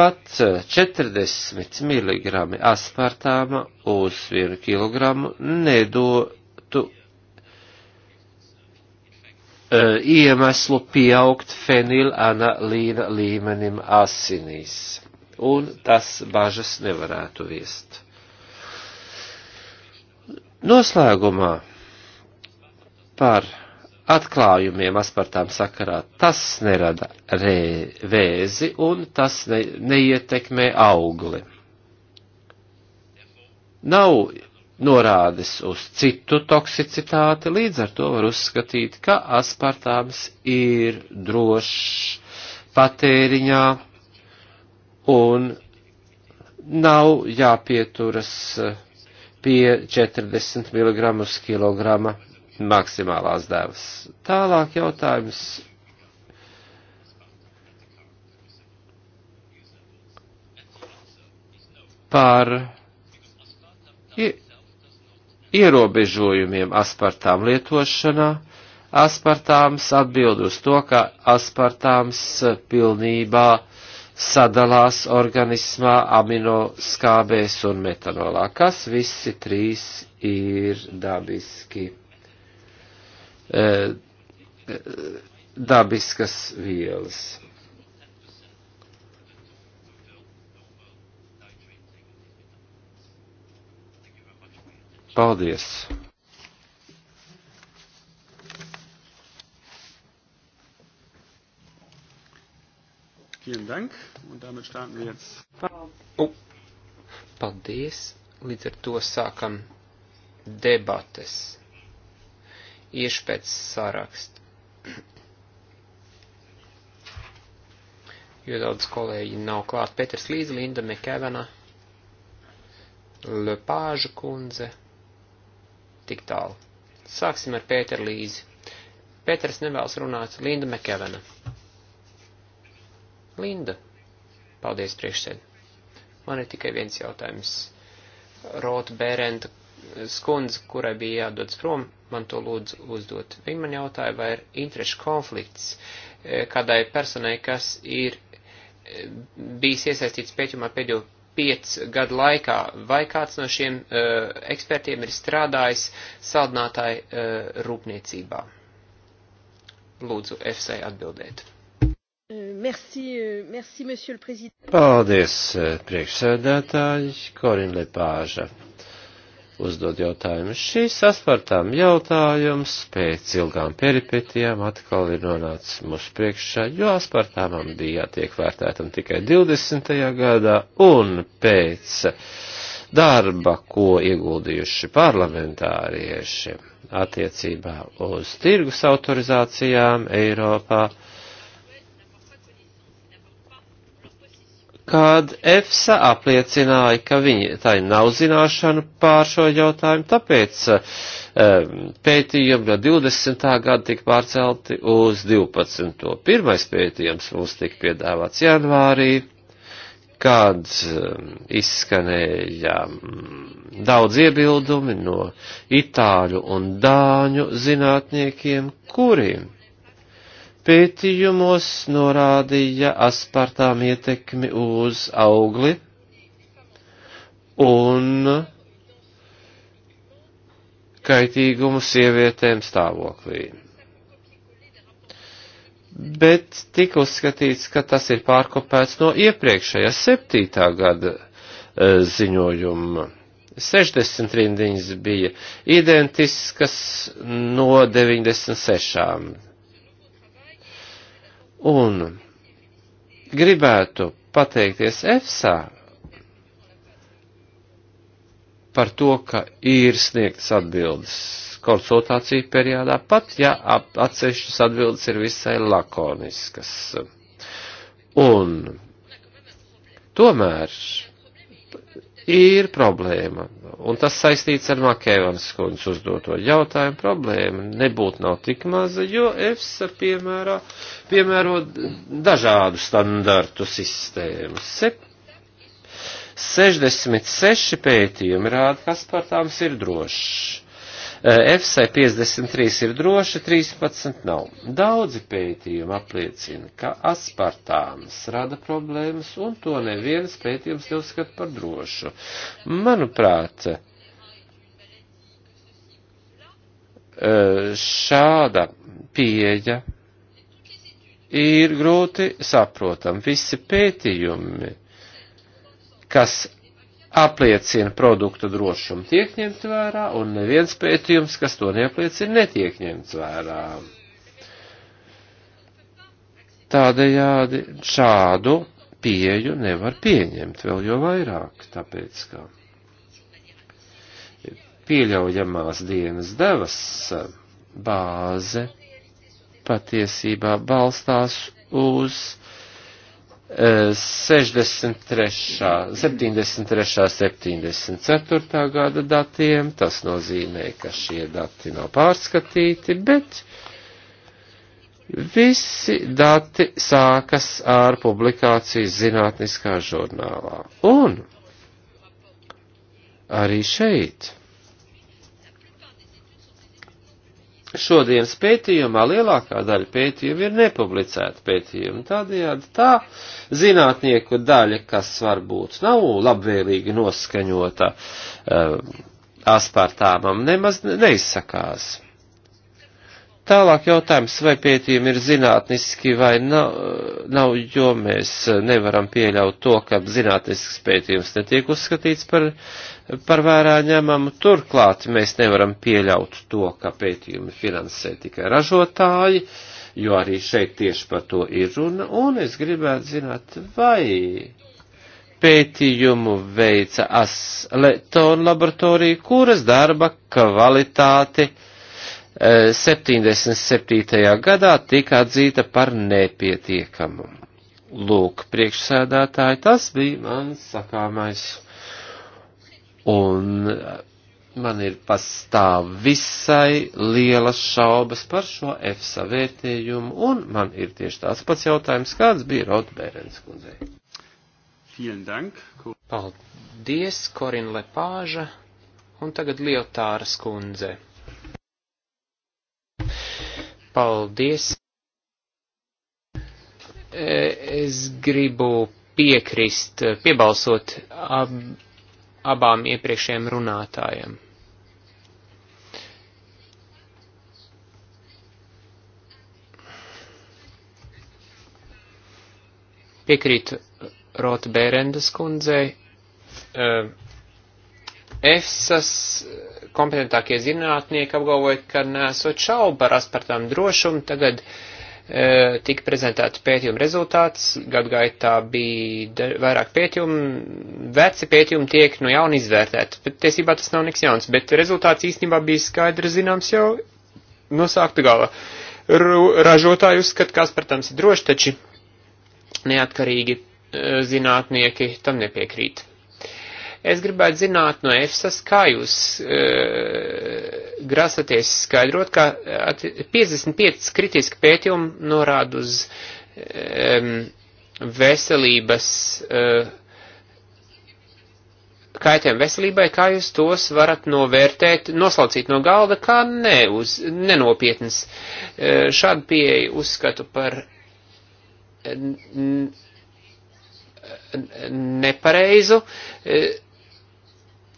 Tāpat 40 mg aspartāma uz 1 kg nedotu eh, iemeslu pieaugt fenilanalīna līmenim asinīs, un tas bažas nevarētu viest. Noslēgumā par atklājumiem aspartām sakarā, tas nerada rē, vēzi un tas ne, neietekmē augli. Nav norādes uz citu toksicitāti, līdz ar to var uzskatīt, ka aspartāms ir drošs patēriņā un nav jāpieturas pie 40 mg kilograma maksimālās devas. Tālāk jautājums. Par ierobežojumiem aspartām lietošanā. Aspartāms atbild uz to, ka aspartāms pilnībā sadalās organismā aminoskābēs un metanolā, kas visi trīs ir dabiski E, e, dabiskas vielas. Paldies! Vielen Dank. Und damit starten wir jetzt. Oh. Paldies. Līdz ar to sākam debates iešu pēc sarakstu. jo daudz kolēģi nav klāt. Peters Līdz, Linda Mekevena, Lepāža kundze, tik tālu. Sāksim ar Pēteru Līzi. Pēters nevēlas runāt, Linda Mekevena. Linda, paldies priekšsēd. Man ir tikai viens jautājums. Rota Bērenta skundze, kurai bija jādodas prom, man to lūdzu uzdot. Viņa man jautāja, vai ir interešu konflikts e, kādai personai, kas ir e, bijis iesaistīts pētījumā pēdējo piecu gadu laikā, vai kāds no šiem uh, ekspertiem ir strādājis saldinātāju uh, rūpniecībā. Lūdzu, FSA atbildēt. Merci, merci, monsieur le président. Paldies, priekšsēdētāji, Korina Lepāža uzdod jautājumu. Šīs aspartām jautājums pēc ilgām peripetijām atkal ir nonācis mūsu priekšā, jo aspartāmam bija jātiek vērtētam tikai 20. gadā un pēc darba, ko ieguldījuši parlamentārieši attiecībā uz tirgus autorizācijām Eiropā kad EFSA apliecināja, ka viņi, tā ir nav zināšana pār šo jautājumu, tāpēc eh, pētījumi no 20. gada tika pārcelti uz 12. Pirmais pētījums mums tika piedāvāts janvārī, kad eh, izskanēja mm, daudz iebildumi no itāļu un dāņu zinātniekiem, kuriem pētījumos norādīja aspartām ietekmi uz augli un kaitīgumu sievietēm stāvoklī. Bet tika uzskatīts, ka tas ir pārkopēts no iepriekšējā septītā gada e, ziņojuma. 60 rindiņas bija identiskas no 96. Un gribētu pateikties EFSA par to, ka ir sniegtas atbildes konsultāciju periodā, pat ja atsevišķas atbildes ir visai lakoniskas. Un tomēr ir problēma, un tas saistīts ar Makēvans kundzes uzdoto jautājumu. Problēma nebūtu nav tik maza, jo EFSA piemērā, piemēro dažādu standartu sistēmu. Se 66 pētījumi rāda, kas par tām ir drošs. EFSA eh, 53 ir droši, 13 nav. Daudzi pētījumi apliecina, ka aspartāms rada problēmas, un to neviens pētījums neuzskata par drošu. Manuprāt, eh, šāda pieeja ir grūti saprotam. Visi pētījumi, kas apliecina produktu drošumu, tiek ņemt vērā, un neviens pētījums, kas to neapliecina, netiek ņemts vērā. Tādējādi šādu pieju nevar pieņemt vēl jo vairāk, tāpēc kā pieļaujamās dienas devas bāze patiesībā balstās uz 63., 73., 74. gada datiem. Tas nozīmē, ka šie dati nav pārskatīti, bet visi dati sākas ar publikācijas zinātniskā žurnālā. Un arī šeit šodienas pētījumā lielākā daļa pētījumu ir nepublicēta pētījuma. Tādējādi tā zinātnieku daļa, kas varbūt nav labvēlīgi noskaņota uh, aspartāmam, nemaz neizsakās. Tālāk jautājums, vai pētījumi ir zinātniski vai nav, nav, jo mēs nevaram pieļaut to, ka zinātnisks pētījums netiek uzskatīts par, par vērā ņemamu. Turklāt mēs nevaram pieļaut to, ka pētījumi finansē tikai ražotāji, jo arī šeit tieši par to ir runa. Un es gribētu zināt, vai pētījumu veica Asleton laboratorija, kuras darba kvalitāti 77. Eh, gadā tika atzīta par nepietiekamu. Lūk, priekšsēdētāji, tas bija mans sakāmais. Un man ir pastāv visai lielas šaubas par šo EFSA vērtējumu, un man ir tieši tāds pats jautājums, kāds bija Rotbērens kundzei. Paldies, Korina Lepāža, un tagad Liotāras kundze. Paldies. E, es gribu piekrist, piebalsot ab, abām iepriekšējiem runātājiem. Piekrītu Rota Bērendas kundzei. Uh, EFSAS kompetentākie zinātnieki apgalvoja, ka nesot šaubu par aspartām drošumu, tagad e, tika prezentēta pētījuma rezultāts, gadu gaitā bija vairāk pētījumu, veci pētījumi tiek no jauna izvērtēti, bet tiesībā tas nav nekas jauns, bet rezultāts īstenībā bija skaidri zināms jau no sākta gala. Ražotāji uzskata, ka aspartams ir droši, taču neatkarīgi e, zinātnieki tam nepiekrīt. Es gribētu zināt no EFSAS, kā jūs e, grasaties skaidrot, ka 55 kritiski pētījumi norāda uz e, veselības, e, kaitēm veselībai, kā jūs tos varat novērtēt, noslaucīt no galda, kā ne uz nenopietnas. E, šādu pieeju uzskatu par. N, n, nepareizu. E,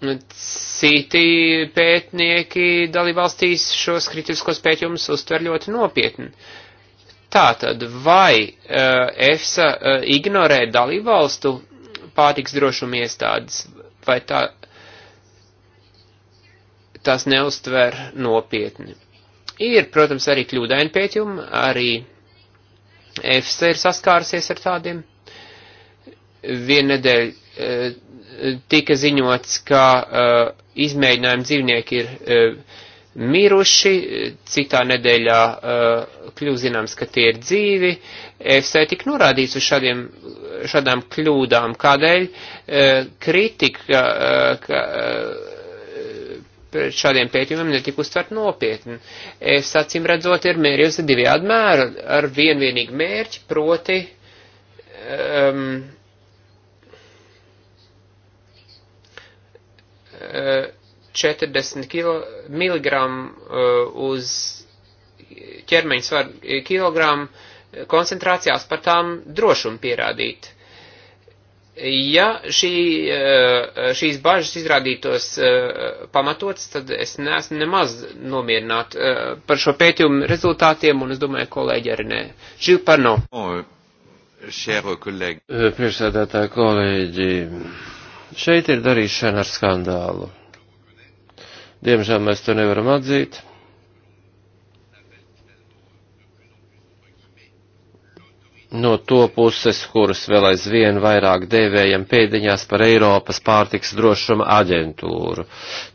Citi pētnieki dalībvalstīs šos kritiskos pētījumus uztver ļoti nopietni. Tātad, vai uh, EFSA uh, ignorē dalībvalstu pārtiks drošuma iestādes, vai tā, tās neuztver nopietni? Ir, protams, arī kļūdaini pētījumi, arī EFSA ir saskārusies ar tādiem. Viena nedēļa E, tika ziņots, ka e, izmēģinājumi dzīvnieki ir e, miruši, citā nedēļā kļuva zināms, ka tie ir dzīvi. EFSA tika norādīts uz šādiem, šādām kļūdām, kādēļ kritika ka, pret šādiem pētījumiem netika uztvert nopietni. EFSA, acīm redzot, ir mērījusi divējādi mēru ar vienvienīgu mērķi, proti um, 40 kilo, miligramu eh, uz ķermeņa svaru eh, kilogramu eh, koncentrācijās par tām drošumu pierādīt. Ja šī, šīs bažas izrādītos pamatots, tad es neesmu nemaz nomierināt par šo pētījumu rezultātiem, un es domāju, kolēģi arī nē. Žil Parno. Oh, priekšsēdētāji kolēģi. Šeit ir darīšana ar skandālu. Diemžēl mēs to nevaram atzīt. No to puses, kuras vēl aizvien vairāk dēvējam pēdiņās par Eiropas pārtiks drošuma aģentūru.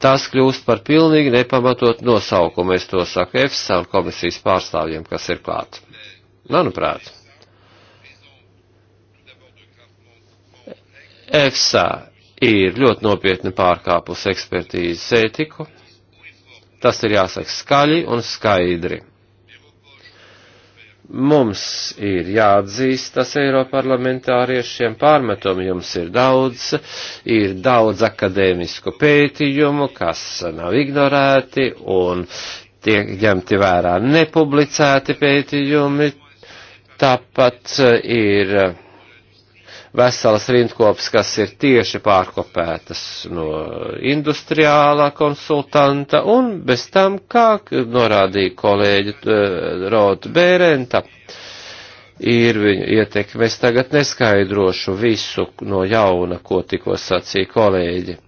Tās kļūst par pilnīgi nepamatot nosaukumu, es to saku EFSA un komisijas pārstāvjiem, kas ir klāt. Manuprāt, EFSA ir ļoti nopietni pārkāpus ekspertīzes ētiku. Tas ir jāsaka skaļi un skaidri. Mums ir jāatzīst tas Eiroparlamentāriešiem, pārmetumi jums ir daudz, ir daudz akadēmisku pētījumu, kas nav ignorēti un tiek ņemti vērā nepublicēti pētījumi, tāpat ir veselas rindkopas, kas ir tieši pārkopētas no industriālā konsultanta, un bez tam, kā norādīja kolēģi eh, Rota Bērenta, ir viņa ietekme. Es tagad neskaidrošu visu no jauna, ko tikko sacīja kolēģi.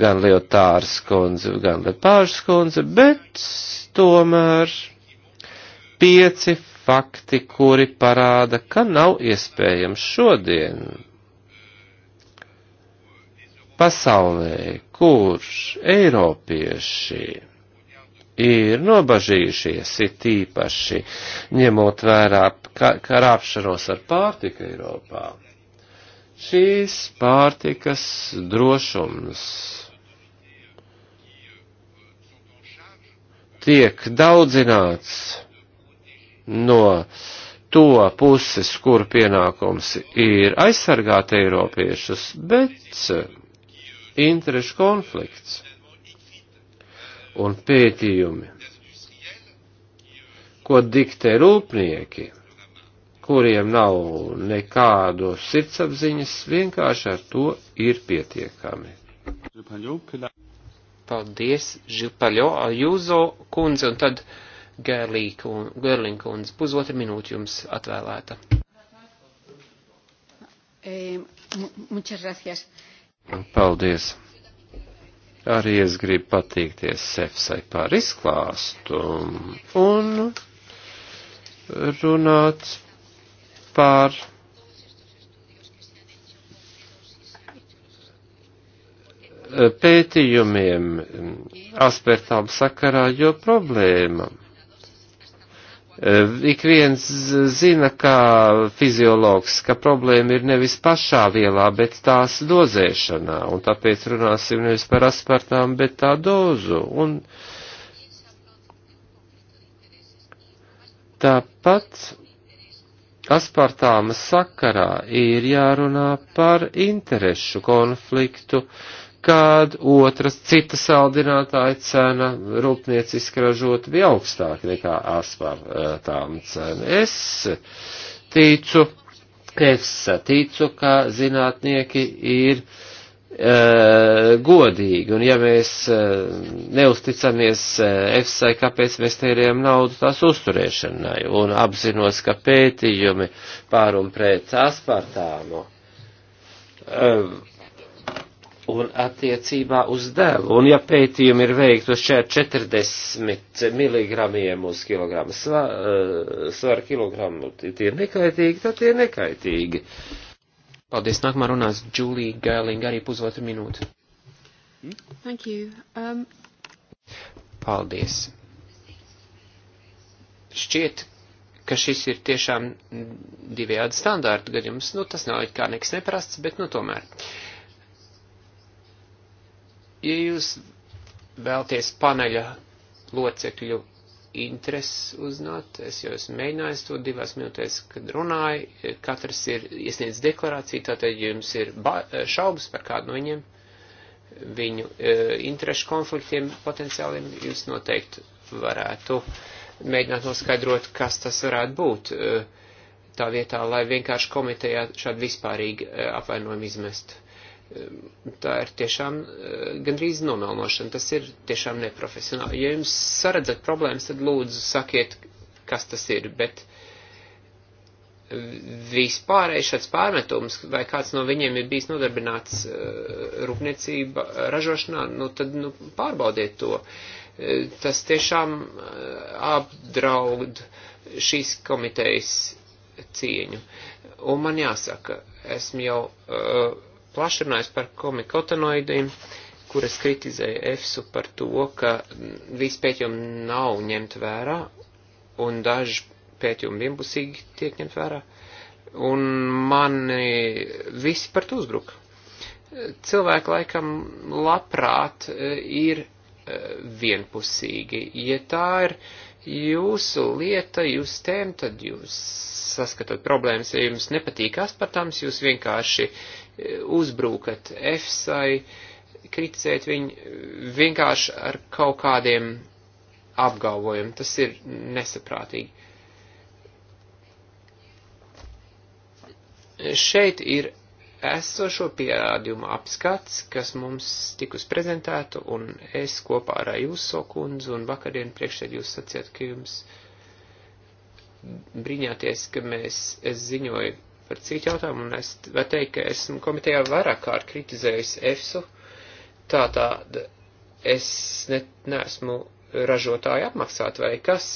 Gan Liotārs kundze, gan Lepāžas kundze, bet tomēr pieci fakti, kuri parāda, ka nav iespējams šodien pasaulē, kurš Eiropieši ir nobažījušies, ir tīpaši ņemot vērā karāpšanos ar pārtika Eiropā. Šīs pārtikas drošums tiek daudzināts no to puses, kur pienākums ir aizsargāt eiropiešus, bet eh, interešu konflikts un pētījumi, ko diktē rūpnieki, kuriem nav nekādu sirdsapziņas, vienkārši ar to ir pietiekami. Paldies, Žilpaļo, Ajūzo kundze, un tad. Gerling kundze. Pusotra minūte jums atvēlēta. E, Paldies. Arī es gribu patīkties Sefsai par izklāstu un runāt par pētījumiem aspertām sakarā, jo problēma Eh, ik viens zina, kā fiziologs, ka problēma ir nevis pašā vielā, bet tās dozēšanā, un tāpēc runāsim nevis par aspartām, bet tā dozu. Un tāpat aspartāma sakarā ir jārunā par interešu konfliktu, uh, kad otras cita saldinātāja cena rūpnieciski ražota bija augstāka nekā aspartām eh, cena. Es ticu, es ticu, ka zinātnieki ir e, godīgi, un ja mēs e, neusticamies EFSA, kāpēc mēs tērējam naudu tās uzturēšanai, un apzinos, ka pētījumi pār un pret aspartāmu e, un attiecībā uz dēlu. Un ja pētījumi ir veikti uz 40 mg uz kilogramu svāru eh, svār kilogramu, tie ir nekaitīgi, tad tie ir nekaitīgi. Paldies, nākamā runās Džulija Gēlinga arī pusotru minūtu. Hmm? Thank you. Um... Paldies. Šķiet, ka šis ir tiešām divējādi standārtu gadījums. Nu, tas nav it kā nekas neparasts, bet nu tomēr. Uh, Ja jūs vēlties paneļa locekļu intereses uzzināt, es jau esmu mēģinājis to divās minūtēs, kad runāju, katrs ir iesniedz deklarāciju, tātad, ja jums ir šaubas par kādu no viņiem, viņu e, interešu konfliktiem potenciāliem, jūs noteikti varētu mēģināt noskaidrot, kas tas varētu būt, e, tā vietā, lai vienkārši komitejā šādu vispārīgu e, apvainojumu izmestu tā ir tiešām eh, gandrīz nomelnošana, tas ir tiešām neprofesionāli. Ja jums saredzat problēmas, tad lūdzu sakiet, kas tas ir, bet vispārēj šāds pārmetums, vai kāds no viņiem ir bijis nodarbināts eh, rūpniecība ražošanā, nu tad nu, pārbaudiet to. Eh, tas tiešām apdraud šīs komitejas cieņu. Un man jāsaka, esmu jau uh, plaši runājis par komikotanoidiem, kuras kritizēja EFSU par to, ka visi pētījumi nav ņemt vērā, un daži pētījumi vienpusīgi tiek ņemt vērā, un mani visi par to uzbruka. Cilvēki laikam labprāt e, ir e, vienpusīgi. Ja tā ir jūsu lieta, jūs tēm, tad jūs saskatāt problēmas, ja jums nepatīk aspartams, jūs vienkārši uh, uzbrukat EFSAI, kritizēt viņu vienkārši ar kaut kādiem apgalvojumiem. Tas ir nesaprātīgi. Šeit ir esošo pierādījumu apskats, kas mums tikus prezentētu, un es kopā ar Jūso kundzu un vakardien priekšēd jūs sacījāt, ka jums brīņāties, ka mēs, es ziņoju par citu jautājumu, un es varu teikt, ka esmu komitejā vairāk kārt kritizējis EFSU, tā tā es ne, neesmu ražotāji apmaksāt vai kas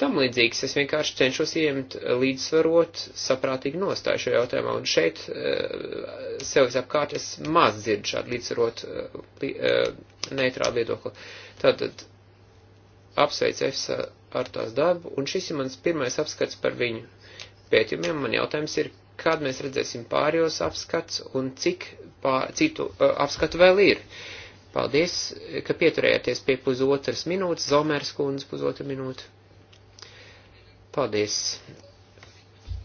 tam līdzīgs. Es vienkārši cenšos iemt līdzsvarot saprātīgu nostāju šajā jautājumā, un šeit eh, sev visapkārt es maz dzirdu šādu līdzsvarot eh, eh, neitrālu viedokli. Tātad apsveic EFSA ar tās darbu, un šis ir mans pirmais apskats par viņu pētījumiem. Man jautājums ir, kad mēs redzēsim pārējos apskats un cik pār, citu uh, apskatu vēl ir. Paldies, ka pieturējāties pie pusotras minūtes, Zomērs kundze pusotra minūte. Paldies.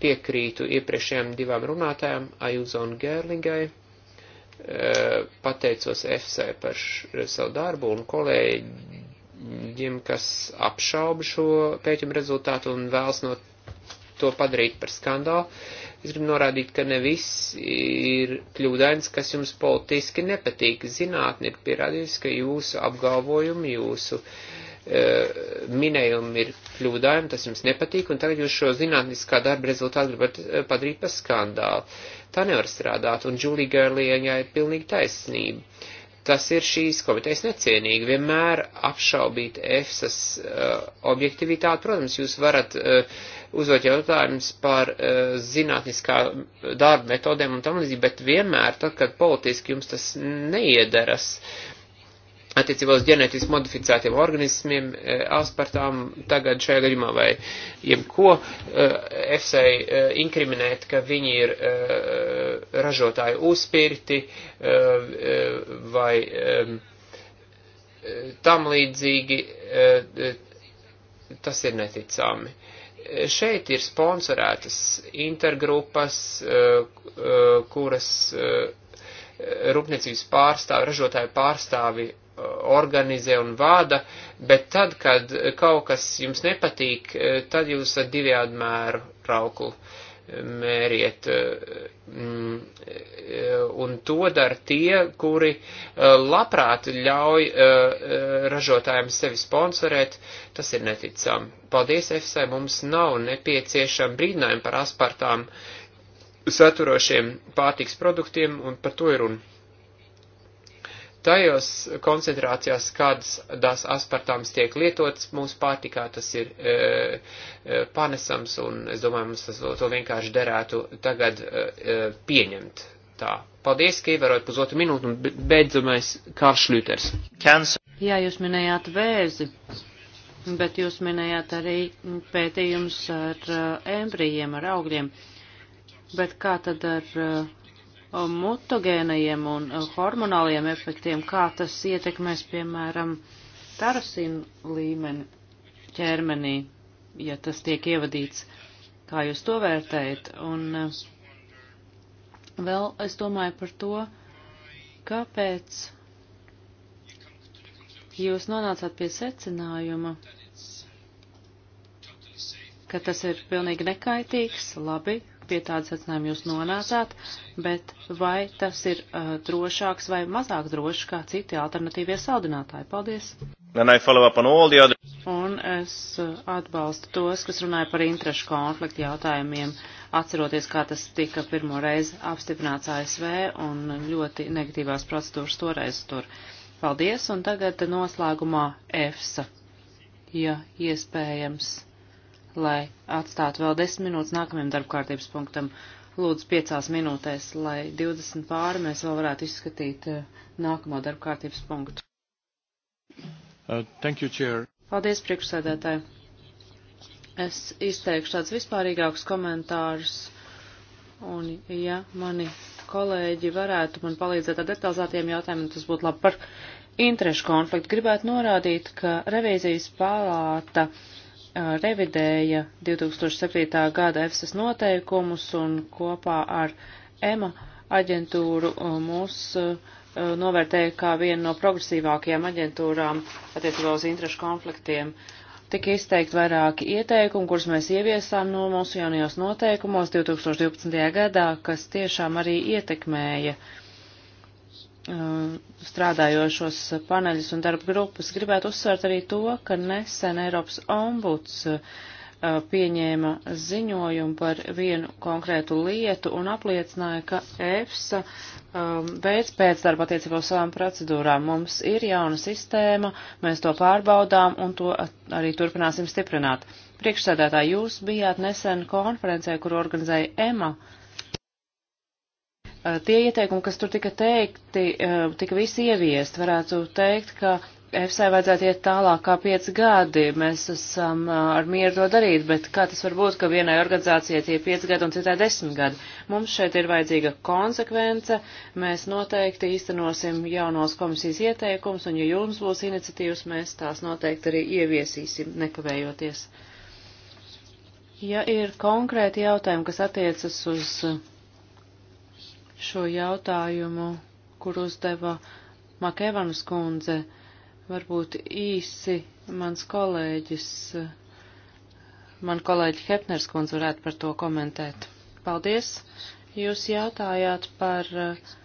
Piekrītu iepriekšējām divām runātājām, Ajuzo un Gērlingai. Uh, pateicos EFSA par š, savu darbu un kolēģiem, kas apšauba šo pētījumu rezultātu un vēlas no to padarīt par skandālu. Es gribu norādīt, ka ne viss ir kļūdains, kas jums politiski nepatīk. Zinātne ir pierādījusi, ka jūsu apgalvojumi, jūsu e, minējumi ir kļūdaini, tas jums nepatīk, un tagad jūs šo zinātniskā darba rezultātu gribat e, padarīt par skandālu. Tā nevar strādāt, un Julie Gerlijai ir pilnīgi taisnība. Tas ir šīs komitejas necienīgi vienmēr apšaubīt EFSAS uh, objektivitāti. Protams, jūs varat uh, uzdot jautājumus par uh, zinātniskā darba metodēm un tam līdzīgi, bet vienmēr, tad, kad politiski jums tas neiedaras, uh, attiecībā uz ģenētiski modificētiem organismiem, eh, aspartām tagad šajā gadījumā vai jebko EFSAI eh, eh, inkriminēt, ka viņi ir ražotāju uzspirti vai tam līdzīgi, tas ir neticami. Šeit ir sponsorētas intergrupas, kuras rūpniecības pārstāvi, ražotāju pārstāvi organizē un vada, bet tad, kad kaut kas jums nepatīk, eh, tad jūs ar divjādu mēru rauklu eh, mēriet. Eh, mm, un to dara tie, kuri labprāt ļauj ražotājiem sevi sponsorēt. Tas ir neticami. Paldies, FSA, mums nav nepieciešama brīdinājuma par aspartām saturošiem pārtiks produktiem, un par to ir runa tajos koncentrācijās, kādas tās aspartāms tiek lietotas mūsu pārtikā, tas ir e, e, panesams, un es domāju, mums tas, to vienkārši derētu tagad e, e, pieņemt. Tā. Paldies, ka ievērojat pusotru minūtu, un beidzamais Kārš Ļūters. Jā, jūs minējāt vēzi, bet jūs minējāt arī pētījums ar uh, embrijiem, ar augļiem. Bet kā tad ar uh, mutagēnajiem un uh, hormonāliem efektiem, kā tas ietekmēs, piemēram, tarasinu līmeni ķermenī, ja tas tiek ievadīts. Kā jūs to vērtējat? Un uh, vēl es domāju par to, kāpēc jūs nonācāt pie secinājuma, ka tas ir pilnīgi nekaitīgs, labi, pie tādas secinājuma jūs nonācāt, bet vai tas ir uh, drošāks vai mazāk drošs kā citi alternatīvie saldinātāji? Paldies! Un es uh, atbalstu tos, kas runāja par interešu konfliktu jautājumiem, atceroties, kā tas tika pirmo reizi apstiprināts ASV un ļoti negatīvās procedūras toreiz tur. Paldies, un tagad noslēgumā EFSA, ja iespējams lai atstātu vēl desmit minūtes nākamajam darbkārtības punktam. Lūdzu, piecās minūtēs, lai 20 pāri mēs vēl varētu izskatīt eh, nākamo darbkārtības punktu. Uh, thank you, Chair. Paldies, priekšsēdētāji. Es izteikšu tāds vispārīgāks komentārus, un ja mani kolēģi varētu man palīdzēt ar detalizētiem jautājumiem, tas būtu labi par interešu konfliktu. Gribētu norādīt, ka revīzijas palāta uh, revidēja 2007. gada EFSAS noteikumus un kopā ar EMA aģentūru mūs novērtēja kā vienu no progresīvākajām aģentūrām attiecībā uz interešu konfliktiem. Tika izteikti vairāki ieteikumi, kurus mēs ieviesām no mūsu jaunajos noteikumos 2012. gadā, kas tiešām arī ietekmēja uh, Eh, strādājošos paneļus un darba grupas. Gribētu uzsvērt arī to, ka nesen Eiropas ombuds eh, pieņēma ziņojumu par vienu konkrētu lietu un apliecināja, ka EFSA eh, veids um, pēcdarbu attiecībā uz savām procedūrām. Mums ir jauna sistēma, mēs to pārbaudām un to arī turpināsim stiprināt. Priekšsēdētā jūs bijāt nesen konferencē, kur organizēja EMA. Uh, Eh, tie ieteikumi, kas tur tika teikti, eh, tika visi ieviest. Varētu teikt, ka EFSA vajadzētu iet tālāk kā pieci gadi. Mēs esam eh, ar mieru to darīt, bet kā tas var būt, ka vienai organizācijai tie pieci gadi un citai desmit gadi? Mums šeit ir vajadzīga konsekvence. Mēs noteikti īstenosim jaunos komisijas ieteikumus, un ja jums būs iniciatīvas, mēs tās noteikti arī ieviesīsim, nekavējoties. Ja ir konkrēti jautājumi, kas attiecas uz šo jautājumu, kur uzdeva Makēvanas kundze. Varbūt īsi mans kolēģis, man kolēģi Hepners kundze varētu par to komentēt. Paldies! Jūs jautājāt par uh,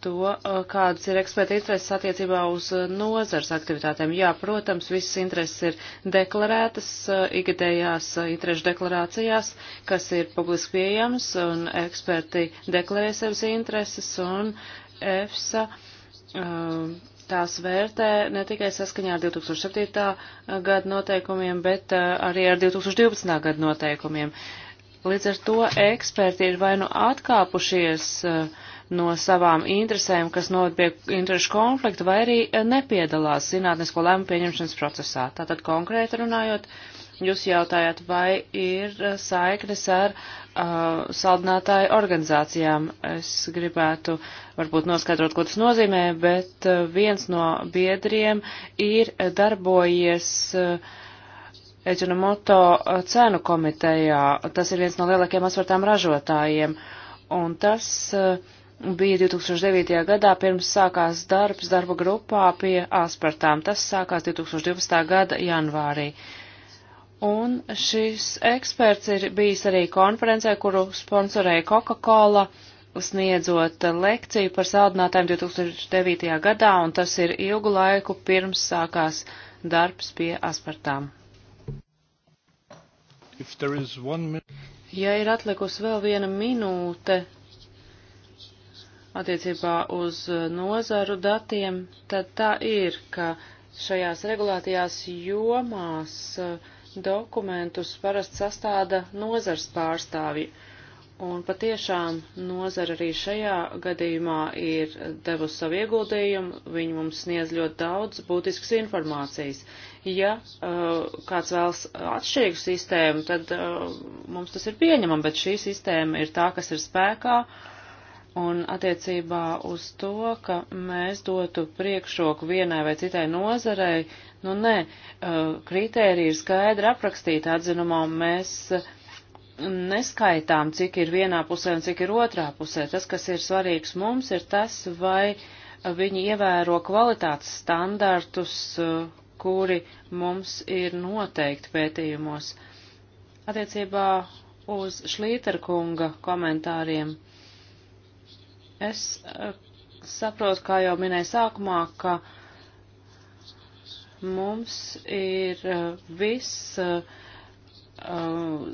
to, uh, kādas ir eksperta intereses attiecībā uz uh, nozars aktivitātēm. Jā, protams, visas intereses ir deklarētas uh, ikgadējās interešu deklarācijās, kas ir publiski pieejamas, un eksperti deklarē savas intereses, un EFSA tās vērtē ne tikai saskaņā ar 2007. gada noteikumiem, bet arī ar 2012. gada noteikumiem. Līdz ar to eksperti ir vai nu atkāpušies uh, no savām interesēm, kas noved pie interešu konflikta, vai arī eh, nepiedalās zinātnisko lēmu pieņemšanas procesā. Tātad konkrēti runājot, jūs jautājat, vai ir eh, saiknes ar uh, saldinātāju organizācijām. Es gribētu varbūt noskaidrot, ko tas nozīmē, bet viens no biedriem ir darbojies. Uh, Eģenomoto cēnu komitejā. Tas ir viens no lielākajiem asvartām ražotājiem. Un tas uh, bija 2009. gadā, pirms sākās darbs darba grupā pie aspartām. Tas sākās 2012. gada janvārī. Un šis eksperts ir bijis arī konferencē, kuru sponsorēja Coca-Cola, sniedzot lekciju par saldinātājiem 2009. gadā, un tas ir ilgu laiku pirms sākās darbs pie aspartām. Ja ir atlikusi vēl viena minūte, attiecībā uz eh, nozaru datiem, tad tā ir, ka šajās regulētajās jomās eh, dokumentus parasti sastāda nozars pārstāvji. Un patiešām nozara arī šajā gadījumā ir devusi savu ieguldījumu, viņi mums sniedz ļoti daudz būtiskas informācijas. Ja uh, kāds vēlas atšķirīgu sistēmu, tad uh, mums tas ir pieņemam, bet šī sistēma ir tā, kas ir spēkā. Uh, un attiecībā uz to, ka mēs dotu priekšroku vienai vai citai nozarei, nu nē, uh, kritērija ir skaidri aprakstīta atzinumā, un mēs uh, neskaitām, cik ir vienā pusē un cik ir otrā pusē. Tas, kas ir svarīgs mums, ir tas, vai viņi ievēro kvalitātes standartus, uh, kuri mums ir noteikti pētījumos. Attiecībā uz Šlīterkunga komentāriem Es eh, saprotu, kā jau minēju sākumā, ka mums ir eh, viss eh,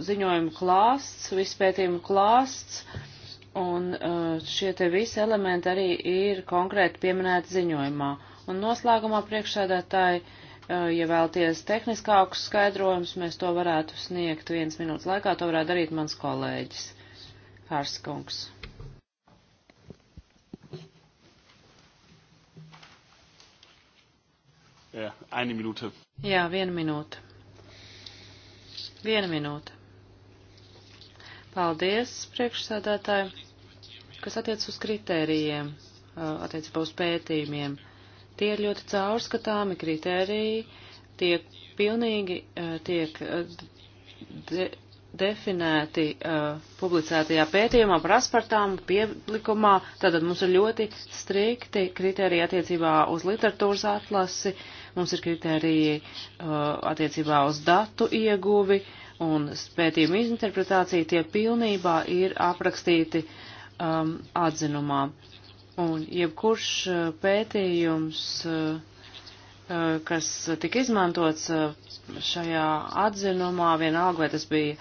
ziņojumu klāsts, viss pētījumu klāsts, un šie te visi elementi arī ir konkrēti pieminēti ziņojumā. Un noslēgumā priekšsēdētāji, ja vēlties tehniskākus skaidrojumus, mēs to varētu sniegt viens minūtes laikā, to varētu darīt mans kolēģis Kārskungs. Jā, eh, eine minūte. Jā, viena minūte. Viena minūte. Paldies, priekšsādātāji, kas attiec uz kritērijiem, eh, attiecībā uz pētījumiem. Tie ir ļoti caurskatāmi kritēriji, eh, tiek pilnīgi tiek de, definēti uh, publicētajā pētījumā par aspartām pieblikumā. Tātad mums ir ļoti strikti kriteriji attiecībā uz literatūras atlasi, uh, Mums ir kritēriji uh, attiecībā uz datu ieguvi un spētījumu interpretāciju. Tie pilnībā ir aprakstīti um, atzinumā. Un jebkurš uh, pētījums. Uh, kas tika izmantots šajā atzinumā, vienalga, vai tas bija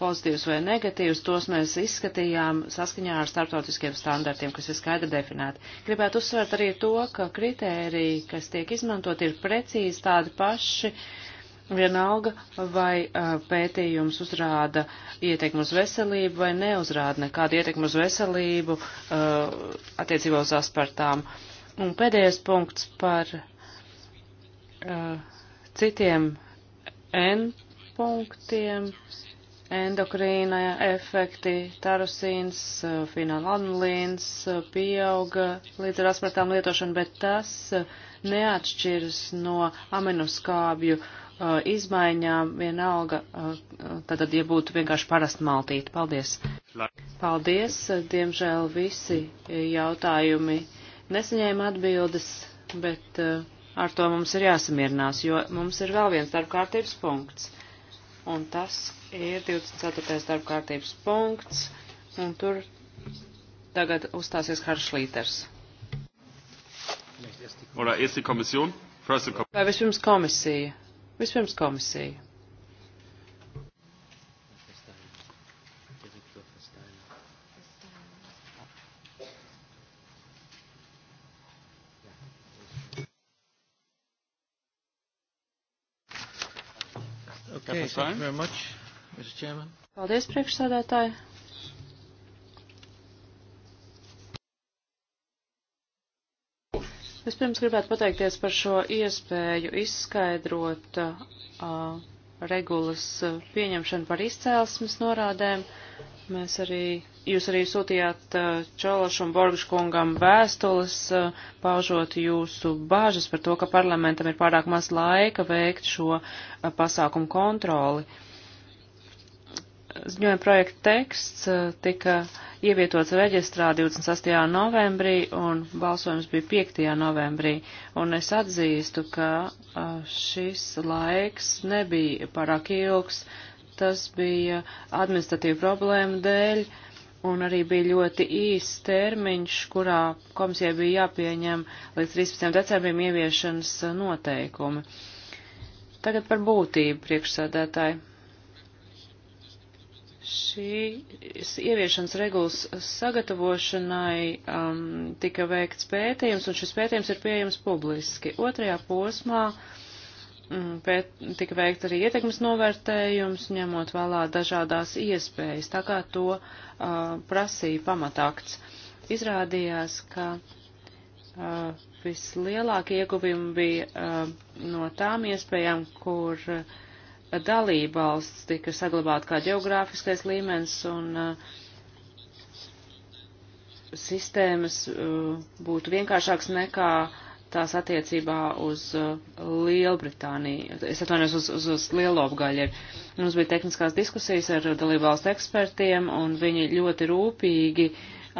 pozitīvs vai negatīvs, tos mēs izskatījām saskaņā ar starptautiskiem standartiem, kas ir skaidri definēti. Gribētu uzsvērt arī to, ka kritēriji, kas tiek izmantot, ir precīzi tādi paši, vienalga, vai pētījums uzrāda ietekmu uz veselību vai neuzrāda nekādu ietekmu uz veselību attiecībā uz aspartām. Un pēdējais punkts par uh, citiem N punktiem, endokrīna efekti, tarosīns, eh, finālanulīns eh, pieauga līdz ar aspartām lietošanu, bet tas neatšķiras no aminoskābju uh, izmaiņām vienalga, uh, tad, ja būtu vienkārši parasta maltīte. Paldies! Paldies! Diemžēl visi jautājumi nesaņēma atbildes, bet. Uh, ar to mums ir jāsamierinās, jo mums ir vēl viens darbkārtības punkts. Un tas ir 24. darbkārtības punkts, un tur tagad uzstāsies Haršlīters. Vai vispirms komisija? Vispirms komisija. Okay, thank you very much, Mr. Chairman. Paldies, priekšsēdētāji. Vispirms gribētu pateikties par šo iespēju izskaidrot uh, regulas uh, pieņemšanu par izcēlesmes norādēm. Uh, Mēs arī, jūs arī sūtījāt uh, Čološu un Borgušu kungam vēstules, uh, paužot jūsu bāžas par to, ka parlamentam ir pārāk maz laika veikt šo uh, pasākumu kontroli ziņojuma projekta teksts tika ievietots reģistrā 28. novembrī un balsojums bija 5. novembrī. Un es atzīstu, ka šis laiks nebija pārāk ilgs, tas bija administratīva problēma dēļ, un arī bija ļoti īsts termiņš, kurā komisijai bija jāpieņem līdz 13. decembrim ieviešanas noteikumi. Tagad par būtību priekšsēdētāji. Šīs ieviešanas regulas sagatavošanai um, tika veikts pētījums, un šis pētījums ir pieejams publiski. Otrajā posmā uh, pēt, mm, tika veikt arī ietekmes novērtējums, ņemot vēlā dažādās iespējas, tā kā to uh, prasīja pamatakts. Izrādījās, ka uh, vislielākie ieguvumi bija uh, no tām iespējām, kur uh, dalībvalsts tika saglabāt kā geogrāfiskais līmenis un uh, sistēmas uh, būtu vienkāršāks nekā uh, tās attiecībā uz uh, Lielbritāniju, es atvainojos uz, uz, uz Lielopgaļiem. Mums bija tehniskās diskusijas ar dalībvalstu ekspertiem, un viņi ļoti rūpīgi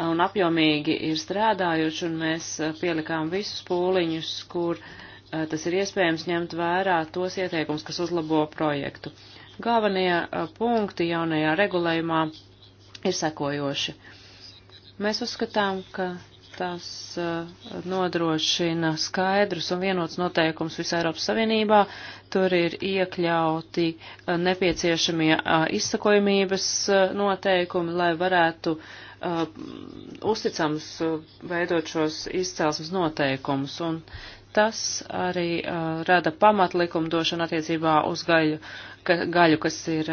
un apjomīgi ir strādājuši, un mēs uh, pielikām visus pūliņus, kur uh, tas ir iespējams ņemt vērā tos ieteikums, kas uzlabo projektu. Galvenie punkti jaunajā regulējumā ir sekojoši. Mēs uzskatām, ka Tas eh, nodrošina skaidrus un vienots noteikums visā Eiropas Savienībā. Tur ir iekļauti eh, nepieciešamie eh, izsakojumības noteikumi, lai varētu uzticams veidot šos izcelsmes noteikumus. Un tas arī rada pamatlikumdošanu attiecībā uz gaļu, ka, gaļu kas ir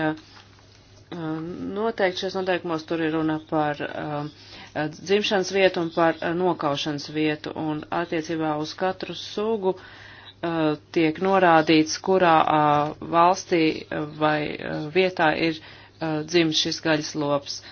noteikti šajos noteikumos. Tur ir runa par uh, Eh, dzimšanas vietu un par eh, nokaušanas vietu. Un attiecībā uz katru sugu eh, tiek norādīts, kurā valstī vai vietā ir dzimis šis gaļas lops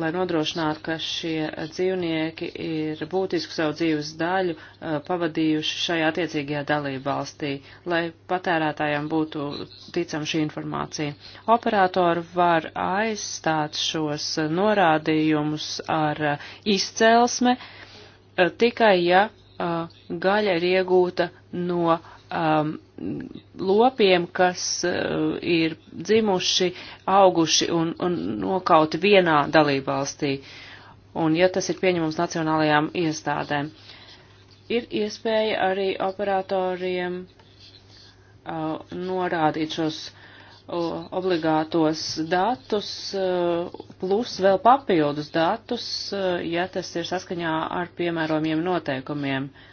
lai nodrošinātu, ka šie dzīvnieki ir būtisku savu dzīves daļu uh, pavadījuši šajā attiecīgajā dalību valstī, lai patērētājiem būtu ticama šī informācija. Operatori var aizstāt šos norādījumus ar uh, izcelsme uh, tikai, ja gaļa ir iegūta no um, lopiem, kas uh, ir dzimuši, auguši un, un nokauti vienā dalībvalstī. Un ja tas ir pieņemums nacionālajām iestādēm, ir iespēja arī operatoriem uh, norādīt šos uh, obligātos datus, uh, plus vēl papildus datus, uh, ja tas ir saskaņā ar piemērojumiem noteikumiem. Uh,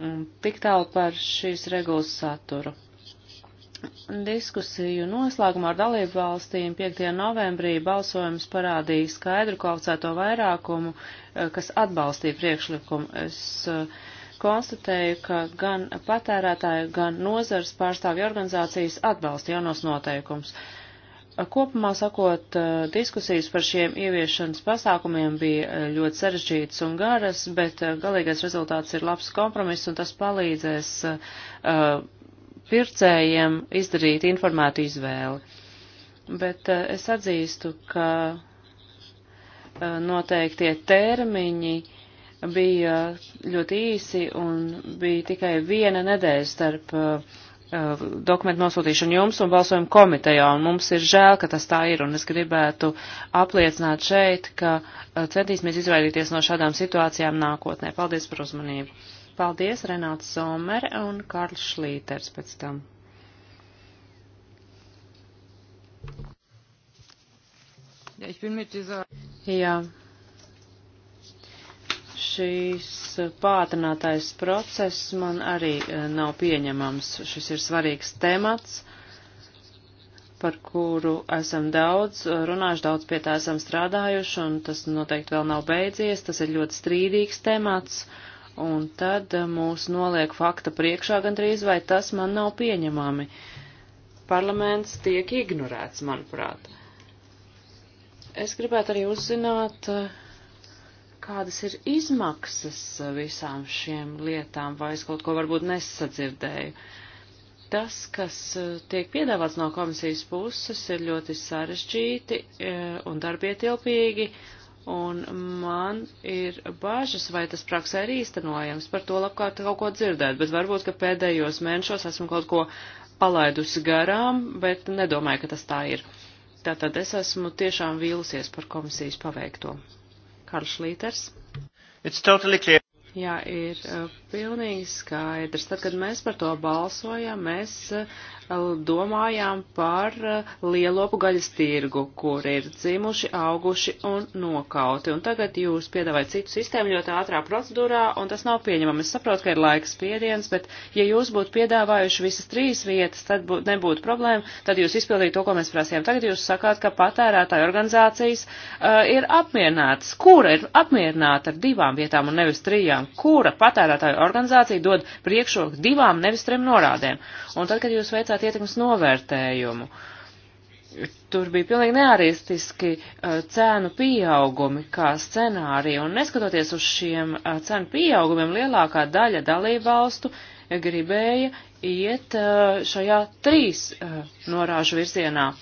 Mm, tik tālu par šīs regulas saturu. Diskusiju noslēgumā ar dalību valstīm 5. novembrī balsojums parādīja skaidru kvalificēto vairākumu, eh, kas atbalstīja priekšlikumu. Es eh, konstatēju, ka gan patērētāju, gan nozars pārstāvju organizācijas atbalsta jaunos noteikumus. Uh, Kopumā sakot, eh, diskusijas par šiem ieviešanas pasākumiem bija eh, ļoti sarežģītas un garas, bet eh, galīgais rezultāts ir labs kompromiss un tas palīdzēs uh, pircējiem izdarīt informētu izvēli. Bet uh, es atzīstu, ka uh, noteiktie termiņi bija ļoti īsi un bija tikai viena nedēļa starp uh, Uh, dokumentu nosūtīšanu jums un balsojumu komitejā, un mums ir žēl, ka tas tā ir, un es gribētu apliecināt šeit, ka uh, centīsimies izvairīties no šādām situācijām nākotnē. Paldies par uzmanību. Paldies, Renāts Somer un Karls Šlīters pēc tam. Jā, Šīs pātrinātais process man arī e, nav pieņemams. Šis ir svarīgs temats par kuru esam daudz e, runājuši, daudz pie tā esam strādājuši, un tas noteikti vēl nav beidzies. Tas ir ļoti strīdīgs temats, un tad e, mūs noliek fakta priekšā gandrīz, vai tas man nav pieņemami. Parlaments tiek ignorēts, manuprāt. Es gribētu arī uzzināt, uh, kādas ir izmaksas visām šiem lietām, vai es kaut ko varbūt nesadzirdēju. Tas, kas e, tiek piedāvāts no komisijas puses, ir ļoti sarežģīti e, un darbietilpīgi, un man ir bažas, vai tas praksē ir īstenojams. Par to labkārt kaut ko dzirdēt, bet varbūt, ka pēdējos mēnešos esmu kaut ko palaidusi garām, bet nedomāju, ka tas tā ir. Tātad es esmu tiešām vīlusies par komisijas paveikto. Karls Līters. It's totally clear. Jā, ir uh, pilnīgi skaidrs. Tad, kad mēs par to balsojām, mēs uh, domājām par uh, lielopu gaļas tirgu, kur ir dzimuši, auguši un nokauti. Un tagad jūs piedāvājat citu sistēmu ļoti ātrā procedūrā, un tas nav pieņemami. Es saprotu, ka ir laikas spiediens, bet ja jūs būtu piedāvājuši visas trīs vietas, tad bū, nebūtu problēma, tad jūs izpildītu to, ko mēs prasījām. Tagad jūs sakāt, ka patērētāju organizācijas uh, ir apmierinātas. Kura ir apmierināta ar divām vietām un nevis trijām? zinām, kura patērētāju organizācija dod priekšroku divām, nevis trim norādēm. Un tad, kad jūs veicāt ietekmes novērtējumu, tur bija pilnīgi nearistiski uh, cēnu pieaugumi kā scenārija, un neskatoties uz šiem uh, cēnu pieaugumiem, lielākā daļa dalībvalstu gribēja iet uh, šajā trīs norāžu virzienā.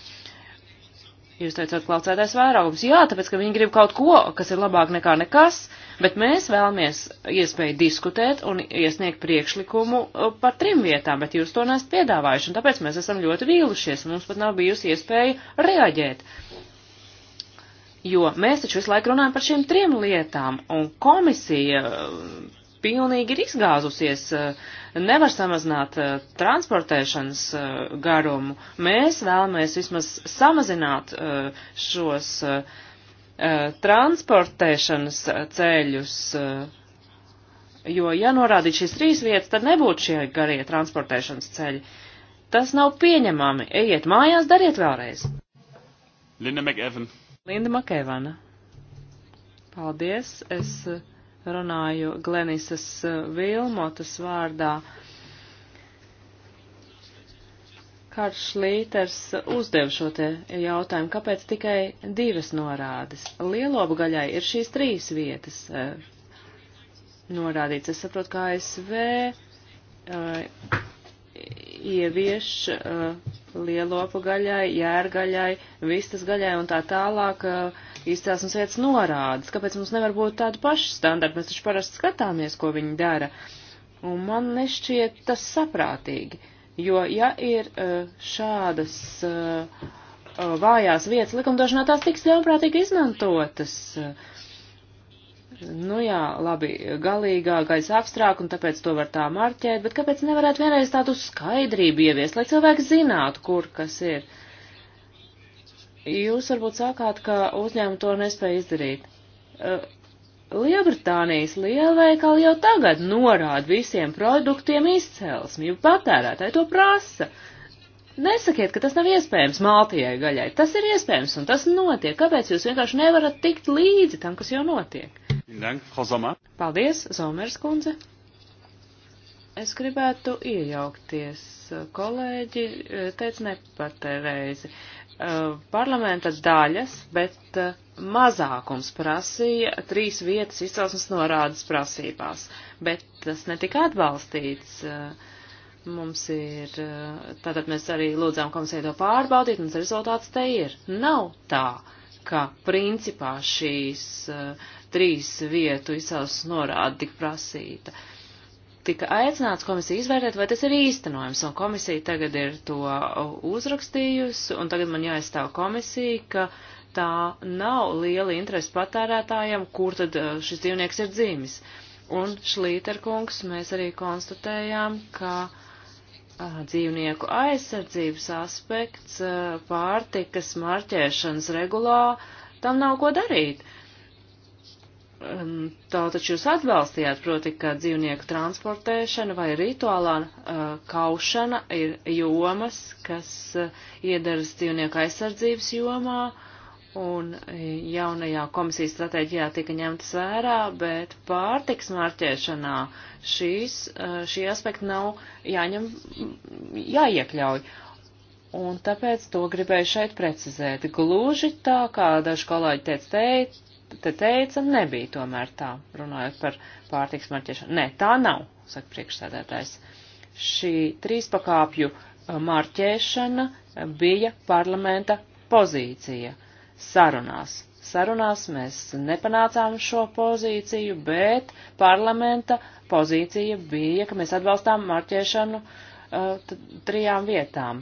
Jūs teicāt, klaucētais vairākums. Jā, tāpēc, ka viņi grib kaut ko, kas ir labāk nekā nekas, bet mēs vēlamies iespēju diskutēt un iesniegt priekšlikumu uh, par trim vietām, bet jūs to nesat piedāvājuši, un tāpēc mēs esam ļoti vīlušies, un mums pat nav bijusi iespēja reaģēt. Jo mēs taču visu laiku runājam par šīm trim lietām, un komisija uh, pilnīgi ir izgāzusies uh, nevar samazināt uh, transportēšanas uh, garumu. Mēs vēlamies vismaz samazināt uh, šos uh, transportēšanas ceļus, uh, jo, ja norādīt šīs trīs vietas, tad nebūtu šie garie transportēšanas ceļi. Tas nav pieņemami. Ejiet mājās, dariet vēlreiz. Linda McEvan. Linda McEvana. Paldies. Es, uh, runāju Glenisas eh, Vilmotas vārdā. Karls Šlīters uzdev šo te jautājumu, kāpēc tikai divas norādes. Lielobu gaļai ir šīs trīs vietas eh, norādīts. Es saprotu, kā ASV uh, eh, ievieš uh, lielopu gaļai, jērgaļai, vistas gaļai un tā tālāk uh, izcelsmes vietas norādes, kāpēc mums nevar būt tādi paši standarti, mēs taču parasti skatāmies, ko viņi dara, un man nešķiet tas saprātīgi, jo ja ir eh, šādas eh, eh, vājās vietas likumdošanā, tās tiks ļaunprātīgi izmantotas. Nu jā, labi, galīgā gaisa apstrāk, un tāpēc to var tā marķēt, bet kāpēc nevarētu vienreiz tādu skaidrību ieviest, lai cilvēki zinātu, kur kas ir? Uh, Jūs varbūt sākāt, ka uzņēmumi to nespēja izdarīt. E, Lielbritānijas lielveikali jau tagad norāda visiem produktiem izcelsmi, jo patērētāji to prasa. Nesakiet, ka tas nav iespējams maltijai gaļai. Tas ir iespējams un tas notiek. Kāpēc jūs vienkārši nevarat tikt līdzi tam, kas jau notiek? Paldies, Zomers kundze. Es gribētu iejaukties. Kolēģi e, teica nepareizi. Eh, parlamenta daļas, bet eh, mazākums prasīja trīs vietas izcelsmes norādes prasībās, bet tas netika atbalstīts. Eh, mums ir, tātad mēs arī lūdzām komisiju to pārbaudīt, un rezultāts te ir. Nav tā, ka principā šīs trīs vietu izcelsmes norāde tik prasīta. Uh, tika aicināts komisija izvērtēt, vai tas ir īstenojams, un komisija tagad ir to uzrakstījusi, un tagad man jāizstāv komisija, ka tā nav liela interese patērētājiem, kur tad uh, šis dzīvnieks ir dzīvis. Un Šlīterkungs mēs arī konstatējām, ka uh, dzīvnieku aizsardzības aspekts uh, pārtikas marķēšanas regulā tam nav ko darīt. Uh, Um, tā taču jūs atbalstījāt, proti, ka dzīvnieku transportēšana vai rituālā uh, kaušana ir jomas, kas uh, iedaras dzīvnieku aizsardzības jomā, un uh, jaunajā komisijas stratēģijā tika ņemtas vērā, bet pārtiks marķēšanā šīs, uh, šī aspekta nav jāņem, jāiekļauj. Un tāpēc to gribēju šeit precizēt. Gluži tā, kā daži kolēģi teica, teica te teica, nebija tomēr tā, runājot par pārtiks marķēšanu. Nē, tā nav, saka priekšsēdētājs. Šī trīspakāpju eh, marķēšana eh, bija parlamenta pozīcija sarunās. Sarunās mēs nepanācām šo pozīciju, bet parlamenta pozīcija bija, ka mēs atbalstām marķēšanu uh, trijām vietām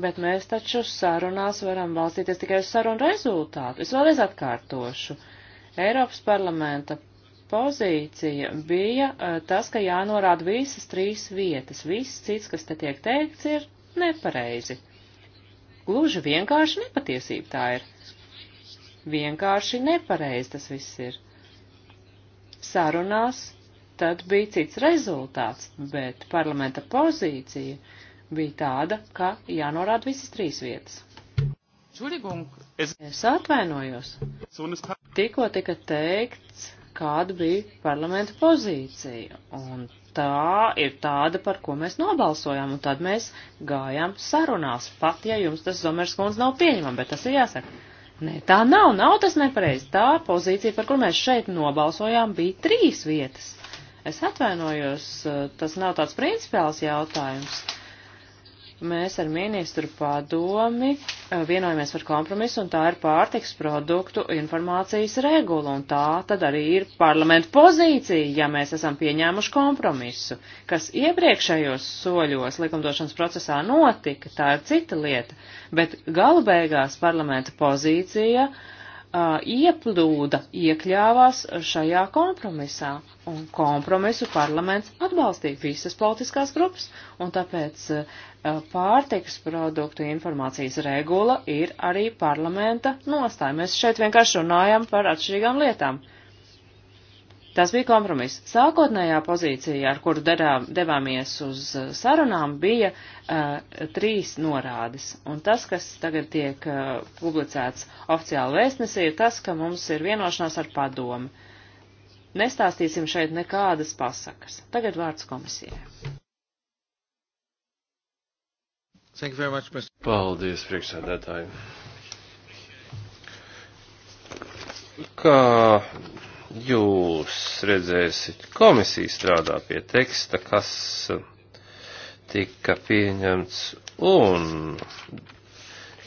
Bet mēs taču sarunās varam balstīties tikai uz sarunu rezultātu. Es vēlreiz atkārtošu. Eiropas parlamenta pozīcija bija eh, tas, ka jānorāda visas trīs vietas. Viss cits, kas te tiek teikts, ir nepareizi. Gluži vienkārši nepatiesība tā ir. Vienkārši nepareizi tas viss ir. Sarunās tad bija cits rezultāts, bet parlamenta pozīcija bija tāda, ka jānorāda visas trīs vietas. Es atvainojos. Tikko tika teikts, kāda bija parlamenta pozīcija, un tā ir tāda, par ko mēs nobalsojām, un tad mēs gājām sarunās, pat ja jums tas Zomers kundze nav pieņemama, bet tas ir jāsaka. Nē, tā nav, nav tas nepareizi. Tā pozīcija, par kur mēs šeit nobalsojām, bija trīs vietas. Es atvainojos, tas nav tāds principiāls jautājums mēs ar ministru padomi eh, vienojamies par kompromisu, un tā ir pārtiks produktu informācijas regula, un tā tad arī ir parlamenta pozīcija, ja mēs esam pieņēmuši kompromisu, kas iepriekšējos soļos likumdošanas procesā notika, tā ir cita lieta, bet galu beigās parlamenta pozīcija uh, ieplūda iekļāvās šajā kompromisā, un kompromisu parlaments atbalstīja visas politiskās grupas, un tāpēc pārtiks produktu informācijas regula ir arī parlamenta nostāja. Mēs šeit vienkārši runājam par atšķirīgām lietām. Uh, Tas bija kompromiss. Sākotnējā pozīcija, ar kuru darām, devāmies uz eh, sarunām, bija uh, trīs norādes. Un tas, kas tagad tiek uh, publicēts oficiāli vēstnesī, ir tas, ka mums ir vienošanās ar padomi. Nestāstīsim šeit nekādas pasakas. Tagad vārds komisijai. Much, Mr. Paldies, priekšsēdētāji. Kā Jūs redzēsiet, komisija strādā pie teksta, kas tika pieņemts, un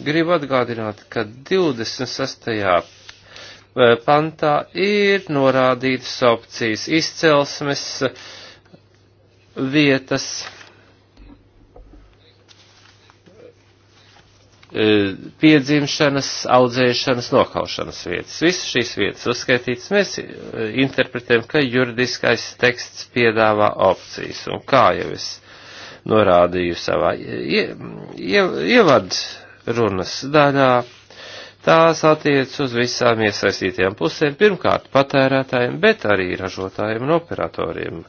gribu atgādināt, ka 26. Eh, pantā ir norādītas opcijas izcelsmes vietas E, piedzimšanas, audzēšanas, nokaušanas vietas. Visas šīs vietas uzskaitītas mēs e, interpretējam, ka juridiskais teksts piedāvā opcijas. Un kā jau es norādīju savā ie, ie, ievad runas daļā, Tās attiec uz visām iesaistītajām pusēm, pirmkārt patērētājiem, bet arī ražotājiem un operatoriem.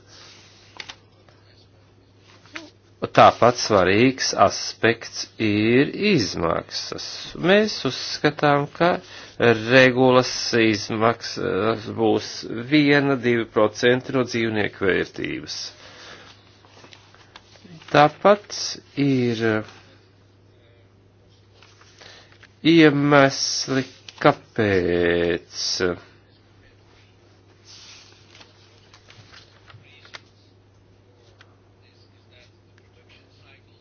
Tāpat svarīgs aspekts ir izmaksas. Mēs uzskatām, ka regulas izmaksas būs 1-2% no dzīvnieku vērtības. Tāpat ir iemesli, kāpēc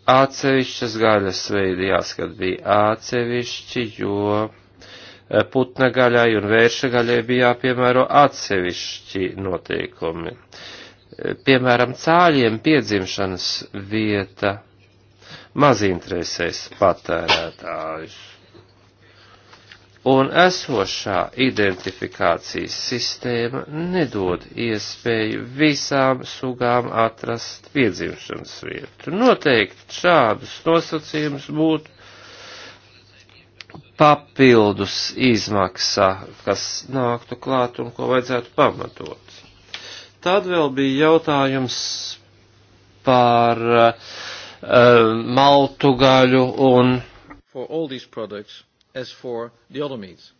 Atsevišķas gaļas veidi jāskat bija atsevišķi, jo e, putna gaļai un vērša gaļai bija jāpiemēro atsevišķi noteikumi. E, piemēram, cāļiem piedzimšanas vieta mazinteresēs patērētājus un esošā identifikācijas sistēma nedod iespēju visām sugām atrast piedzimšanas vietu. Noteikti šādus nosacījumus būtu papildus izmaksā, kas nāktu klāt un ko vajadzētu pamatot. Tad vēl bija jautājums par uh, maltu gaļu un. For all these products as for the other meats.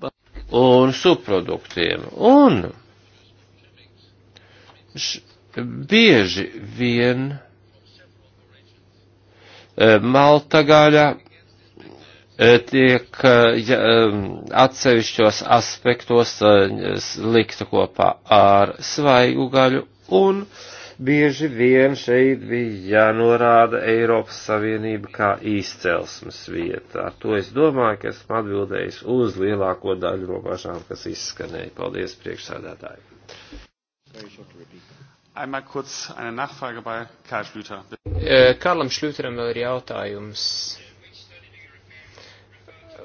But un subproduktiem. Un š, bieži vien e, malta gaļa e, tiek e, ja, atsevišķos aspektos likta kopā ar svaigu gaļu un uh, bieži vien šeit bija jānorāda Eiropas Savienība kā izcelsmes vieta. Ar to es domāju, ka esmu atbildējis uz lielāko daļu no pašām, kas izskanēja. Paldies priekšsēdētāji. Einmal kurz eine Nachfrage bei Karl Schlüter. Eh, Karlam Šļūteram vēl ir jautājums.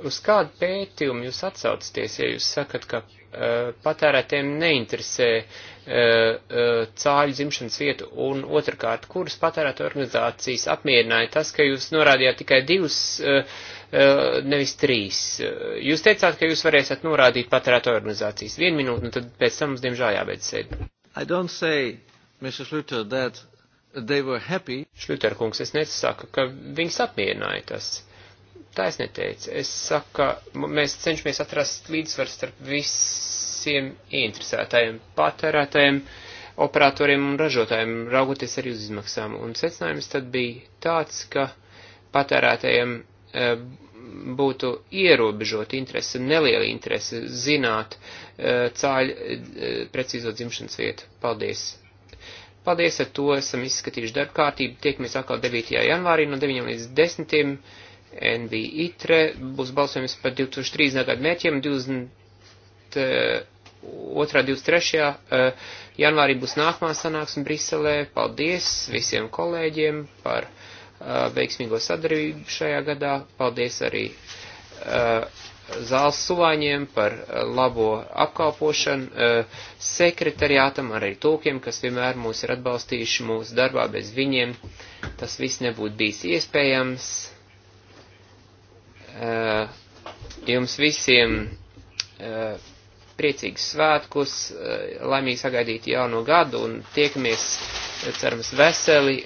Uz kādu pētījumu jūs atsaucaties, ja jūs sakat, ka Eh, patērētiem neinteresē eh, eh, cāļu dzimšanas vietu, un otrkārt, kuras patērēta organizācijas apmierināja tas, ka jūs norādījāt tikai divus, nevis trīs. Jūs teicāt, ka jūs varēsiet norādīt patērēta organizācijas. Vienu minūti, un tad pēc tam mums diemžēl jābeidz sēdi. I don't say, Mr. Schluter, that they were happy. Šluter kungs, es nesaku, ka viņus apmierināja tas taisni teica. Es saku, ka mēs cenšamies atrast līdzsvaru starp visiem ieinteresētājiem, patērētājiem, operatoriem un ražotājiem, raugoties arī uz izmaksām. Un secinājums tad bija tāds, ka patērētājiem e, būtu ierobežota interese, neliela interese zināt e, cāļu e, precīzo dzimšanas vietu. Paldies! Paldies, ar to esam izskatījuši darbkārtību. Tiekamies atkal 9. janvārī no 9 līdz 10. NV ITRE būs balsojums par 2030. gadu mērķiem, 22. 23. Eh, eh, janvārī būs nākamā sanāksme Briselē. Paldies visiem kolēģiem par eh, veiksmīgo sadarbību šajā gadā. Paldies arī zāles suvāņiem par labo apkalpošanu, sekretariātam, arī tūkiem, kas vienmēr mūs ir atbalstījuši mūsu darbā. Bez viņiem tas viss nebūtu bijis iespējams. Eh, jums visiem eh, priecīgus svētkus, eh, laimīgi sagaidīt jauno gadu un tiekamies, cerams, veseli.